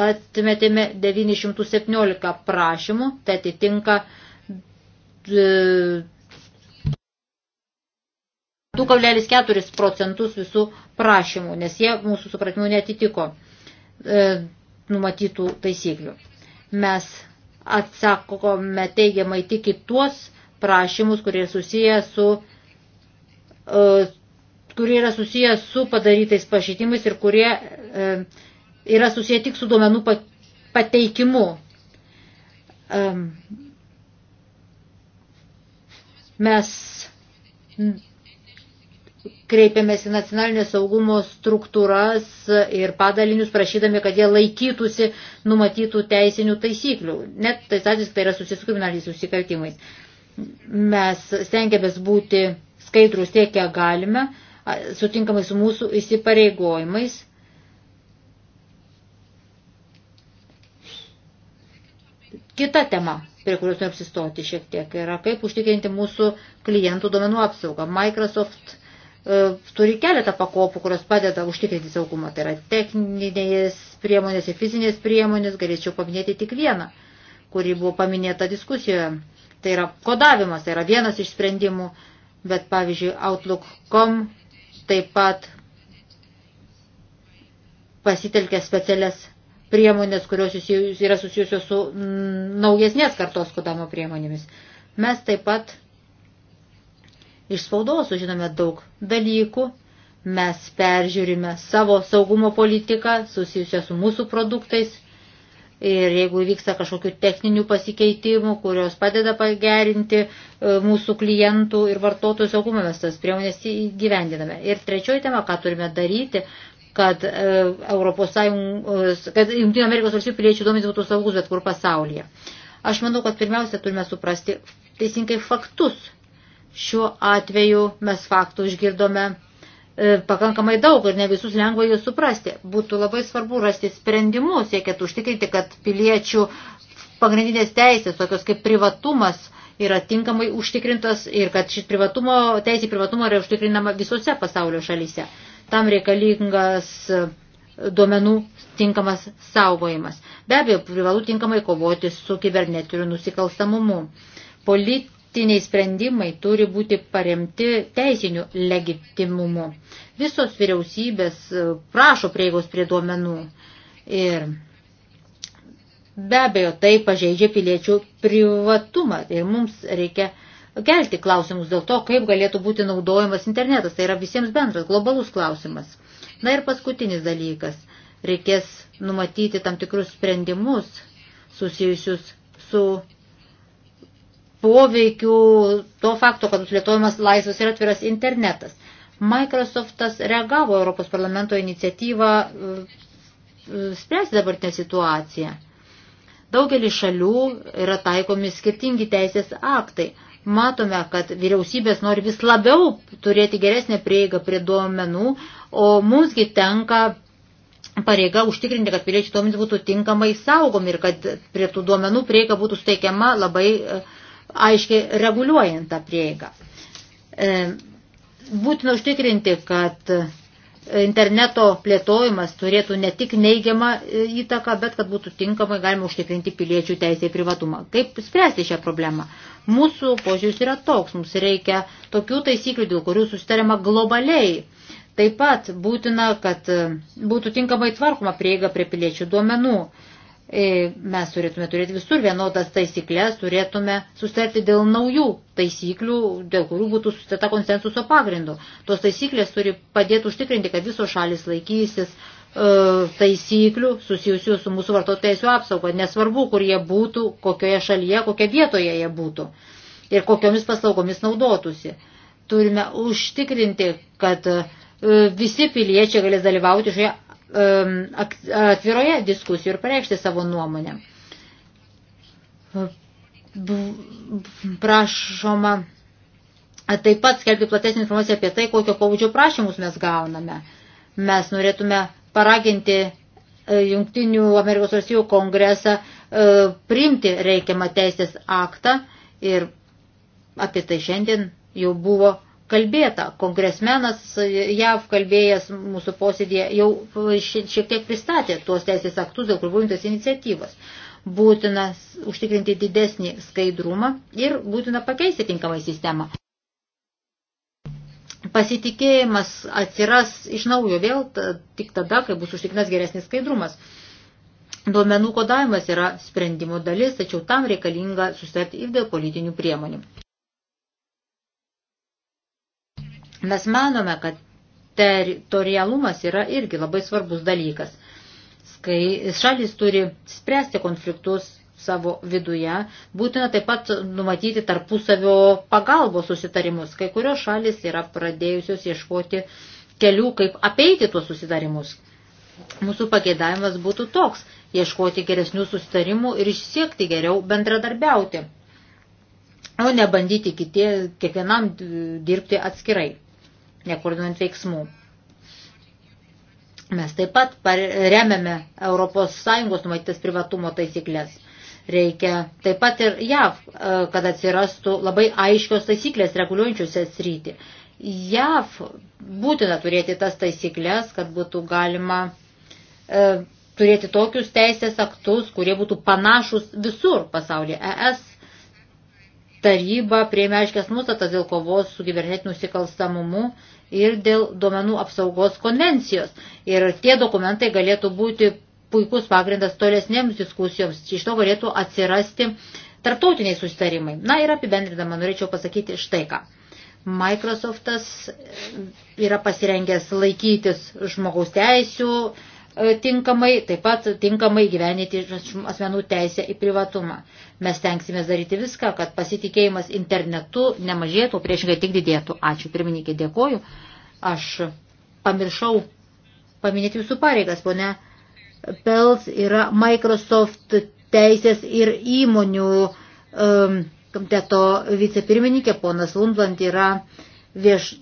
atmetėme 917 prašymų, tai atitinka e, 2,4 procentus visų prašymų, nes jie mūsų supratimu netitiko e, numatytų taisyklių. Mes atsakome teigiamai tik į tuos prašymus, kurie susiję su e, kurie yra susiję su padarytais pažeidimais ir kurie e, yra susiję tik su duomenų pateikimu. E, mes Kreipėmės į nacionalinės saugumo struktūras ir padalinius prašydami, kad jie laikytųsi numatytų teisinių taisyklių. Net tais atvejais tai yra susijęs kriminaliais nusikaltimais. Mes stengiamės būti skaidrus tiek, kiek galime, sutinkamai su mūsų įsipareigojimais Kita tema, prie kurios neapsistoti šiek tiek, yra kaip užtikrinti mūsų klientų duomenų apsaugą. Microsoft E, turi keletą pakopų, kurios padeda užtikrinti saugumą. Tai yra techninės priemonės ir fizinės priemonės, galėčiau paminėti tik vieną, kuri buvo paminėta diskusijoje. Tai yra kodavimas, tai yra vienas iš sprendimų, bet pavyzdžiui, Outlook.com taip pat pasitelkia specialias priemonės, kurios yra susijusios su mm, naujesnės kartos kodavimo priemonėmis. Mes taip pat Iš spaudos sužinome daug dalykų. Mes peržiūrime savo saugumo politiką susijusią su mūsų produktais. Ir jeigu vyksta kažkokių techninių pasikeitimų, kurios padeda pagerinti e, mūsų klientų ir vartotojų saugumą, mes tas priemonės įgyvendiname. Ir trečioji tema, ką turime daryti, kad, e, Europos Sąjungos, e, kad Junktinių Amerikos valstybių piliečių duomenys būtų saugus bet kur pasaulyje. Aš manau, kad pirmiausia turime suprasti teisingai faktus Šiuo atveju mes faktų išgirdome e, pakankamai daug ir ne visus lengva jų suprasti. Būtų labai svarbu rasti sprendimus, siekiant užtikrinti, kad piliečių pagrindinės teisės, tokios kaip privatumas, yra tinkamai užtikrintas ir kad šit privatumo, teisė privatumo yra užtikrinama visose pasaulio šalyse. Tam reikalingas e, duomenų tinkamas saugojimas. Be abejo, privalu tinkamai kovoti su kibernetiniu nusikalstamumu. Polit Tiniai sprendimai turi būti paremti teisiniu legitimumu. Visos vyriausybės e, prašo prieigos prie duomenų ir be abejo tai pažeidžia piliečių privatumą ir mums reikia kelti klausimus dėl to, kaip galėtų būti naudojamas internetas. Tai yra visiems bendras, globalus klausimas. Na ir paskutinis dalykas. Reikės numatyti tam tikrus sprendimus susijusius su poveikių to fakto, kad plėtojimas laisvas ir atviras internetas. Microsoftas reagavo Europos parlamento iniciatyvą e, e, spręsti dabartinę situaciją. Daugelį šalių yra taikomi skirtingi teisės aktai. Matome, kad vyriausybės nori vis labiau turėti geresnę prieigą prie duomenų, o mūsgi tenka pareiga užtikrinti, kad piliečių duomenys būtų tinkamai saugomi ir kad prie tų duomenų prieiga būtų steikiama labai uh, aiškiai reguliuojant tą prieigą. E, būtina užtikrinti, kad interneto plėtojimas turėtų ne tik neigiamą e, įtaką, bet kad būtų tinkamai galima užtikrinti piliečių teisę į privatumą. Kaip spręsti šią problemą? Mūsų požiūris yra toks, mums reikia tokių taisyklių, dėl kurių susitariama globaliai. Taip pat būtina, kad e, būtų tinkamai tvarkoma prieiga prie piliečių duomenų. E, mes turėtume turėti visur vienodas taisyklės, turėtume sustarti dėl naujų taisyklių, dėl kurių būtų sustata konsensuso pagrindu. Tos taisyklės turi padėti užtikrinti, kad visos šalis laikysis e, taisyklių susijusių su mūsų vartotojų apsauga, nesvarbu, kur jie būtų, kokioje šalyje, kokia vietoje jie būtų ir kokiomis paslaugomis naudotųsi. Turime užtikrinti, kad e, visi piliečiai galės dalyvauti šioje Um, atviroje diskusijoje ir pareikšti savo nuomonę. Prašoma taip pat skelbti platesnį informaciją apie tai, kokio pavudžio prašymus mes gauname. Mes norėtume paraginti e, Junktinių Amerikos valstybių kongresą e, priimti reikiamą teisės aktą ir apie tai šiandien jau buvo kalbėta. Kongresmenas e, JAV kalbėjęs mūsų posėdėje jau šiek tiek pristatė tuos teisės aktus, dėl kur būtintas iniciatyvas. Būtina užtikrinti didesnį skaidrumą ir būtina pakeisti tinkamą sistemą. Pasitikėjimas atsiras iš naujo vėl tik tada, kai bus užtikrinas geresnis skaidrumas. Duomenų kodavimas yra sprendimo dalis, tačiau tam reikalinga susitarti ir dėl politinių priemonių. Mes manome, kad teritorialumas yra irgi labai svarbus dalykas. Kai šalis turi spręsti konfliktus savo viduje, būtina taip pat numatyti tarpusavio pagalbos susitarimus. Kai kurios šalis yra pradėjusios ieškoti kelių, kaip apeiti tuos susitarimus. Mūsų pageidavimas būtų toks - ieškoti geresnių susitarimų ir išsiekti geriau bendradarbiauti, o ne bandyti kitie, kiekvienam dirbti atskirai nekoordinuojant veiksmų. Mes taip pat remiame ES numatytas privatumo taisyklės. Reikia taip pat ir JAV, e, kad atsirastų labai aiškios taisyklės reguliuojančiusias rytį. JAV būtina turėti tas taisyklės, kad būtų galima e, turėti tokius teisės aktus, kurie būtų panašus visur pasaulyje. ES taryba prieimė aiškias nustatas dėl kovos su kibernetiniu nusikalstamumu ir dėl duomenų apsaugos konvencijos. Ir tie dokumentai galėtų būti puikus pagrindas tolesnėms diskusijoms. Iš to galėtų atsirasti tarptautiniai susitarimai. Na ir apibendrindama norėčiau pasakyti štai ką. Microsoftas yra pasirengęs laikytis žmogaus teisių, E, tinkamai, taip pat tinkamai gyvenyti asmenų teisę į privatumą. Mes tenksime daryti viską, kad pasitikėjimas internetu nemažėtų, priešingai tik didėtų. Ačiū, pirmininkė, dėkoju. Aš pamiršau paminėti jūsų pareigas, pone. Pels yra Microsoft teisės ir įmonių um, komiteto vicepirmininkė, ponas Lundland yra vieš,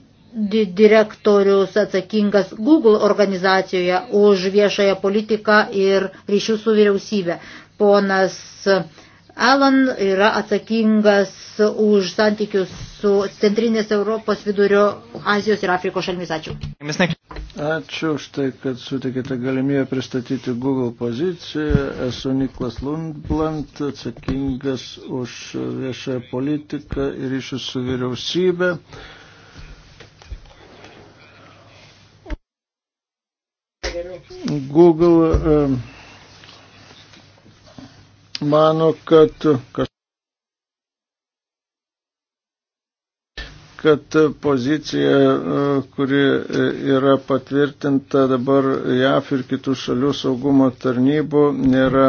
direktorius atsakingas Google organizacijoje už viešąją politiką ir ryšių su vyriausybė. Ponas Alan yra atsakingas už santykius su Centrinės Europos vidurio Azijos ir Afrikos šalmis. Ačiū. Ačiū už tai, kad sutikite galimybę pristatyti Google poziciją. Esu Niklas Lundblant, atsakingas už viešąją politiką ir ryšius su vyriausybė. Google mano, kad kažkas kad pozicija, e, kuri e, yra patvirtinta dabar JAF ir kitų šalių saugumo tarnybų, nėra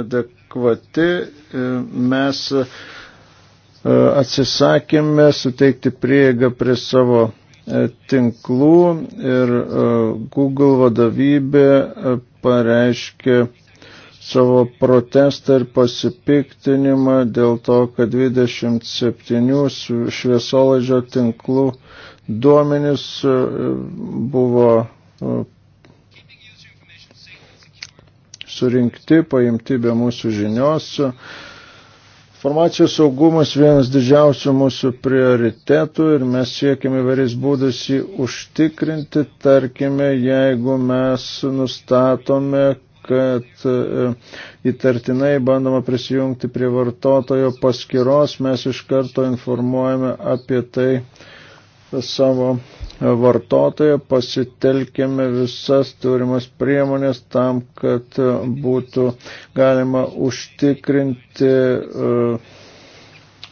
adekvati. E, mes atsisakėme suteikti prieigą prie savo E, tinklų ir e, Google vadovybė e, pareiškė savo protestą ir pasipiktinimą dėl to, kad 27 šviesolaidžio tinklų duomenys buvo surinkti, paimti be mūsų žinios. Informacijos saugumas vienas didžiausių mūsų prioritetų ir mes siekime įvairiais būdais jį užtikrinti, tarkime, jeigu mes nustatome, kad e, įtartinai bandoma prisijungti prie vartotojo paskiros, mes iš karto informuojame apie tai savo vartotojo pasitelkėme visas turimas priemonės tam, kad būtų galima užtikrinti, e,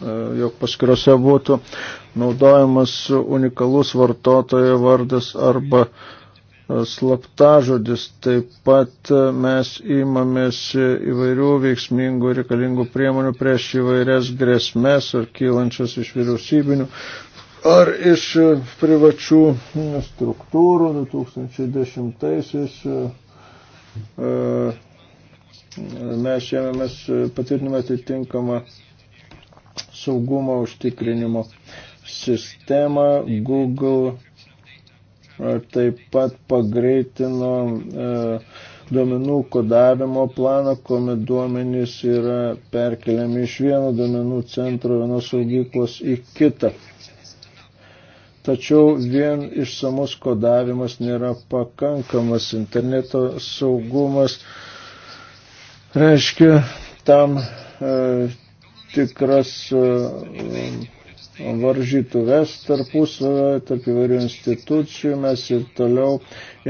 e, jog paskiriuose būtų naudojamas unikalus vartotojo vardas arba e, slaptažodis. Taip pat mes įmamės įvairių veiksmingų reikalingų priemonių prieš įvairias grėsmės ar kylančias iš vyriausybinių ar iš e, privačių struktūrų 2010-aisiais e, e, mes ėmėmės patvirtinimą atitinkamą saugumo užtikrinimo sistemą. Google taip pat pagreitino duomenų kodavimo planą, kuomet duomenys yra perkeliami iš vieno duomenų centro, vienos saugyklos į kitą. Tačiau vien išsamus kodavimas nėra pakankamas. Interneto saugumas reiškia tam e, tikras e, varžytuves tarpusavę, tarp įvairių institucijų. Mes ir toliau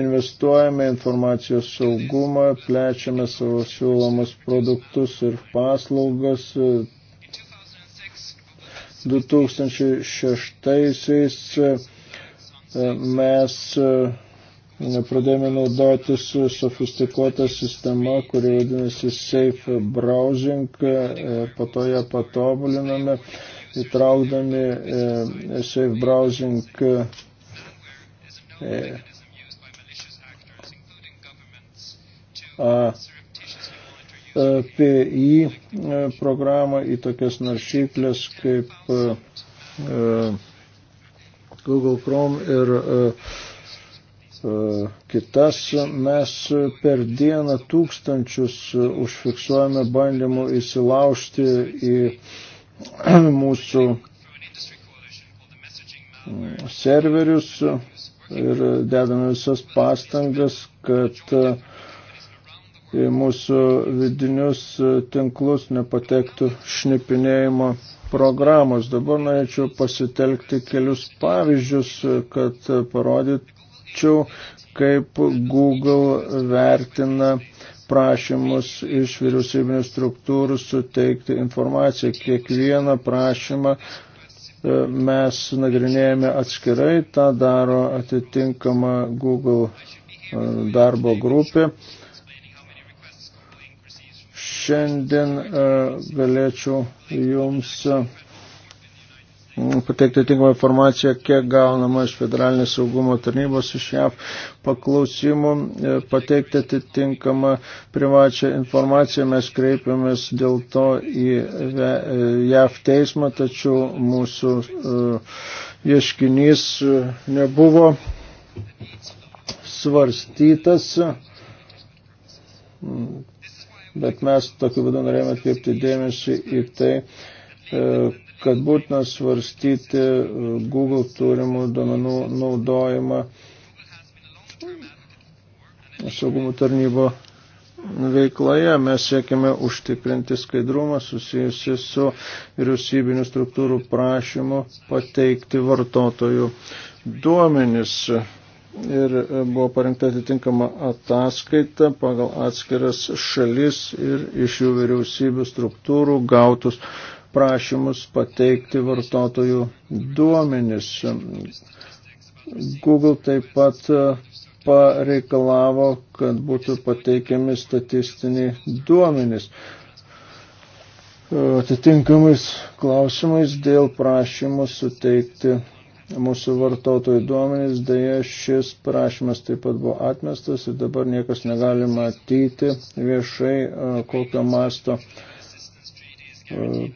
investuojame informacijos saugumą, plečiame savo siūlomus produktus ir paslaugas, 2006 e, mes e, pradėjome naudotis sofistikuotą sistemą, kuri vadinasi Safe Browsing, e, po to ją patobuliname, įtraukdami Safe Browsing a PI e, programą į tokias naršyklės kaip e, e, Google Chrome ir kitas. Mes per dieną tūkstančius užfiksuojame bandymų įsilaužti į mūsų serverius ir dedame visas pastangas, kad uh, į mūsų vidinius tinklus nepatektų šnipinėjimo programos. Dabar norėčiau pasitelkti kelius pavyzdžius, kad parodyčiau, kaip Google vertina prašymus iš vyriausybinių struktūrų suteikti informaciją. Kiekvieną prašymą e, mes nagrinėjame atskirai, tą daro atitinkama Google e, darbo grupė šiandien e, galėčiau jums e, pateikti tinkamą informaciją, kiek gaunama iš federalinės saugumo tarnybos iš JAV paklausimų, e, pateikti atitinkamą privačią informaciją. Mes kreipiamės dėl to į JAV teismą, tačiau mūsų ieškinys nebuvo svarstytas bet mes tokiu būdu norėjome atkreipti dėmesį į tai, e, kad būtina svarstyti e, Google turimų duomenų naudojimą saugumo tarnybo veikloje. Mes siekime užtikrinti skaidrumą susijusi su vyriausybinių struktūrų prašymu pateikti vartotojų duomenis ir e, buvo parengta atitinkama ataskaita pagal atskiras šalis ir iš jų vyriausybių struktūrų gautus prašymus pateikti vartotojų duomenis. Google taip pat e, pareikalavo, kad būtų pateikiami statistiniai duomenys e, atitinkamais klausimais dėl prašymų suteikti mūsų vartotojų duomenys, dėja šis prašymas taip pat buvo atmestas ir dabar niekas negali matyti viešai e, kokio masto e,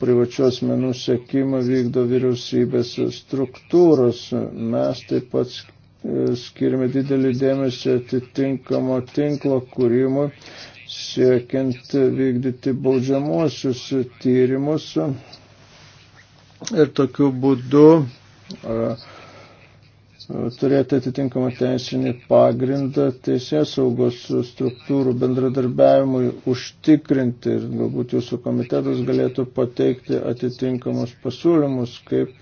privačios menų sekimą vykdo vyriausybės struktūros. Mes taip pat e, skirime didelį dėmesį atitinkamo tinklo kūrimui, siekiant vykdyti baudžiamuosius tyrimus ir tokiu būdu turėti atitinkamą teisinį pagrindą teisės saugos struktūrų bendradarbiavimui užtikrinti ir galbūt jūsų komitetas galėtų pateikti atitinkamus pasiūlymus, kaip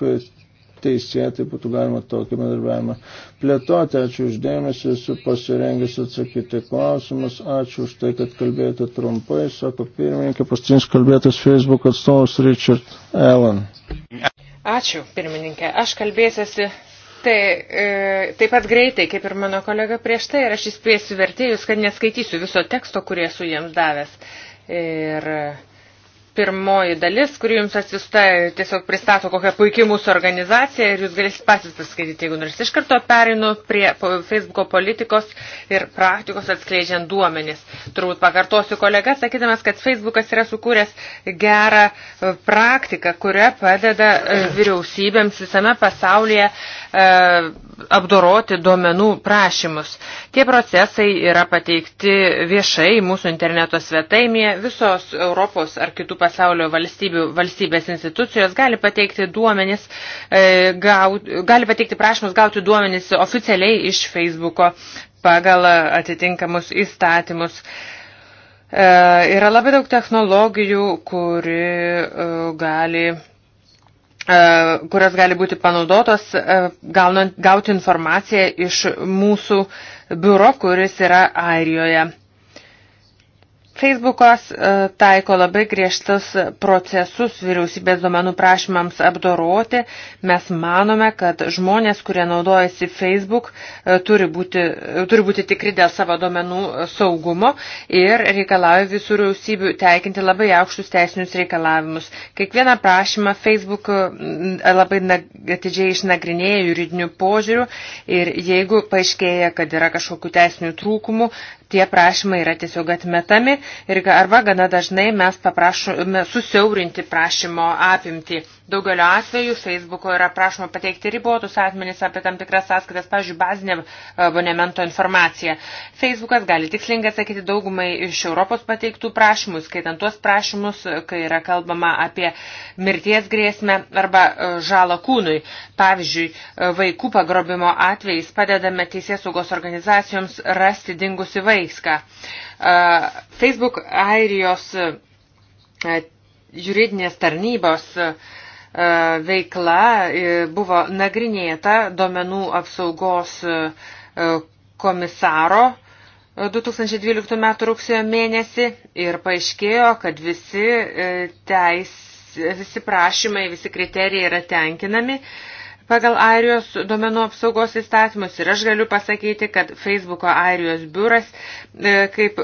teisėtai būtų galima tokį bendarbiavimą plėtoti. Ačiū uždėmesį, esu pasirengęs atsakyti klausimus. Ačiū už tai, kad kalbėjote trumpai, sako pirmininkė, pastinis kalbėtas Facebook atstovas Richard Allen. Ačiū, pirmininkė. Aš kalbėsiuosi tai, e, taip pat greitai, kaip ir mano kolega prieš tai, ir aš įspėsiu vertėjus, kad neskaitysiu viso teksto, kurį esu jiems davęs. Ir... E, pirmoji dalis, kuri jums atsiusta, tiesiog pristato kokią puikiai mūsų organizaciją ir jūs galėsite patys paskaityti, jeigu nors iš karto perinu prie Facebooko politikos ir praktikos atskleidžiant duomenis. Turbūt pakartosiu kolegą, sakydamas, kad Facebookas yra sukūręs gerą e, praktiką, kuria padeda e, vyriausybėms visame pasaulyje e, apdoroti duomenų prašymus. Tie procesai yra pateikti viešai mūsų interneto svetainėje visos Europos ar kitų pasaulio valstybių, valstybės institucijos gali pateikti duomenis, e, gaut, gali pateikti prašymus gauti duomenis oficialiai iš Facebooko pagal atitinkamus įstatymus. E, yra labai daug technologijų, kuri e, gali kurios gali būti panaudotos, gaunant, gauti informaciją iš mūsų biuro, kuris yra Airijoje. Facebookas e, taiko labai griežtus procesus vyriausybės duomenų prašymams apdoroti. Mes manome, kad žmonės, kurie naudojasi Facebook, e, turi būti, e, turi būti tikri dėl savo duomenų saugumo ir reikalauja visų vyriausybių teikinti labai aukštus teisinius reikalavimus. Kiekvieną prašymą Facebook labai atidžiai išnagrinėja juridinių požiūrių ir jeigu paaiškėja, kad yra kažkokių teisinių trūkumų, tie prašymai yra tiesiog atmetami ir arba gana dažnai mes paprašome susiaurinti prašymo apimtį Daugelio atveju Facebook'o yra prašoma pateikti ribotus atmenis apie tam tikras sąskaitas, pavyzdžiui, bazinę e, abonemento informaciją. Facebookas gali tikslingai atsakyti daugumai iš Europos pateiktų prašymų, skaitant tuos prašymus, e, kai yra kalbama apie mirties grėsmę arba e, žalą kūnui. Pavyzdžiui, vaikų pagrobimo atvejais padedame teisės saugos organizacijoms rasti dingusi vaiką. Facebook Airijos juridinės tarnybos uh, E, veikla e, buvo nagrinėta duomenų apsaugos e, komisaro 2012 m. rugsėjo mėnesį ir paaiškėjo, kad visi, teis, visi prašymai, visi kriterijai yra tenkinami pagal Airijos domenų apsaugos įstatymus ir aš galiu pasakyti, kad Facebooko Airijos biuras, kaip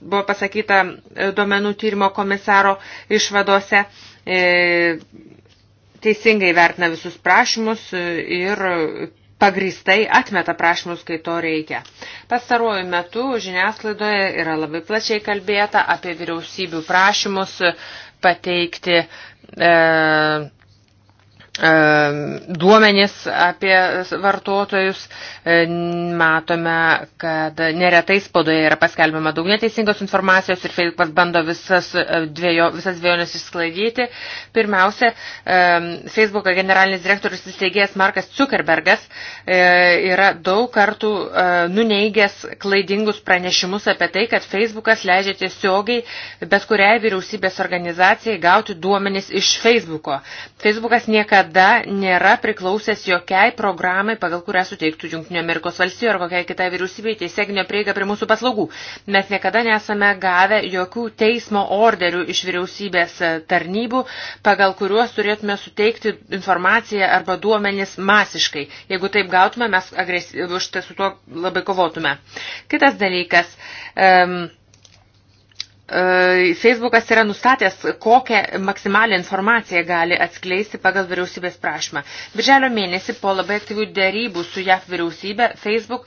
buvo pasakyta domenų tyrimo komisaro išvadose, teisingai vertina visus prašymus ir pagristai atmeta prašymus, kai to reikia. Pastaruoju metu žiniasklaidoje yra labai plačiai kalbėta apie vyriausybių prašymus pateikti e, duomenys apie vartotojus, matome, kad neretai spaudoje yra paskelbiama daug neteisingos informacijos ir Facebookas bando visas, e, dviejo, visas dviejonės išsklaidyti. Pirmiausia, Facebooko generalinis direktorius įsteigėjas Markas Zuckerbergas e, yra daug kartų e, nuneigęs klaidingus pranešimus apie tai, kad Facebookas leidžia tiesiogiai bet kuriai vyriausybės organizacijai gauti duomenys iš Facebooko. Facebookas niekada niekada nėra priklausęs jokiai programai, pagal kurią suteiktų Junktinio Amerikos valstijų ar kokiai kitai vyriausybei tiesioginio prieiga prie mūsų paslaugų. Mes niekada nesame gavę jokių teismo orderių iš vyriausybės tarnybų, pagal kuriuos turėtume suteikti informaciją arba duomenis masiškai. Jeigu taip gautume, mes agresi... už tai su tuo labai kovotume. Kitas dalykas. Um, Facebookas yra nustatęs, kokią maksimalią informaciją gali atskleisti pagal vyriausybės prašymą. Birželio mėnesį po labai aktyvių dėrybų su JAV vyriausybė, Facebook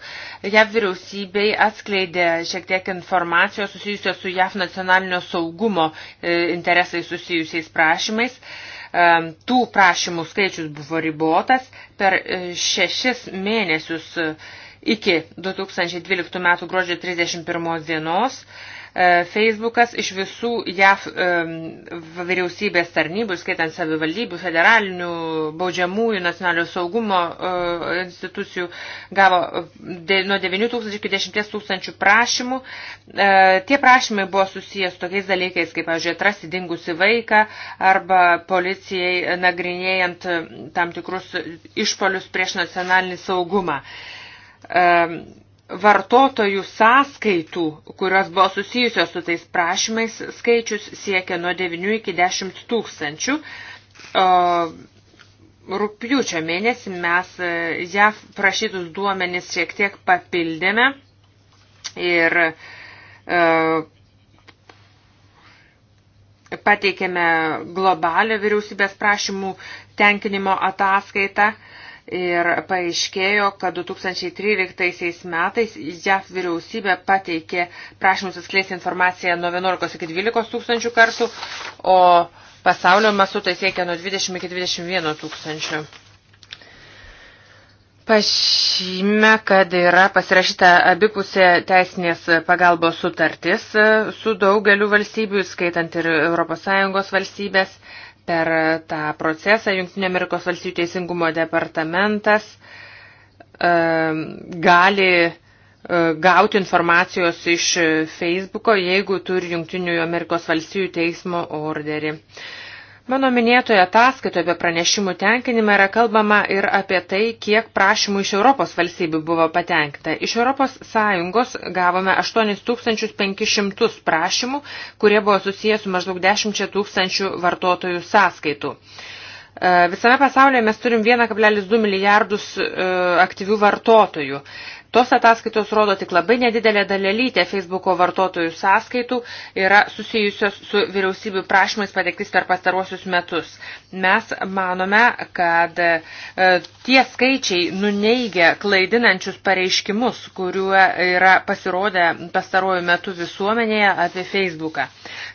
JAV vyriausybei atskleidė šiek tiek informacijos susijusios su JAV nacionalinio saugumo e, interesai susijusiais prašymais. Tų prašymų skaičius buvo ribotas per e, šešis mėnesius e, iki 2012 m. gruodžio 31 dienos E, Facebookas iš visų JAF e, vyriausybės tarnybų, skaitant savivaldybių, federalinių, baudžiamųjų, nacionalinio saugumo e, institucijų, gavo nuo 9 tūkstančių iki 10 tūkstančių prašymų. Tie prašymai buvo susijęs su tokiais dalykais, kaip, pavyzdžiui, atrasti dingusi vaiką arba policijai nagrinėjant tam tikrus išpolius prieš nacionalinį saugumą vartotojų sąskaitų, kurios buvo susijusios su tais prašymais, skaičius siekia nuo 9 iki 10 tūkstančių. Rūpiučio mėnesį mes e, JAV prašytus duomenis šiek tiek papildėme ir e, pateikėme globalią vyriausybės prašymų tenkinimo ataskaitą. E, ir paaiškėjo, kad 2013 metais JAF vyriausybė pateikė prašymus atskleisti informaciją nuo 11 iki 12 tūkstančių kartų, o pasaulio masu tai siekia nuo 20 iki 21 tūkstančių. Pašyme, kad yra pasirašyta abipusė teisinės pagalbos sutartis su daugeliu valstybių, skaitant ir ES valstybės, per tą procesą Junktinio Amerikos valstybių teisingumo departamentas ehm, gali e, gauti informacijos iš Facebooko, jeigu turi Junktinių Amerikos valstybių teismo orderį. Mano minėtoje ataskaitoje apie pranešimų tenkinimą yra kalbama ir apie tai, kiek prašymų iš Europos valstybių buvo patenkinta. Iš Europos Sąjungos gavome 8500 prašymų, kurie buvo susijęs su maždaug 10 tūkstančių vartotojų sąskaitų. E, visame pasaulyje mes turim 1,2 milijardus e, aktyvių vartotojų. Tos ataskaitos rodo tik labai nedidelė dalelytė Facebooko vartotojų sąskaitų yra susijusios su vyriausybių prašymais patektis per pastaruosius metus. Mes manome, kad e, tie skaičiai nuneigia klaidinančius pareiškimus, kuriuo yra pasirodę pastaruoju metu visuomenėje apie Facebooką.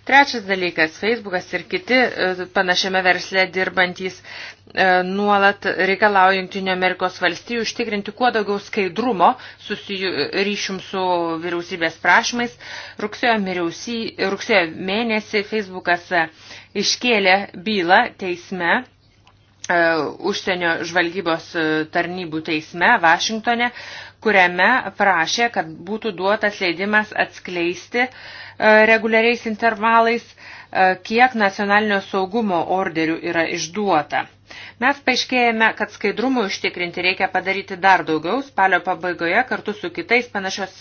Trečias dalykas - Facebookas ir kiti e, panašiame versle dirbantys E, nuolat reikalauja Junktinių Amerikos valstijų užtikrinti kuo daugiau skaidrumo susijų ryšium su vyriausybės prašymais. Rugsėjo, mėriausy, rugsėjo mėnesį Facebookas iškėlė bylą teisme e, užsienio žvalgybos tarnybų teisme Vašingtone, kuriame prašė, kad būtų duotas leidimas atskleisti e, reguliariais intervalais, kiek nacionalinio saugumo orderių yra išduota. Mes paaiškėjame, kad skaidrumui užtikrinti reikia padaryti dar daugiau. Spalio pabaigoje kartu su kitais panašios,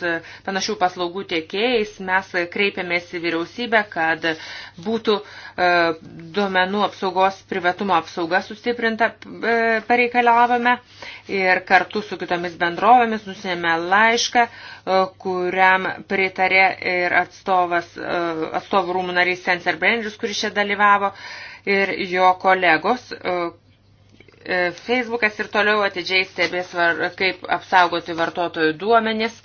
panašių paslaugų tiekėjais mes kreipėmės į vyriausybę, kad būtų e, duomenų apsaugos privatumo apsauga sustiprinta, e, pareikalavome ir kartu su kitomis bendrovėmis nusėmė laišką, e, kuriam pritarė ir atstovas, e, atstovų rūmų narys Sensor Brandžius, kuris čia dalyvavo ir jo kolegos, e, E, Facebookas ir toliau atidžiai stebės, kaip apsaugoti vartotojų duomenis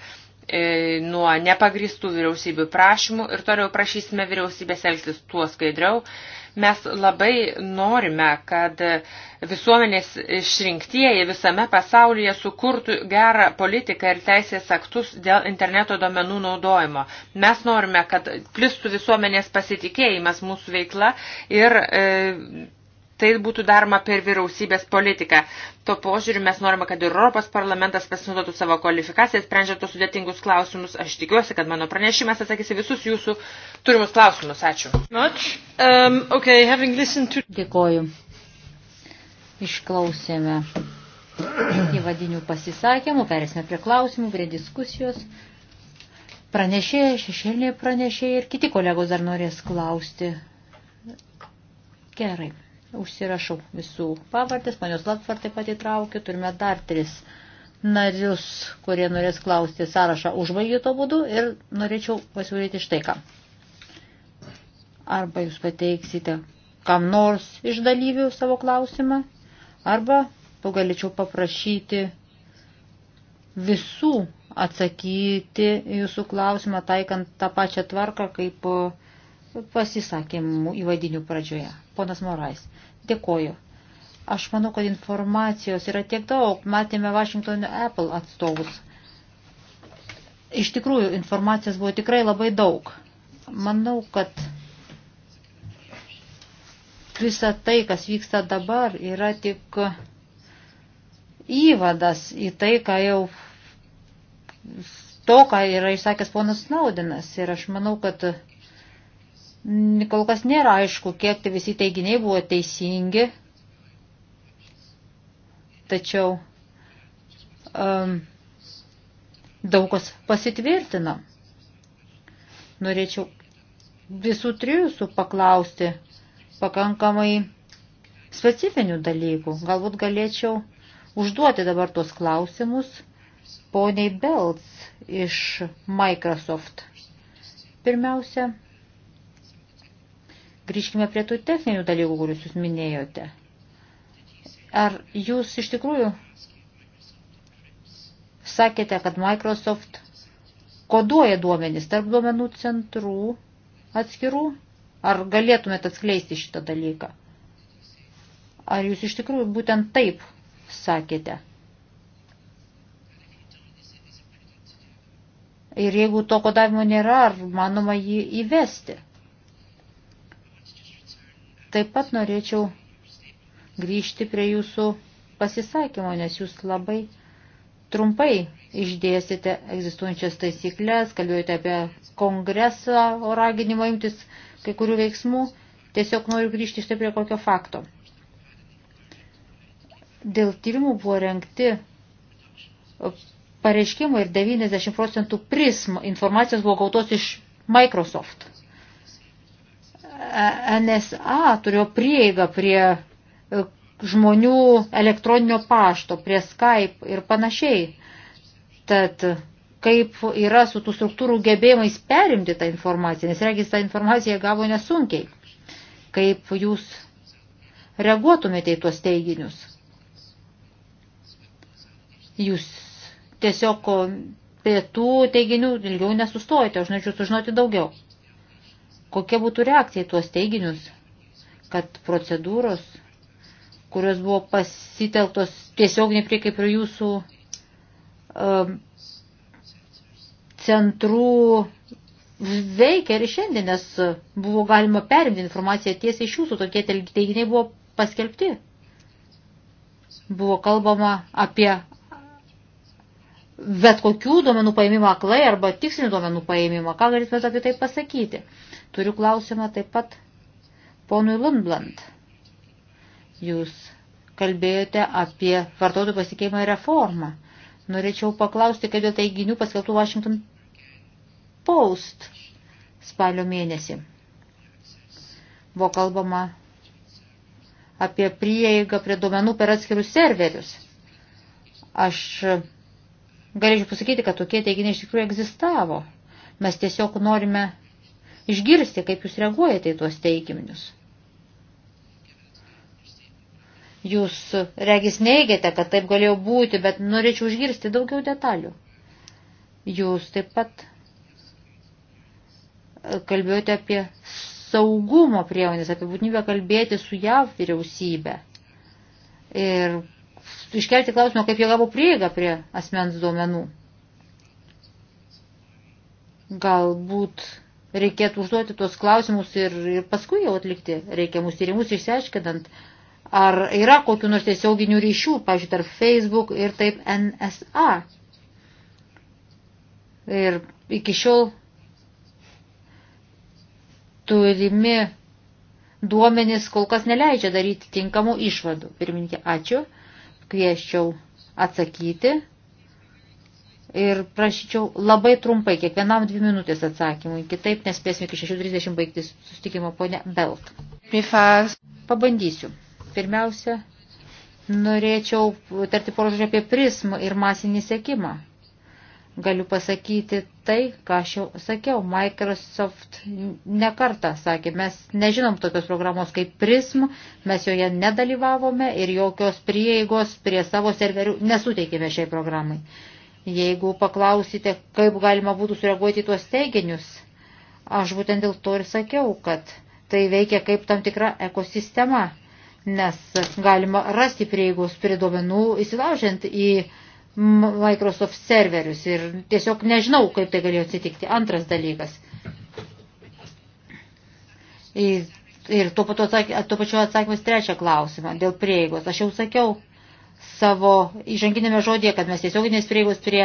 e, nuo nepagristų vyriausybių prašymų ir toliau prašysime vyriausybės elgtis tuo skaidriau. Mes labai norime, kad visuomenės išrinktieji visame pasaulyje sukurtų gerą politiką ir teisės aktus dėl interneto domenų naudojimo. Mes norime, kad plistų visuomenės pasitikėjimas mūsų veikla ir e, tai būtų daroma per vyriausybės politiką. To požiūriu mes norime, kad ir Europos parlamentas pasinaudotų savo kvalifikaciją, sprendžia tos sudėtingus klausimus. Aš tikiuosi, kad mano pranešimas atsakysi visus jūsų turimus klausimus. Ačiū. Um, okay, to... Dėkoju. Išklausėme įvadinių pasisakymų, perėsime prie klausimų, prie diskusijos. Pranešėjai, šešėlė pranešėjai ir kiti kolegos dar norės klausti. Gerai. Užsirašau visų pavardės, panios Latvart taip pat įtraukiu, turime dar tris narius, kurie norės klausti sąrašą užbaigiu to būdu ir norėčiau pasiūlyti štai ką. Arba jūs pateiksite kam nors iš dalyvių savo klausimą, arba galėčiau paprašyti visų atsakyti jūsų klausimą, taikant tą pačią tvarką kaip pasisakymų įvadinių pradžioje. Ponas Morais, dėkoju. Aš manau, kad informacijos yra tiek daug. Matėme Washington Apple atstovus. Iš tikrųjų, informacijos buvo tikrai labai daug. Manau, kad visa tai, kas vyksta dabar, yra tik įvadas į tai, ką jau to, ką yra išsakęs ponas Naudinas. Ir aš manau, kad kol kas nėra aišku, kiek tai visi teiginiai buvo teisingi, tačiau um, daug kas pasitvirtina. Norėčiau visų trijų su paklausti pakankamai specifinių dalykų. Galbūt galėčiau užduoti dabar tuos klausimus poniai Belts iš Microsoft. Pirmiausia, grįžkime prie tų techninių dalykų, kuriuos jūs minėjote. Ar jūs iš tikrųjų sakėte, kad Microsoft koduoja duomenys tarp duomenų centrų atskirų? Ar galėtumėte atskleisti šitą dalyką? Ar jūs iš tikrųjų būtent taip sakėte? Ir jeigu to kodavimo nėra, ar manoma jį įvesti? Taip pat norėčiau grįžti prie jūsų pasisakymo, nes jūs labai trumpai išdėsite egzistuojančias taisyklės, kalbėjote apie kongresą oraginimo imtis kai kurių veiksmų. Tiesiog noriu grįžti štai prie kokio fakto. Dėl tyrimų buvo renkti pareiškimai ir 90 procentų prism informacijos buvo gautos iš Microsoft. NSA turėjo prieigą prie e, žmonių elektroninio pašto, prie Skype ir panašiai. Tad kaip yra su tų struktūrų gebėjimais perimti tą informaciją, nes regis tą informaciją gavo nesunkiai. Kaip jūs reaguotumėte į tuos teiginius? Jūs tiesiog prie tų teiginių ilgiau nesustojate, aš norėčiau sužinoti daugiau. Kokia būtų reakcija į tuos teiginius, kad procedūros, kurios buvo pasiteltos tiesiog neprie kaip ir jūsų um, centrų veikia ir šiandien, nes buvo galima perimti informaciją tiesiai iš jūsų, tokie teiginiai buvo paskelbti. Buvo kalbama apie bet kokių duomenų paėmimą aklai arba tikslinių duomenų paėmimą. Ką galėtumėte apie tai pasakyti? Turiu klausimą taip pat ponui Lundbland. Jūs kalbėjote apie vartotojų pasikeimą ir reformą. Norėčiau paklausti, kad dėl teiginių paskelbtų Washington Post spalio mėnesį. Buvo kalbama apie prieigą prie duomenų per atskirus serverius. Aš galėčiau pasakyti, kad tokie teiginiai iš tikrųjų egzistavo. Mes tiesiog norime išgirsti, kaip jūs reaguojate į tuos teikiminius. Jūs regis neigiate, kad taip galėjo būti, bet norėčiau išgirsti daugiau detalių. Jūs taip pat e, kalbėjote apie saugumo priemonės, apie būtinybę kalbėti su JAV vyriausybė. Ir iškelti klausimą, kaip jie gavo prieigą prie asmens duomenų. Galbūt reikėtų užduoti tuos klausimus ir, ir paskui jau atlikti reikiamus tyrimus išsiaiškinant, ar yra kokiu nors tiesioginių ryšių, pažiūrėjau, tarp Facebook ir taip NSA. Ir iki šiol turimi duomenys kol kas neleidžia daryti tinkamų išvadų. Pirmininkė, ačiū. Kvieščiau atsakyti Ir prašyčiau labai trumpai, kiekvienam dvi minutės atsakymui, kitaip nespėsime iki 6.30 baigti sustikimo ponę Belt. Pabandysiu. Pirmiausia, norėčiau tarti porožį apie prismą ir masinį sekimą. Galiu pasakyti tai, ką aš jau sakiau. Microsoft nekartą sakė, mes nežinom tokios programos kaip prism, mes joje nedalyvavome ir jokios prieigos prie savo serverių nesuteikėme šiai programai. Jeigu paklausite, kaip galima būtų sureaguoti tuos teiginius, aš būtent dėl to ir sakiau, kad tai veikia kaip tam tikra ekosistema, nes galima rasti prieigos prie duomenų įsilaužiant į Microsoft serverius ir tiesiog nežinau, kaip tai galėjo atsitikti. Antras dalykas. Ir tuo, tuo pačiu atsakymas trečią klausimą dėl prieigos. Aš jau sakiau, savo įžanginėme žodėje, kad mes tiesioginės prieigos prie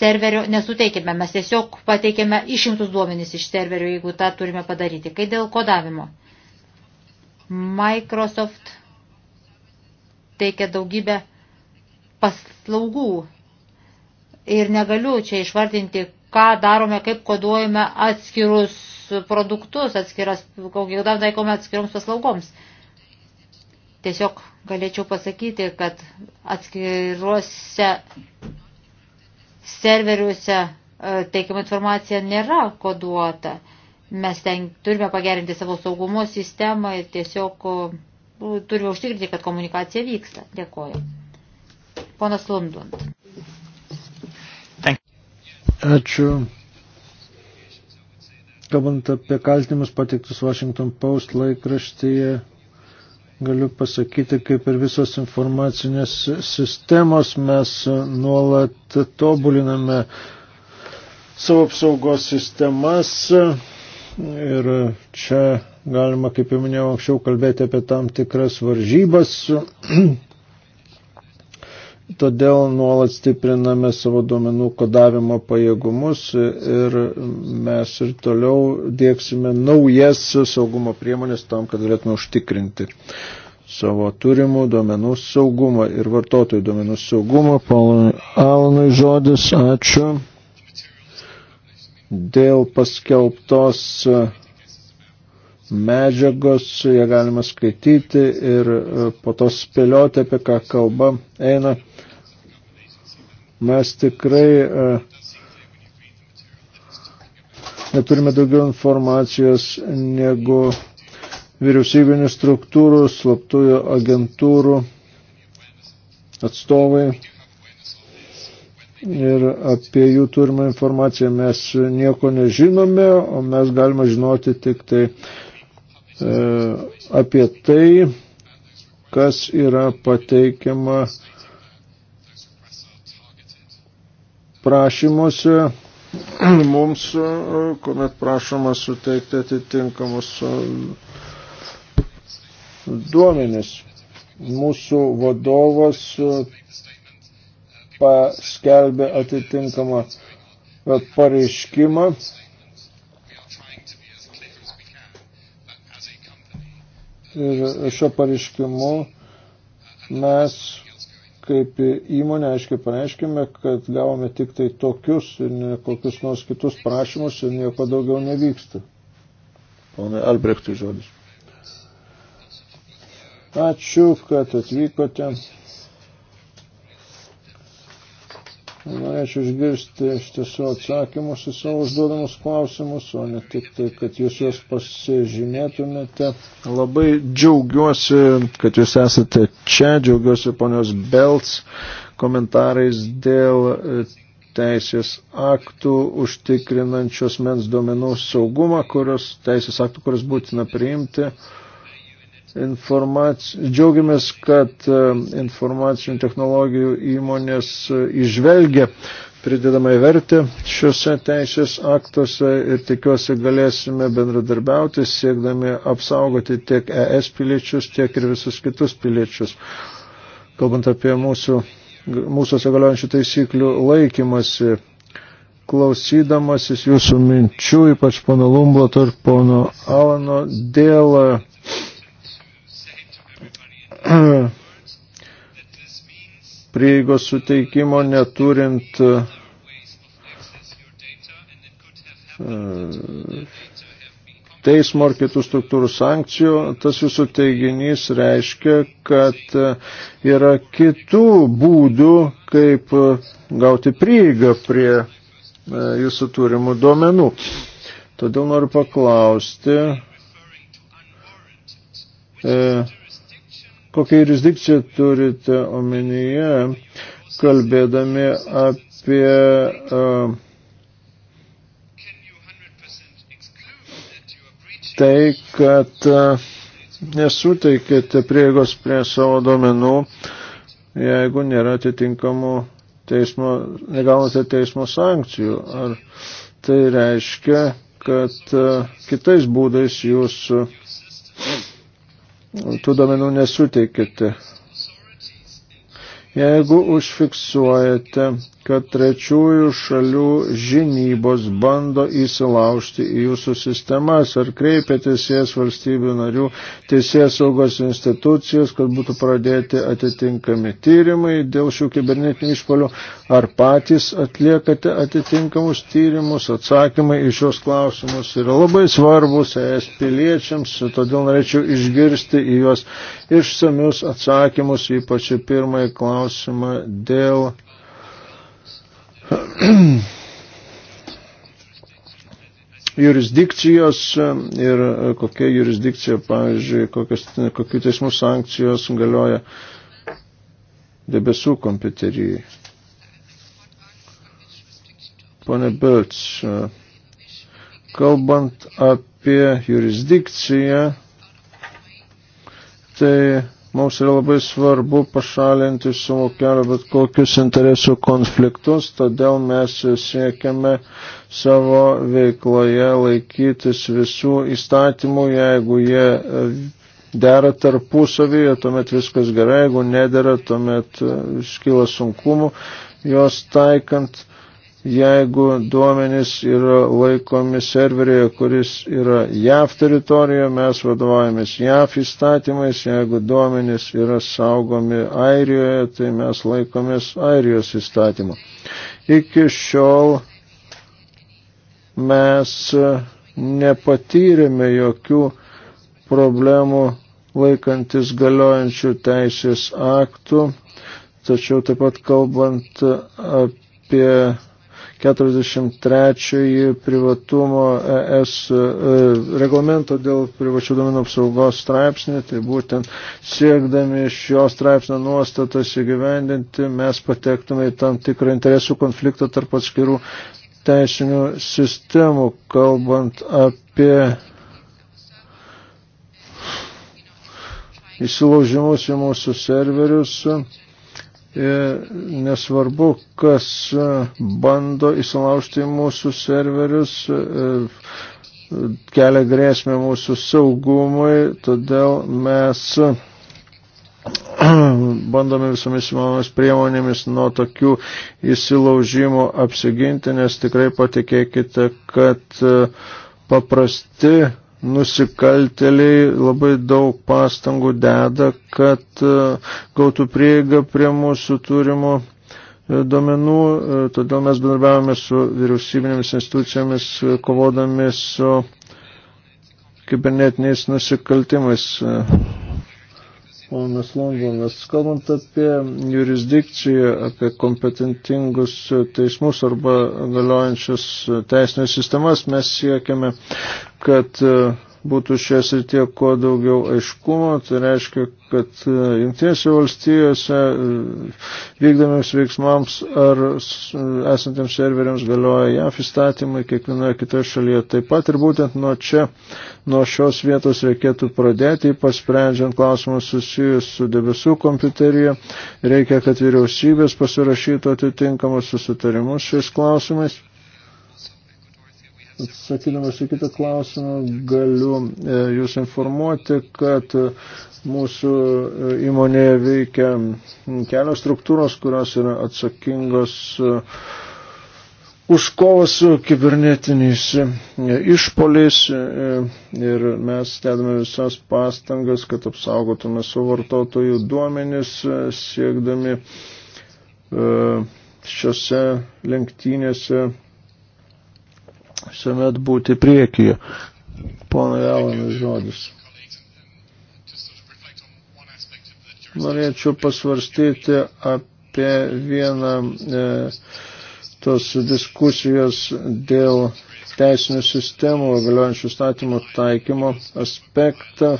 serverio nesuteikėme, mes tiesiog pateikėme išimtus duomenys iš serverio, jeigu tą turime padaryti. Kai dėl kodavimo. Microsoft teikia daugybę paslaugų ir negaliu čia išvardinti, ką darome, kaip koduojame atskirus produktus, atskiras, kokį daikome atskiroms paslaugoms. Uh, Tiesiog galėčiau pasakyti, kad atskiruose serveriuose e, teikiama informacija nėra koduota. Mes ten turime pagerinti savo saugumo sistemą ir tiesiog e, turime užtikrinti, kad komunikacija vyksta. Dėkoju. Ponas Lundund. Ačiū. Kalbant apie kaltinimus pateiktus Washington Post laikraštyje, galiu pasakyti, kaip ir visos informacinės sistemos, mes nuolat tobuliname savo apsaugos sistemas ir čia galima, kaip jau minėjau anksčiau, kalbėti apie tam tikras varžybas Todėl nuolat stipriname savo duomenų kodavimo pajėgumus ir mes ir toliau dėksime naujas saugumo priemonės tam, kad galėtume užtikrinti savo turimų duomenų saugumą ir vartotojų duomenų saugumą. Paulai Alanui žodis, ačiū. Dėl paskelbtos medžiagos, ją galima skaityti ir po to spėlioti, apie ką kalba eina. Mes tikrai e, neturime daugiau informacijos negu vyriausybinių struktūrų, slaptųjų agentūrų atstovai. Ir apie jų turimą informaciją mes nieko nežinome, o mes galime žinoti tik tai e, apie tai, kas yra pateikiama e, prašymuose mums, e, kuomet prašoma suteikti atitinkamus e, duomenis. Mūsų vadovas e, paskelbė atitinkamą pareiškimą ir šio pareiškimu mes kaip įmonė aiškiai pareiškime, kad gavome tik tai tokius ir ne kokius nors kitus prašymus ir nieko daugiau nevyksta. Pone Albrechtui žodis. Ačiū, kad atvykote. Norėčiau išgirsti iš tiesų atsakymus į savo užduodamus klausimus, o ne tik tai, kad jūs juos pasižymėtumėte. Labai džiaugiuosi, kad jūs esate čia, džiaugiuosi ponios Belts komentarais dėl e, teisės aktų užtikrinančios mens duomenų saugumą, kurios, teisės aktų, kurios būtina priimti. Uh, Informac... Džiaugiamės, kad e, informacinių technologijų įmonės išvelgia e, pridedamą vertę šiuose teisės aktuose ir tikiuosi galėsime bendradarbiauti, siekdami apsaugoti tiek ES piliečius, tiek ir visus kitus piliečius. Kalbant apie mūsų, mūsų galiojančių taisyklių laikymasi, klausydamasis jūsų minčių, ypač pono Lumblato ir pono Alano, dėl prieigos suteikimo neturint e, teismo ar kitų struktūrų sankcijų, tas jūsų teiginys reiškia, kad e, yra kitų būdų, kaip e, gauti prieigą prie jūsų turimų duomenų. Todėl noriu paklausti, e, kokią jurisdikciją turite omenyje, kalbėdami apie uh, tai, kad uh, nesuteikėte prieigos prie savo domenų, jeigu nėra atitinkamų teismo, negaunate teismo sankcijų. Ar tai reiškia, kad uh, kitais būdais jūs uh, tų domenų nesuteikite. Jeigu užfiksuojate kad trečiųjų šalių žinybos bando įsilaužti į jūsų sistemas ar kreipia teisės valstybių narių teisės saugos institucijos, kad būtų pradėti atitinkami tyrimai dėl šių kibernetinių išpolių, ar patys atliekate atitinkamus tyrimus, atsakymai iš šios klausimus yra labai svarbus ES piliečiams, todėl norėčiau išgirsti į juos išsamius atsakymus, ypač į pirmąjį klausimą dėl jurisdikcijos e, ir e, kokia jurisdikcija, pavyzdžiui, kokios, e, kokių teismų sankcijos galioja debesų kompiuterijai. Pone Böts, kalbant apie jurisdikciją, tai Mums yra labai svarbu pašalinti iš savo kelio bet kokius interesų konfliktus, todėl mes siekiame savo veikloje laikytis visų įstatymų, jeigu jie e, dera tarpusavyje, tuomet viskas gerai, jeigu nedera, tuomet e, iškyla sunkumų juos taikant jeigu duomenys yra laikomi serveryje, kuris yra JAV teritorijoje, mes vadovaujamės JAV įstatymais, jeigu duomenys yra saugomi Airijoje, tai mes laikomės Airijos įstatymu. Iki šiol mes nepatyrėme jokių problemų laikantis galiojančių teisės aktų, tačiau taip pat kalbant apie 43 privatumo ES e, reglamento dėl privačių domenų apsaugos straipsnį, tai būtent siekdami šio straipsnio nuostatas įgyvendinti, mes patektume į tam tikrą interesų konfliktą tarp atskirų teisinių sistemų, kalbant apie įsilaužimus į mūsų serverius E, nesvarbu, kas e, bando įsilaužti mūsų serverius, e, kelia grėsmę mūsų saugumui, todėl mes bandome visomis įmanomis priemonėmis nuo tokių įsilaužimų apsiginti, nes tikrai patikėkite, kad paprasti nusikalteliai labai daug pastangų deda, kad e, gautų prieigą prie mūsų turimų e, duomenų, e, todėl mes bendarbiavome su vyriausybinėmis institucijomis, kovodami su kibernetiniais nusikaltimais. Ponas Lombonas, kalbant apie jurisdikciją, apie kompetentingus teismus arba galiojančias teisinės sistemas, mes siekiame, kad uh, būtų šioje srityje kuo daugiau aiškumo. Tai reiškia, kad e, jungtinėse valstijose e, vykdomiams veiksmams ar esantiems serveriams galioja JAF įstatymai, kiekvienoje kitoje šalyje taip pat. Ir būtent nuo čia, nuo šios vietos reikėtų pradėti, ypač sprendžiant klausimus susijus su debesų kompiuterija. Reikia, kad vyriausybės pasirašytų atitinkamus susitarimus šiais klausimais. Atsakydamas į kitą klausimą, galiu e, Jūs informuoti, kad e, mūsų e, įmonėje veikia kelios struktūros, kurios yra atsakingos už kovą su kibernetiniais išpoliais ir mes dedame visas pastangas, kad apsaugotume savo vartotojų duomenis, siekdami šiose lenktynėse visuomet būti priekyje. Pono Javanas žodis. Norėčiau pasvarstyti apie vieną e, tos diskusijos dėl teisinių sistemų galiojančių statymų taikymo aspektą.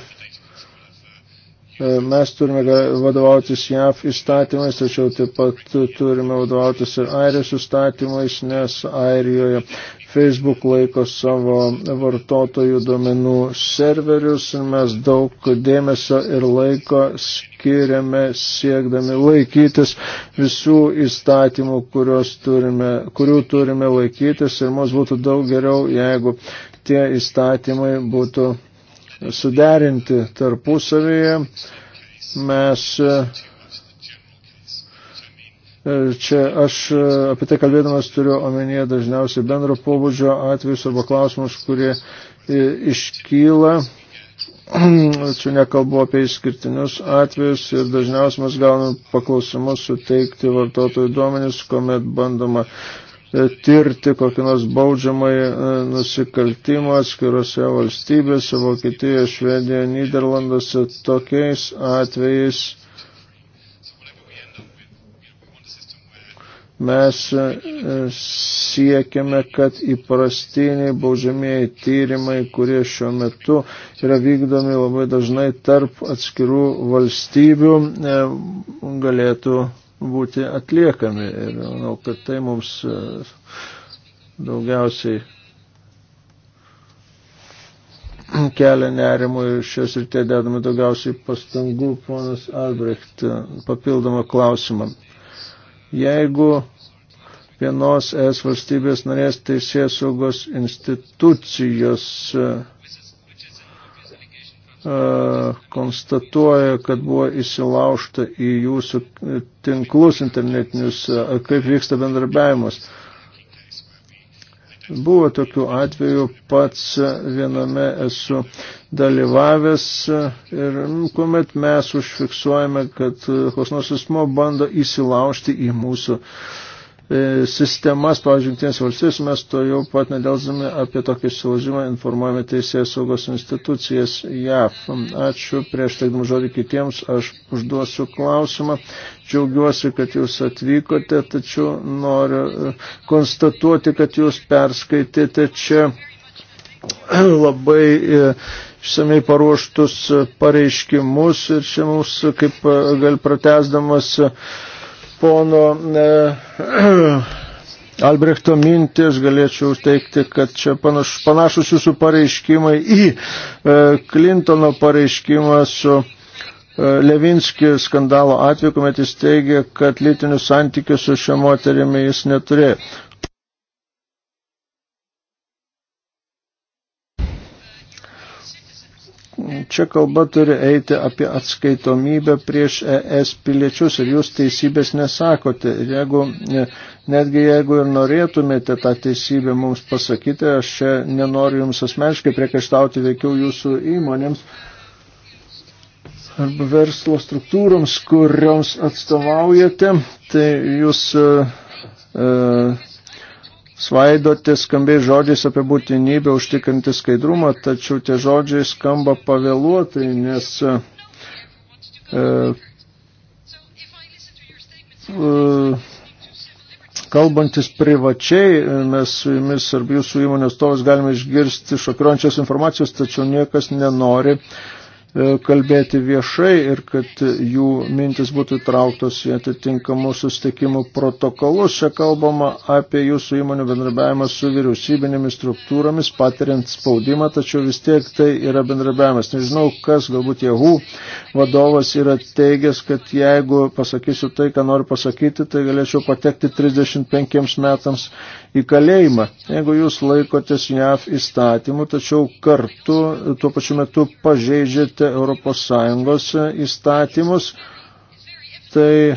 E, mes turime vadovautis JAV įstatymais, tačiau taip pat turime vadovautis ir Airijos įstatymais, nes Airijoje Facebook laiko savo vartotojų duomenų serverius ir mes daug dėmesio ir laiko skiriame siekdami laikytis visų įstatymų, turime, kurių turime laikytis ir mums būtų daug geriau, jeigu tie įstatymai būtų suderinti tarpusavėje. Mes E, čia aš e, apie tai kalbėdamas turiu omenyje dažniausiai bendro pobūdžio atvejus arba klausimus, kurie e, iškyla. Čia nekalbu apie išskirtinius atvejus ir dažniausiai mes gauname paklausimus suteikti vartotojų duomenis, kuomet bandoma tirti kokį nors baudžiamai nusikaltimą skiriuose valstybėse, Vokietijoje, Švedijoje, Niderlanduose, tokiais atvejais mes e, e, siekiame, kad įprastiniai baudžiamieji tyrimai, kurie šiuo metu yra vykdomi labai dažnai tarp atskirų valstybių, e, galėtų būti atliekami. Ir manau, kad tai mums daugiausiai kelia nerimo ir šios ir tie dedame daugiausiai pastangų, ponas Albrecht, papildomą klausimą. Jeigu vienos es valstybės narės teisės saugos institucijos e, e, konstatuoja, kad buvo įsilaužta į jūsų tinklus internetinius, e, kaip vyksta bendrabiavimas Buvo tokių atvejų, pats viename esu dalyvavęs ir kuomet mes užfiksuojame, kad kosmos asmo bando įsilaužti į mūsų uh, E, sistemas, pavyzdžiui, Junktinės valstijos, mes to jau pat nedelsdami apie tokį įsilaužimą informuojame teisės saugos institucijas JAF. Ačiū, prieš teikdam žodį kitiems, aš užduosiu klausimą. Džiaugiuosi, kad jūs atvykote, tačiau noriu e, konstatuoti, kad jūs perskaitėte čia labai e, išsamei paruoštus pareiškimus ir čia mums, kaip gal pratesdamas, pono e, Albrechto mintį aš galėčiau teikti, kad čia panaš, panašus jūsų pareiškimai į e, Clintono pareiškimą su e, Levinski skandalo atveju, kuomet jis teigia, kad lytinių santykių su šia moterimi jis neturėjo. Čia kalba turi eiti apie atskaitomybę prieš ES piliečius ir jūs teisybės nesakote. Ir jeigu, netgi jeigu ir norėtumėte tą teisybę mums pasakyti, aš čia nenoriu jums asmeniškai priekaištauti veikiau jūsų įmonėms arba verslo struktūroms, kurioms atstovaujate, tai jūs e, e svaidote skambiai žodžiais apie būtinybę užtikrinti skaidrumą, tačiau tie žodžiai skamba pavėluotai, nes e, e, kalbantis privačiai, mes su jumis arba jūsų įmonės tovas galime išgirsti šokiruojančios informacijos, tačiau niekas nenori E, kalbėti viešai ir kad jų mintis būtų įtrauktos į atitinkamų sustikimų protokolus. Čia kalbama apie jūsų įmonių bendrabiavimą su vyriausybinėmis struktūromis, patiriant spaudimą, tačiau vis tiek tai yra bendrabiavimas. Nežinau, kas galbūt Jehu vadovas yra teigęs, kad jeigu pasakysiu tai, ką noriu pasakyti, tai galėčiau patekti 35 metams į kalėjimą. Jeigu jūs laikotės JAV įstatymų, tačiau kartu tuo pačiu metu pažeidžiate ES įstatymus, tai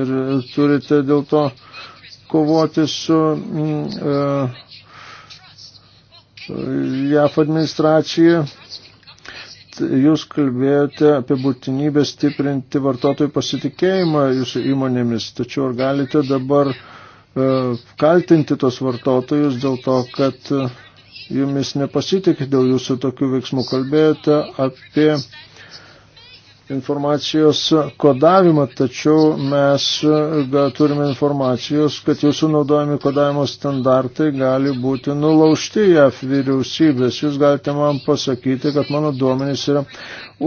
ir turite dėl to kovoti su uh, mm, e, JAF administracija. Jūs kalbėjote apie būtinybę stiprinti vartotojų pasitikėjimą jūsų įmonėmis, tačiau ar galite dabar uh, E, kaltinti tos vartotojus dėl to, kad e, jumis nepasitikė dėl jūsų tokių veiksmų. Kalbėjote apie informacijos kodavimą, tačiau mes e, turime informacijos, kad jūsų naudojami kodavimo standartai gali būti nulaužti JAF vyriausybės. Jūs galite man pasakyti, kad mano duomenys yra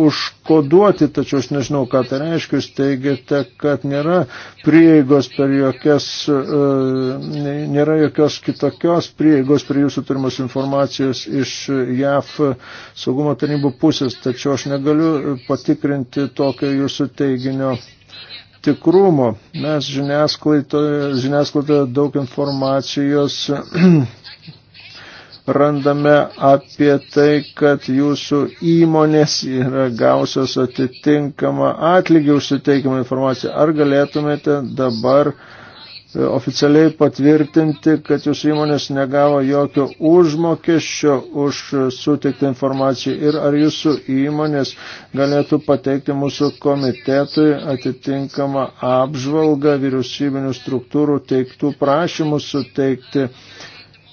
už koduoti, tačiau aš nežinau, ką tai reiškia. Jūs teigiate, kad nėra prieigos per jokias, e, nėra jokios kitokios prieigos prie jūsų turimos informacijos iš JAF saugumo tarnybų pusės, tačiau aš negaliu patikrinti tokio jūsų teiginio tikrumo. Mes žiniasklaidoje, žiniasklaidoje daug informacijos randame apie tai, kad jūsų įmonės yra gausios atitinkamą atlygį už suteikimą informaciją. Ar galėtumėte dabar e, oficialiai patvirtinti, kad jūsų įmonės negavo jokio užmokesčio už suteiktą informaciją ir ar jūsų įmonės galėtų pateikti mūsų komitetui atitinkamą apžvalgą vyriausybinių struktūrų teiktų prašymų suteikti informaciją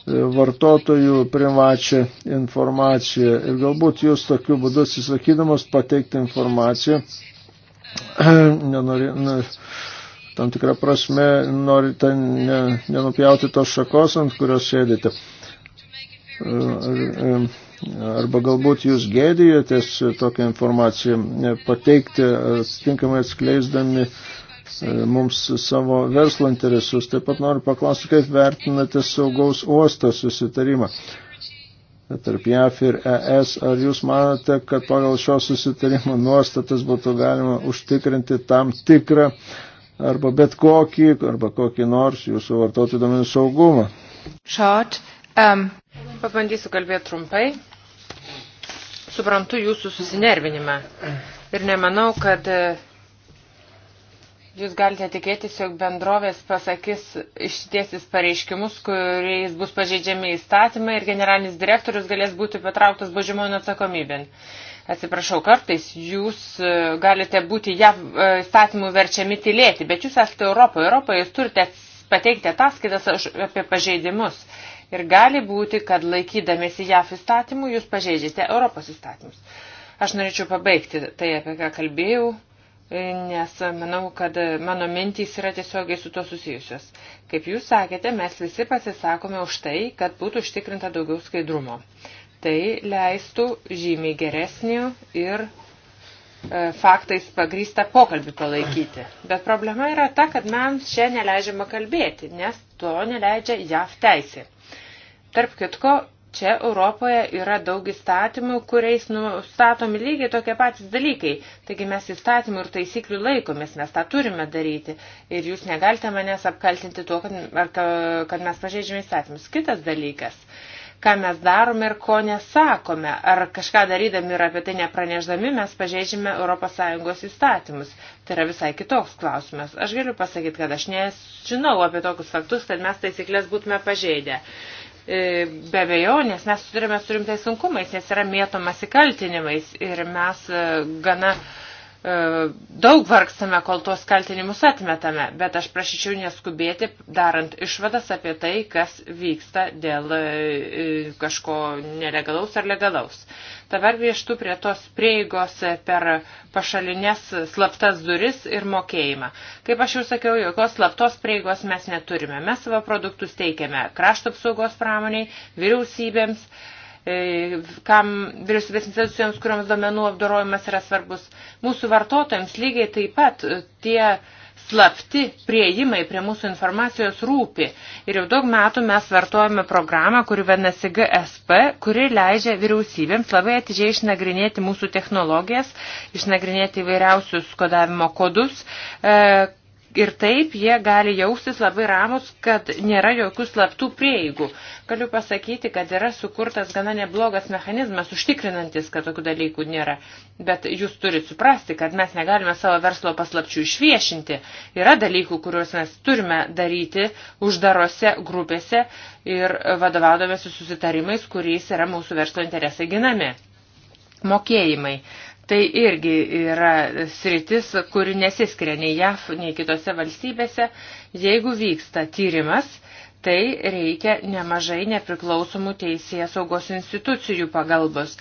vartotojų privačią informaciją. Ir galbūt jūs tokiu būdu atsisakydamas pateikti informaciją, nenori, ne, tam tikrą prasme norite ne, nenupjauti tos šakos, ant kurios sėdite. Ar, arba galbūt jūs gėdijotės tokią informaciją pateikti, tinkamai atskleisdami uh, E, mums savo verslo interesus. Taip pat noriu paklausti, kaip vertinate saugaus uosto susitarimą tarp JAF ir ES. Ar jūs manote, kad pagal šio susitarimo nuostatas būtų galima užtikrinti tam tikrą arba bet kokį, arba kokį nors jūsų vartotojų domenų saugumą? Šot, um, pabandysiu kalbėti trumpai. Suprantu jūsų susinervinimą ir nemanau, kad uh, Jūs galite tikėtis, jog bendrovės pasakys ištiesis pareiškimus, kuriais bus pažeidžiami įstatymai ir generalinis direktorius galės būti patrauktas bažymojo atsakomybėn. Atsiprašau, kartais jūs e, galite būti JAV e, įstatymų verčiami tylėti, bet jūs esate Europoje. Europoje jūs turite pateikti ataskaitas apie pažeidimus. Ir gali būti, kad laikydamėsi JAF įstatymų jūs pažeidžiate Europos įstatymus. Aš norėčiau pabaigti tai, apie ką kalbėjau nes manau, kad mano mintys yra tiesiogiai su to susijusios. Kaip jūs sakėte, mes visi pasisakome už tai, kad būtų užtikrinta daugiau skaidrumo. Tai leistų žymiai geresnį ir e, faktais pagrįstą pokalbį palaikyti. Bet problema yra ta, kad man čia neleidžiama kalbėti, nes to neleidžia JAV teisė. Tarp kitko, Čia Europoje yra daug įstatymų, kuriais nustatomi lygiai tokie patys dalykai. Taigi mes įstatymų ir taisyklių laikomės, mes tą turime daryti. Ir jūs negalite manęs apkaltinti tuo, kad, ar, kad mes pažeidžiame įstatymus. Kitas dalykas ką mes darome ir ko nesakome, ar kažką darydami ir apie tai nepraneždami mes pažeidžiame ES įstatymus. Tai yra visai kitoks klausimas. Aš galiu pasakyti, kad aš nežinau apie tokius faktus, kad mes taisyklės būtume pažeidę. E, be abejo, nes mes turime su rimtais sunkumais, nes yra mėtomas įkaltinimais ir mes e, gana uh, E, daug vargstame, kol tuos kaltinimus atmetame, bet aš prašyčiau neskubėti, darant išvadas apie tai, kas vyksta dėl e, e, kažko nelegalaus ar legalaus. Dabar grįžtu prie tos prieigos per pašalinės slaptas duris ir mokėjimą. Kaip aš jau sakiau, jokios slaptos prieigos mes neturime. Mes savo produktus teikiame krašto apsaugos pramoniai, vyriausybėms E, kam vyriausybės institucijoms, kuriams domenų apdorojimas yra svarbus. Mūsų vartotojams lygiai taip pat e, tie slapti prieimai prie mūsų informacijos rūpi. Ir jau daug metų mes vartojame programą, kuri vadinasi GSP, kuri leidžia vyriausybėms labai atidžiai išnagrinėti mūsų technologijas, išnagrinėti įvairiausius kodavimo kodus, e, ir taip jie gali jaustis labai ramus, kad nėra jokių slaptų prieigų. Galiu pasakyti, kad yra sukurtas gana neblogas mechanizmas užtikrinantis, kad tokių dalykų nėra. Bet jūs turite suprasti, kad mes negalime savo verslo paslapčių išviešinti. Yra dalykų, kuriuos mes turime daryti uždarose grupėse ir vadovaudomėsi susitarimais, kuriais yra mūsų verslo interesai ginami. Mokėjimai. Tai irgi yra sritis, kuri nesiskiria nei JAF, nei kitose valstybėse. Jeigu vyksta tyrimas, tai reikia nemažai nepriklausomų teisės saugos institucijų pagalbos.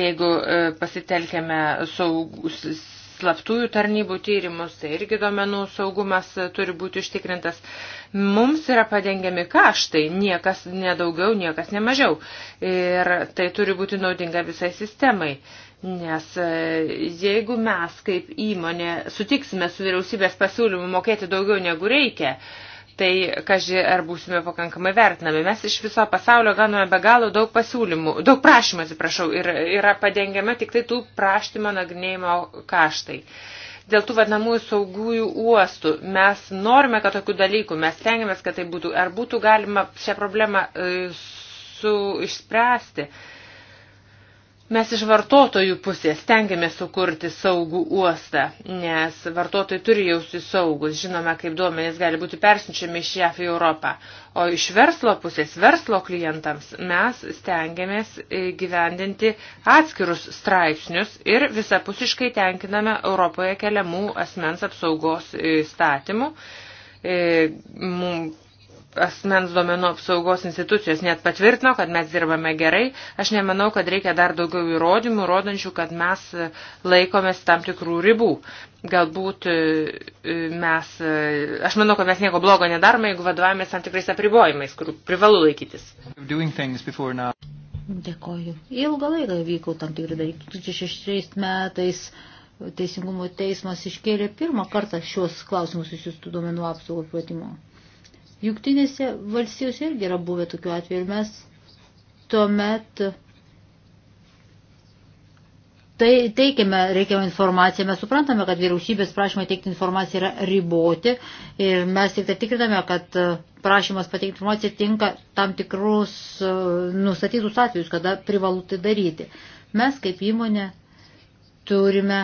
Jeigu e, pasitelkėme saugus, slaptųjų tarnybų tyrimus, tai irgi domenų saugumas e, turi būti užtikrintas. Mums yra padengiami kaštai, niekas nedaugiau, niekas nemažiau. Ir tai turi būti naudinga visai sistemai. Nes e, jeigu mes kaip įmonė sutiksime su vyriausybės pasiūlymu mokėti daugiau negu reikia, tai kaži ar būsime pakankamai vertinami. Mes iš viso pasaulio gauname be galo daug pasiūlymų, daug prašymų, atsiprašau, ir yra padengiama tik tai tų prašymo nagrinėjimo kaštai. Dėl tų vadinamųjų saugųjų uostų mes norime, kad tokių dalykų, mes tengiamės, kad tai būtų, ar būtų galima šią problemą e, su, išspręsti. Uh, Mes iš vartotojų pusės stengiamės sukurti saugų uostą, nes vartotojai turi jausti saugus, žinome, kaip duomenys gali būti persinčiami iš JAF į Europą. O iš verslo pusės, verslo klientams mes stengiamės gyvendinti atskirus straipsnius ir visapusiškai tenkiname Europoje keliamų asmens apsaugos įstatymų e, asmens duomenų apsaugos institucijos net patvirtino, kad mes dirbame gerai. Aš nemanau, kad reikia dar daugiau įrodymų, rodančių, kad mes laikomės tam tikrų ribų. Galbūt e, e, mes, e, aš manau, kad mes nieko blogo nedarome, jeigu vadovavomės tam tikrais apribojimais, kurių privalu laikytis. Dėkoju. Ilgą laiką vykau tam tikrai dalykai. 2006 metais Teisingumo teismas iškėlė pirmą kartą šios klausimus susijusius duomenų apsaugos plėtimo Jungtinėse valstijose irgi yra buvę tokiu atveju ir mes tuomet tai teikiame reikiamą informaciją, mes suprantame, kad vyriausybės prašymai teikti informaciją yra riboti ir mes tik tai tikriname, kad prašymas pateikti informaciją tinka tam tikrus e, nustatytus atvejus, kada privalu tai daryti. Mes kaip įmonė turime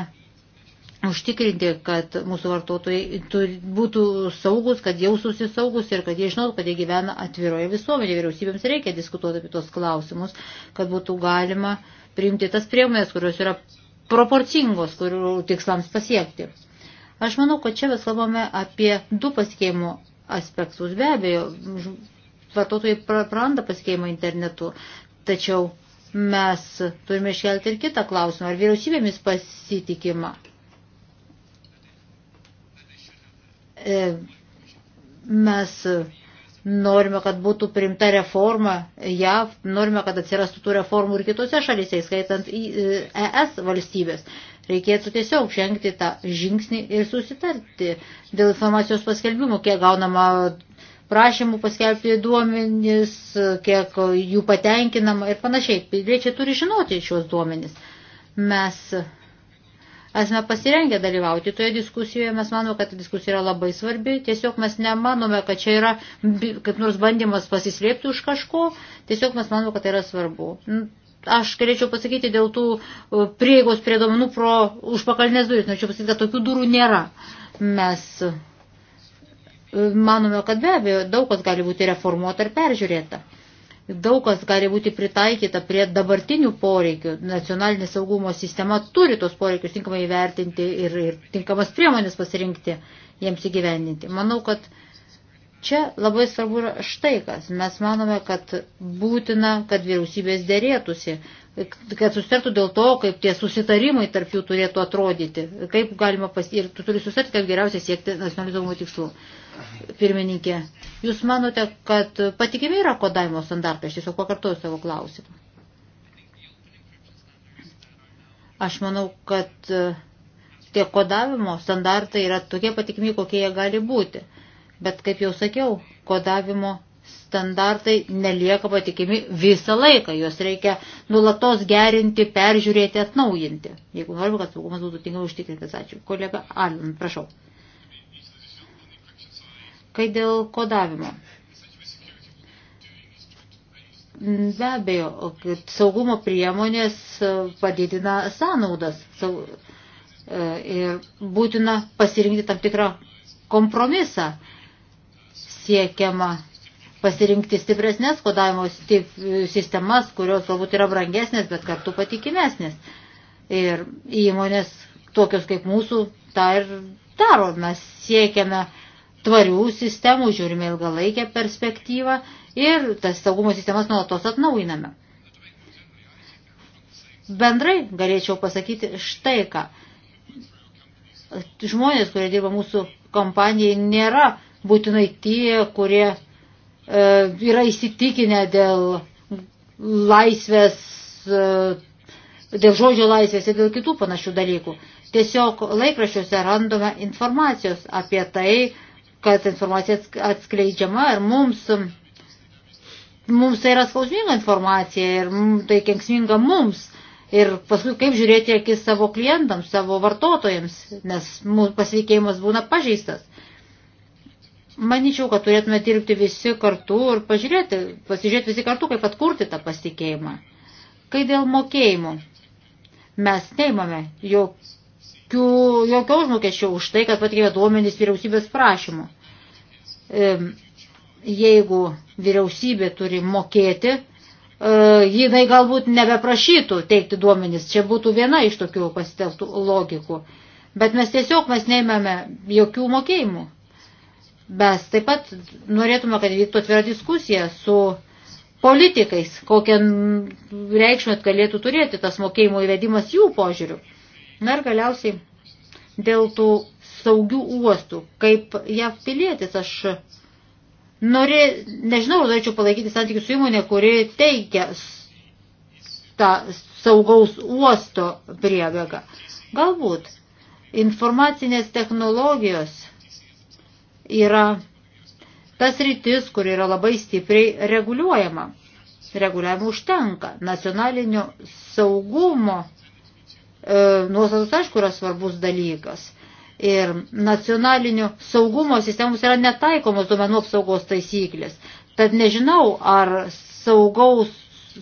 užtikrinti, kad mūsų vartotojai būtų saugus, kad jaustųsi saugus ir kad jie žinotų, kad jie gyvena atviroje visuomenėje. Vyriausybėms reikia diskutuoti apie tos klausimus, kad būtų galima priimti tas priemonės, kurios yra proporcingos, kurių tikslams pasiekti. Aš manau, kad čia mes kalbame apie du pasikeimo aspektus. Be abejo, vartotojai praranda pasikeimą internetu, tačiau mes turime iškelti ir kitą klausimą, ar vyriausybėmis pasitikima. E, mes norime, kad būtų primta reforma JAV, norime, kad atsirastų tų reformų ir kitose šalyse, skaitant ES e valstybės. Reikėtų tiesiog žengti tą žingsnį ir susitarti dėl informacijos paskelbimo, kiek gaunama prašymų paskelbti duomenis, kiek jų patenkinama ir panašiai. Piliečiai turi žinoti šios duomenis. Mes esame pasirengę dalyvauti toje diskusijoje, mes manome, kad diskusija yra labai svarbi, tiesiog mes nemanome, kad čia yra kaip nors bandymas pasislėpti už kažko, tiesiog mes manome, kad tai yra svarbu. Aš galėčiau pasakyti dėl tų prieigos prie domenų pro užpakalinės duris, norėčiau pasakyti, kad tokių durų nėra. Mes manome, kad be abejo daug kas gali būti reformuota ir peržiūrėta daug kas gali būti pritaikyta prie dabartinių poreikių. Nacionalinė saugumo sistema turi tos poreikius tinkamai įvertinti ir, ir tinkamas priemonės pasirinkti jiems įgyvendinti. Manau, kad čia labai svarbu yra štai kas. Mes manome, kad būtina, kad vyriausybės dėrėtųsi, kad susitartų dėl to, kaip tie susitarimai tarp jų turėtų atrodyti, kaip galima pasiekti, ir tu turi susitarti, kaip geriausiai siekti nacionalinio saugumo tikslų pirmininkė, jūs manote, kad patikimi yra kodavimo standartai? Aš tiesiog pakartoju savo klausimą. Aš manau, kad e, tie kodavimo standartai yra tokie patikimi, kokie jie gali būti. Bet, kaip jau sakiau, kodavimo standartai nelieka patikimi visą laiką. Juos reikia nulatos gerinti, peržiūrėti, atnaujinti. Jeigu norime, kad saugumas būtų tinkamai užtikrintas. Ačiū. Kolega Alin, prašau. Kai dėl kodavimo. Be abejo, saugumo priemonės padidina sąnaudas e, ir būtina pasirinkti tam tikrą kompromisą siekiama pasirinkti stipresnės kodavimo sistemas, kurios galbūt yra brangesnės, bet kartu patikimesnės. Ir įmonės tokios kaip mūsų tą ir daro. Mes siekiame uh, tvarių sistemų, žiūrime ilgalaikę perspektyvą ir tas saugumo sistemas nuolatos atnaujiname. Bendrai galėčiau pasakyti štai ką. Žmonės, kurie dirba mūsų kompanijai, nėra būtinai tie, kurie e, yra įsitikinę dėl laisvės, e, dėl žodžio laisvės ir dėl kitų panašių dalykų. Tiesiog laikraščiuose randome informacijos apie tai, kad informacija atskleidžiama ir mums, mums tai yra skausminga informacija ir tai kenksminga mums. Ir paskui kaip žiūrėti akis savo klientams, savo vartotojams, nes mūsų pasitikėjimas būna pažeistas. Manyčiau, kad turėtume dirbti visi kartu ir pažiūrėti, pasižiūrėti visi kartu, kaip atkurti tą pasitikėjimą. Kai dėl mokėjimų mes neimame jokių jokių, jokio užmokesčio už tai, kad patikė duomenys vyriausybės prašymu. Jeigu vyriausybė turi mokėti, e, jinai galbūt nebeprašytų teikti duomenys. Čia būtų viena iš tokių pasiteltų logikų. Bet mes tiesiog mes neimame jokių mokėjimų. Mes taip pat norėtume, kad vyktų atvira diskusija su politikais, kokią reikšmę galėtų turėti tas mokėjimo įvedimas jų požiūrių. Na ir galiausiai dėl tų saugių uostų, kaip jav pilietis, aš norė, nežinau, norėčiau palaikyti santykius su įmonė, kuri teikia tą saugaus uosto priebėgą. Galbūt informacinės technologijos yra tas rytis, kur yra labai stipriai reguliuojama. Reguliavimo užtenka. Nacionalinio saugumo E, nuostatos, aišku, yra svarbus dalykas. Ir nacionalinių saugumo sistemos yra netaikomos duomenų apsaugos taisyklės. Tad nežinau, ar saugaus,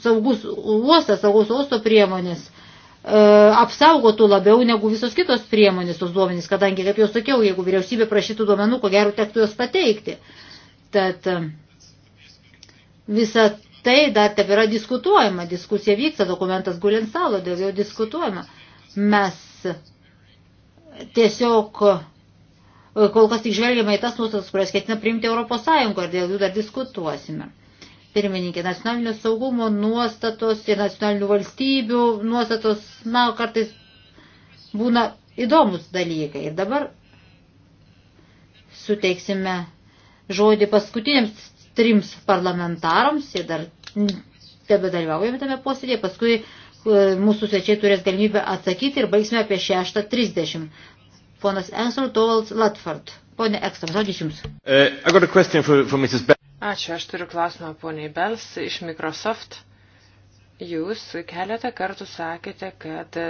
saugus uostas, saugaus uosto priemonės e, apsaugotų labiau negu visos kitos priemonės tos duomenys, kadangi, kaip jau sakiau, jeigu vyriausybė prašytų duomenų, ko gero tektų juos pateikti. Tad e, visa tai dar tebėra diskutuojama, diskusija vyksta, dokumentas guli ant stalo, dėl jo diskutuojama. Mes tiesiog e, kol kas tik žvelgiame į tas nuostatas, kurias ketina priimti Europos Sąjungo ir dėl jų dar diskutuosime. Pirmininkė, nacionalinio saugumo nuostatos ir nacionalinių valstybių nuostatos, na, kartais būna įdomus dalykai. Ir dabar suteiksime žodį paskutiniams trims parlamentarams, jie dar tebedalyvaujame tame posėdėje, paskui E, mūsų svečiai turės galimybę atsakyti ir baigsime apie 6.30. Ponas Ensel Tovalds Latford. Pone Ekstra, žodis jums. Uh, Ačiū, aš turiu klausimą poniai Bels iš Microsoft. Jūs keletą kartų sakėte, kad e,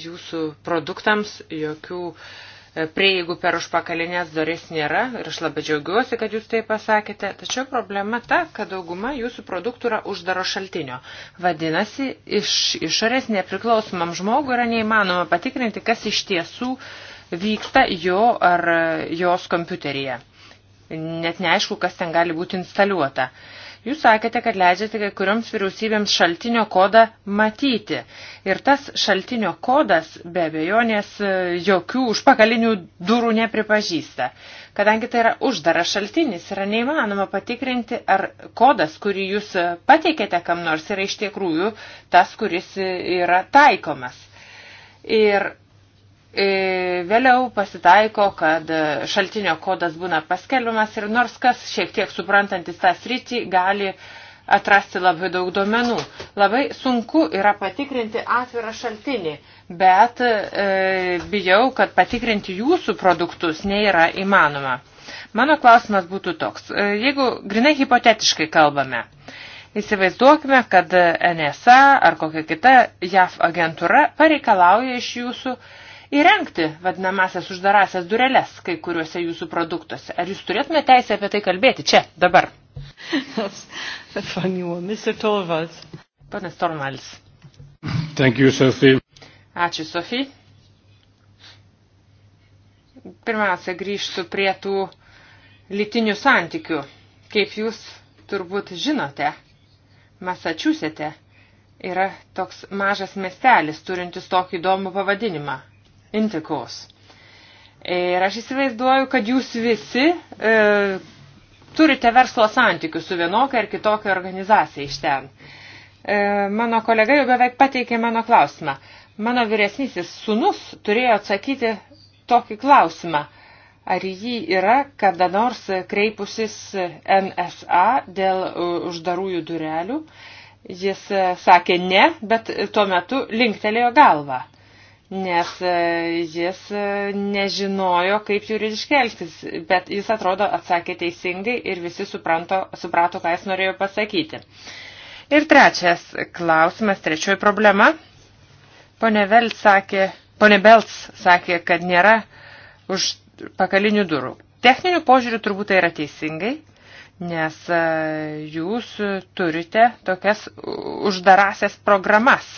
jūsų produktams jokių uh, E, prieigų per užpakalinės duris nėra ir aš labai džiaugiuosi, kad jūs tai pasakėte, tačiau problema ta, kad dauguma jūsų produktų yra uždaro šaltinio. Vadinasi, iš išorės nepriklausomam žmogui yra neįmanoma patikrinti, kas iš tiesų vyksta jo ar jos kompiuteryje. Net neaišku, kas ten gali būti instaliuota. Uh, Jūs sakėte, kad leidžiate kai kurioms vyriausybėms šaltinio kodą matyti. Ir tas šaltinio kodas be abejonės e, jokių užpakalinių durų nepripažįsta. Kadangi tai yra uždaras šaltinis, yra neįmanoma patikrinti, ar kodas, kurį jūs e, pateikėte kam nors, yra iš tikrųjų tas, kuris e, yra taikomas. Ir E, vėliau pasitaiko, kad šaltinio kodas būna paskelbiamas ir nors kas šiek tiek suprantantis tą sritį gali atrasti labai daug duomenų. Labai sunku yra patikrinti atvirą šaltinį, bet e, bijau, kad patikrinti jūsų produktus nėra įmanoma. Mano klausimas būtų toks. E, jeigu grinai hipotetiškai kalbame, įsivaizduokime, kad NSA ar kokia kita JAF agentūra pareikalauja iš jūsų įrengti vadinamasias uždarasias dureles kai kuriuose jūsų produktuose. Ar jūs turėtume teisę apie tai kalbėti čia, dabar? Panas Tornvalis. Thank you, Sophie. Ačiū, Sofija. Pirmiausia, grįžtų prie tų lytinių santykių. Kaip jūs turbūt žinote, Masačiusete yra toks mažas miestelis, turintis tokį įdomų pavadinimą intikos. Ir aš įsivaizduoju, kad jūs visi e, turite verslo santykių su vienokia ar kitokia organizacija iš ten. E, mano kolega jau beveik pateikė mano klausimą. Mano vyresnysis sunus turėjo atsakyti tokį klausimą. Ar jį yra kada nors kreipusis NSA dėl e, uždarųjų durelių? Jis e, sakė ne, bet tuo metu linktelėjo galvą nes e, jis e, nežinojo, kaip juridiškai elgtis, bet jis atrodo atsakė teisingai ir visi supranto, suprato, ką jis norėjo pasakyti. Ir trečias klausimas, trečioji problema. Pone Vels sakė, pone Belts sakė, kad nėra už pakalinių durų. Techninių požiūrių turbūt tai yra teisingai, nes e, jūs turite tokias uždarasias programas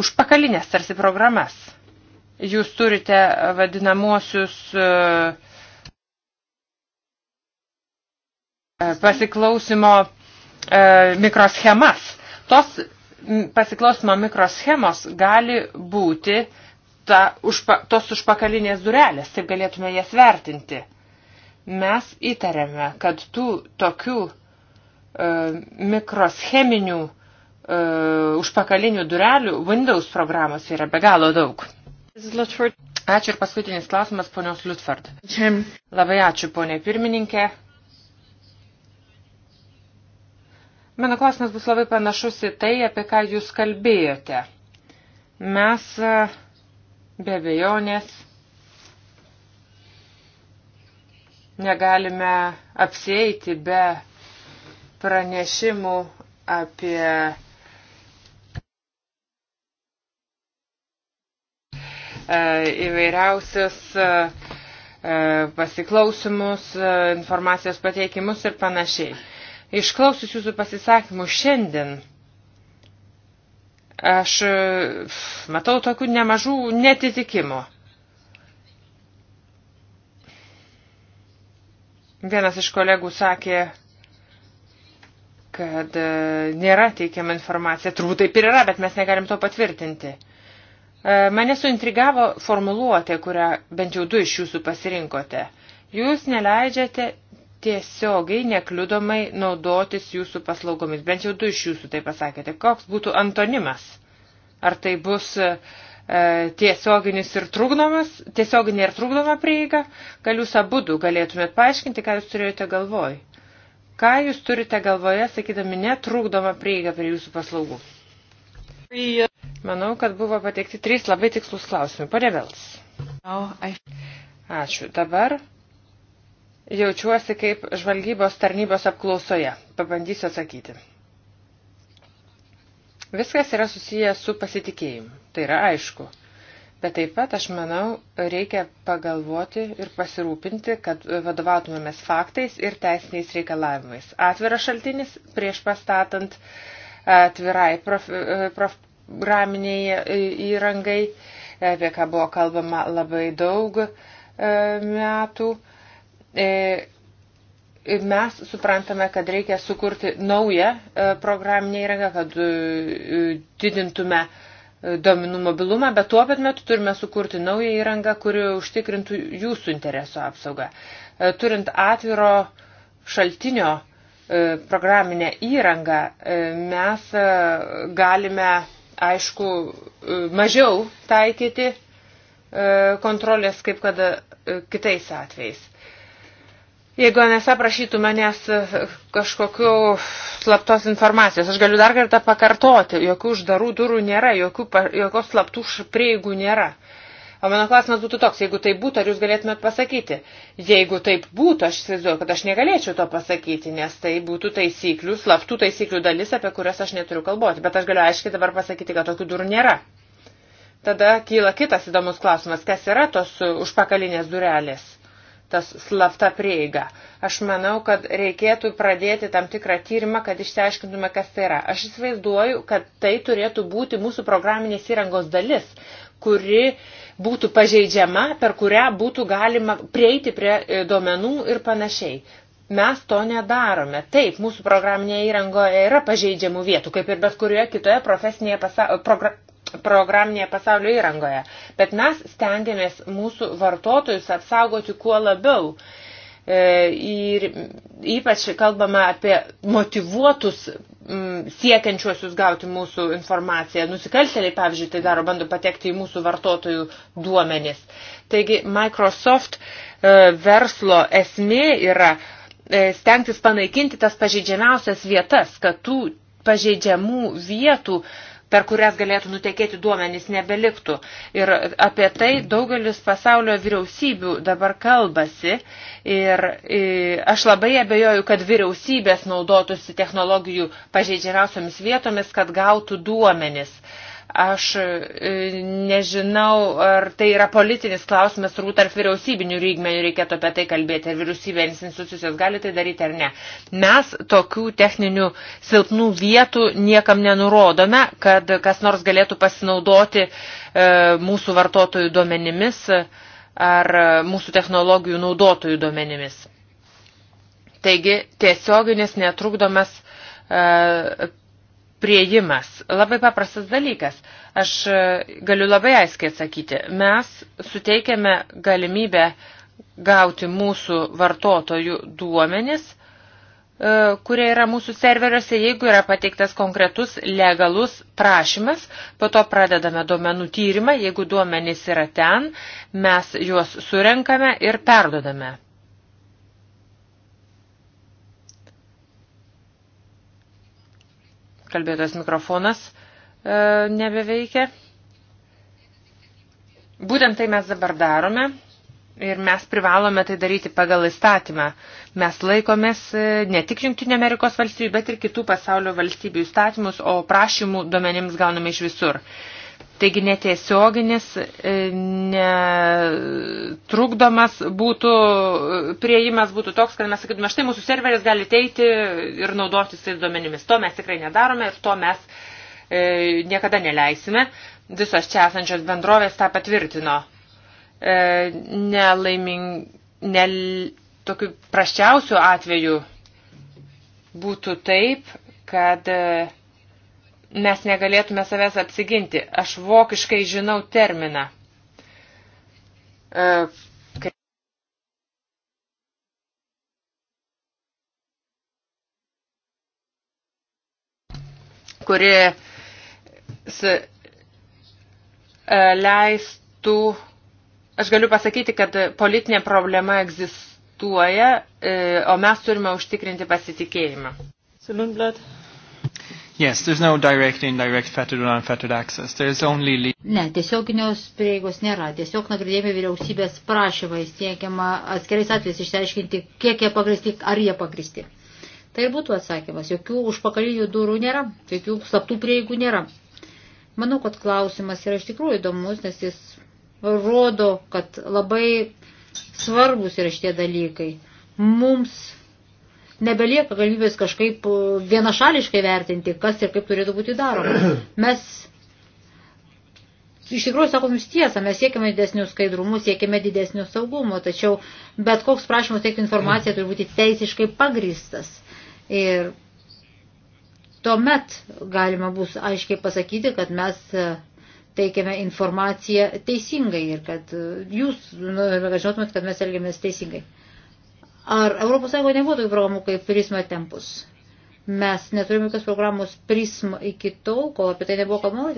užpakalinės tarsi programas. Jūs turite vadinamuosius e, pasiklausimo e, mikroschemas. Tos pasiklausimo mikroschemos gali būti ta, užpa, tos užpakalinės durelės, taip galėtume jas vertinti. Mes įtariame, kad tų tokių e, mikroscheminių e, E, užpakalinių durelių Windows programos yra be galo daug. Ačiū ir paskutinis klausimas ponios Lutford. Labai ačiū, ponė pirmininkė. Mano klausimas bus labai panašus į tai, apie ką jūs kalbėjote. Mes e, be abejonės negalime apsieiti be pranešimų apie E, įvairiausias e, e, pasiklausimus, informacijos pateikimus ir panašiai. Išklausus jūsų pasisakymų šiandien, aš matau tokių nemažų netitikimų. Vienas iš kolegų sakė, kad nėra teikiama informacija. Turbūt taip ir yra, bet mes negalim to patvirtinti. E, mane suintrigavo formuluotė, kurią bent jau du iš jūsų pasirinkote. Jūs neleidžiate tiesiogiai nekliudomai naudotis jūsų paslaugomis. Bent jau du iš jūsų tai pasakėte. Koks būtų antonimas? Ar tai bus e, tiesioginis ir trukdomas, tiesioginė ir trukdoma prieiga? Gal jūs abudu galėtumėt paaiškinti, ką jūs turėjote galvoj? Ką jūs turite galvoje, sakydami, netrukdoma prieiga prie jūsų paslaugų? Manau, kad buvo pateikti trys labai tikslus klausimai. Pane Vels. Ačiū. Dabar jaučiuosi kaip žvalgybos tarnybos apklausoje. Pabandysiu atsakyti. Viskas yra susiję su pasitikėjimu. Tai yra aišku. Bet taip pat, aš manau, reikia pagalvoti ir pasirūpinti, kad vadovautumėmės faktais ir teisiniais reikalavimais. Atviras šaltinis prieš pastatant atvirai prof, prof, raminiai e, įrangai, apie ką buvo kalbama labai daug e, metų. E, mes suprantame, kad reikia sukurti naują programinę įrangą, kad didintume domenų mobilumą, bet tuo pat metu turime sukurti naują įrangą, kuri užtikrintų jūsų interesų apsaugą. Turint atviro šaltinio programinę įrangą, mes galime aišku, e, mažiau taikyti e, kontrolės kaip kada e, kitais atvejais. Jeigu NSA prašytų manęs kažkokiu slaptos informacijos, aš galiu dar kartą pakartoti, jokių uždarų durų nėra, jokių, jokios slaptų prieigų nėra. Uh, O mano klausimas būtų toks, jeigu tai būtų, ar jūs galėtumėt pasakyti? Jeigu taip būtų, aš įsivaizduoju, kad aš negalėčiau to pasakyti, nes tai būtų taisyklių, slaptų taisyklių dalis, apie kurias aš neturiu kalboti. Bet aš galiu aiškiai dabar pasakyti, kad tokių durų nėra. Tada kyla kitas įdomus klausimas, kas yra tos užpakalinės durelės, tas slapta prieiga. Aš manau, kad reikėtų pradėti tam tikrą tyrimą, kad išsiaiškintume, kas tai yra. Aš įsivaizduoju, kad tai turėtų būti mūsų programinės įrangos dalis, kuri būtų pažeidžiama, per kurią būtų galima prieiti prie e, duomenų ir panašiai. Mes to nedarome. Taip, mūsų programinėje įrangoje yra pažeidžiamų vietų, kaip ir bet kurioje kitoje profesinėje pasaulio. Progra programinėje pasaulio įrangoje, bet mes stengiamės mūsų vartotojus apsaugoti kuo labiau e, ir ypač kalbame apie motivuotus mm, siekiančiuosius gauti mūsų informaciją. Nusikaltėliai, pavyzdžiui, tai daro, bando patekti į mūsų vartotojų duomenis. Taigi Microsoft e, verslo esmė yra e, stengtis panaikinti tas pažeidžiamiausias vietas, kad tų pažeidžiamų vietų e, per kurias galėtų nutekėti duomenys, nebeliktų. Ir apie tai daugelis pasaulio vyriausybių dabar kalbasi. Ir e, aš labai abejoju, kad vyriausybės naudotųsi technologijų pažeidžiamiausiomis vietomis, kad gautų duomenys. Uh, Aš e, nežinau, ar tai yra politinis klausimas, turbūt tarp vyriausybinių lygmenių reikėtų apie tai kalbėti, ar vyriausybės institucijos gali tai daryti ar ne. Mes tokių techninių silpnų vietų niekam nenurodome, kad kas nors galėtų pasinaudoti e, mūsų vartotojų duomenimis ar mūsų technologijų naudotojų duomenimis. Taigi tiesioginis netrukdomas e, prieimas. Labai paprastas dalykas. Aš e, galiu labai aiškiai atsakyti. Mes suteikiame galimybę gauti mūsų vartotojų duomenis, e, kurie yra mūsų serveriuose, jeigu yra pateiktas konkretus legalus prašymas, po to pradedame duomenų tyrimą, jeigu duomenys yra ten, mes juos surenkame ir perdodame. Kalbėtas mikrofonas e, nebeveikia. Būtent tai mes dabar darome ir mes privalome tai daryti pagal įstatymą. Mes laikomės e, ne tik Junktinio Amerikos valstybių, bet ir kitų pasaulio valstybių įstatymus, o prašymų duomenims gauname iš visur. E, Taigi netiesioginis, e, netrukdomas būtų, e, prieimas būtų toks, kad mes sakytume, štai mūsų serveris gali teiti ir naudotis tais duomenimis. To mes tikrai nedarome ir to mes e, niekada neleisime. Visos čia esančios bendrovės tą patvirtino. E, nelaiming, ne, tokiu praščiausiu atveju būtų taip, kad e, mes negalėtume savęs apsiginti. Aš vokiškai žinau terminą. E, kuri e, leistų, aš galiu pasakyti, kad politinė problema egzistuoja, e, o mes turime užtikrinti pasitikėjimą. Simon Blood. Yes, there's no direct, indirect, fettered or unfettered access. There's only... Ne, tiesioginios prieigos nėra. Tiesiog nagrinėjame vyriausybės prašymai, siekiama atskirais atvejais išsiaiškinti, kiek jie pagristi, ar jie pagristi. Tai būtų atsakymas. Jokių užpakalinių durų nėra, jokių slaptų prieigų nėra. Manau, kad klausimas yra iš tikrųjų įdomus, nes jis rodo, kad labai svarbus yra šitie dalykai. Mums nebelieka galimybės kažkaip e, vienašališkai vertinti, kas ir kaip turėtų būti daroma. Mes iš tikrųjų sakom jums tiesą, mes siekime didesnių skaidrumų, siekime didesnių saugumo, tačiau bet koks prašymas teikti informaciją turi būti teisiškai pagristas. Ir tuomet galima bus aiškiai pasakyti, kad mes e, teikiame informaciją teisingai ir kad e, jūs nu, žinotumėt, kad mes elgiamės teisingai. Ar ES nebuvo tokių programų kaip Prisma Tempus? Mes neturime jokios programos Prisma iki tol, kol apie tai nebuvo kalbama.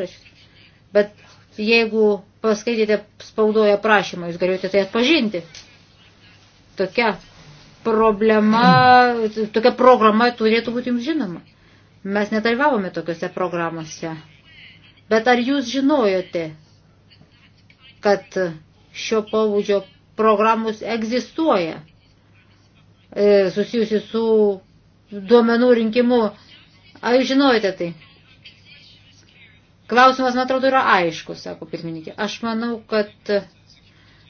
Bet jeigu paskaitėte spaudoje prašymą, jūs galėjote tai atpažinti. Tokia problema, tokia programa turėtų būti jums žinoma. Mes nedalyvavome tokiuose programuose. Bet ar jūs žinojote, kad šio pobūdžio programos egzistuoja? E, susijusi su duomenų rinkimu. Ar jūs žinojate tai? Klausimas, man atrodo, yra aiškus, sako pirmininkė. Aš manau, kad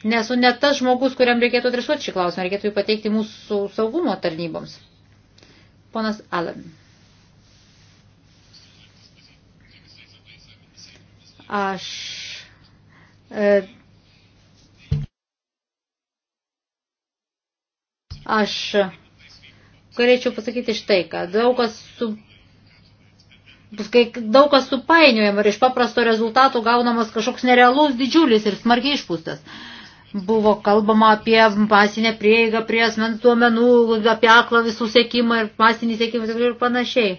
nesu net tas žmogus, kuriam reikėtų adresuoti šį klausimą, reikėtų jį pateikti mūsų saugumo tarnyboms. Ponas Alan. Aš e, Aš galėčiau pasakyti štai ką. Daug kas, su, kai daug kas supainiojam ir iš paprasto rezultato gaunamas kažkoks nerealus didžiulis ir smarkiai išpūstas. Buvo kalbama apie masinę prieigą prie asmens duomenų, apie aklą visų sėkimą ir masinį sėkimą ir panašiai.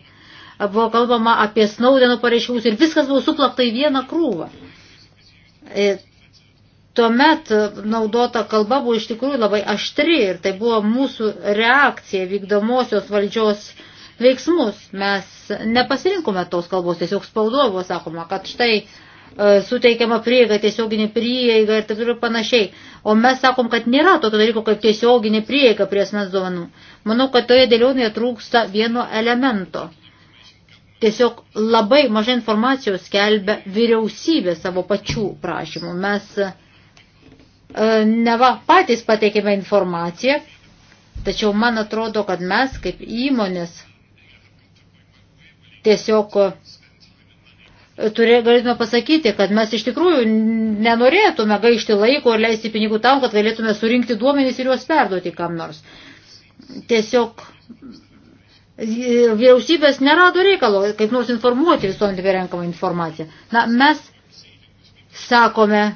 Buvo kalbama apie Snaudeno pareiškimus ir viskas buvo suplakta į vieną krūvą. E, Tuomet e, naudota kalba buvo iš tikrųjų labai aštri ir tai buvo mūsų reakcija vykdomosios valdžios veiksmus. Mes nepasirinkome tos kalbos, tiesiog spaudoje buvo sakoma, kad štai e, suteikiama prieiga, tiesioginė prieiga ir taip toliau panašiai. O mes sakom, kad nėra tokio dalyko kaip tiesioginė prieiga prie asmens duomenų. Manau, kad toje dėlionėje trūksta vieno elemento. Tiesiog labai mažai informacijos skelbia vyriausybė savo pačių prašymų. Mes E, neva patys pateikėme informaciją, tačiau man atrodo, kad mes kaip įmonės tiesiog e, turė, galėtume pasakyti, kad mes iš tikrųjų nenorėtume gaišti laiko ir leisti pinigų tam, kad galėtume surinkti duomenys ir juos perduoti kam nors. Tiesiog e, vyriausybės nerado reikalo, kaip nors informuoti visuomenį renkamą informaciją. Na, mes sakome,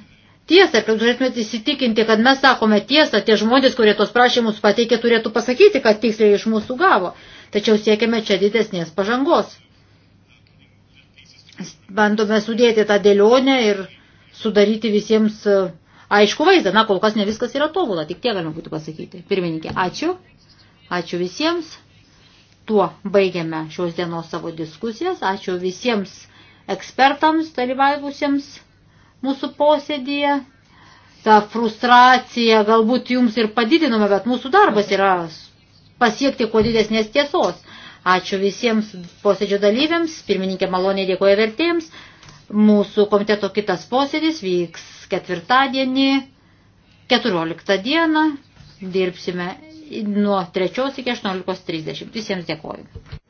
tiesą, kad galėtumėte įsitikinti, kad mes sakome tiesą, tie žmonės, kurie tos prašymus pateikė, turėtų pasakyti, kad tiksliai iš mūsų gavo. Tačiau siekiame čia didesnės pažangos. Bandome sudėti tą dėlionę ir sudaryti visiems e, aišku vaizdą. Na, kol kas ne viskas yra tobula, tik tiek galima būtų pasakyti. Pirmininkė, ačiū. Ačiū visiems. Tuo baigiame šios dienos savo diskusijas. Ačiū visiems ekspertams dalyvavusiems mūsų posėdėje. Ta frustracija galbūt jums ir padidinome, bet mūsų darbas yra pasiekti kuo didesnės tiesos. Ačiū visiems posėdžio dalyviams, pirmininkė maloniai dėkoja vertėjams. Mūsų komiteto kitas posėdis vyks ketvirtadienį, 14 dieną, dirbsime nuo 3 iki 18.30. Visiems dėkoju.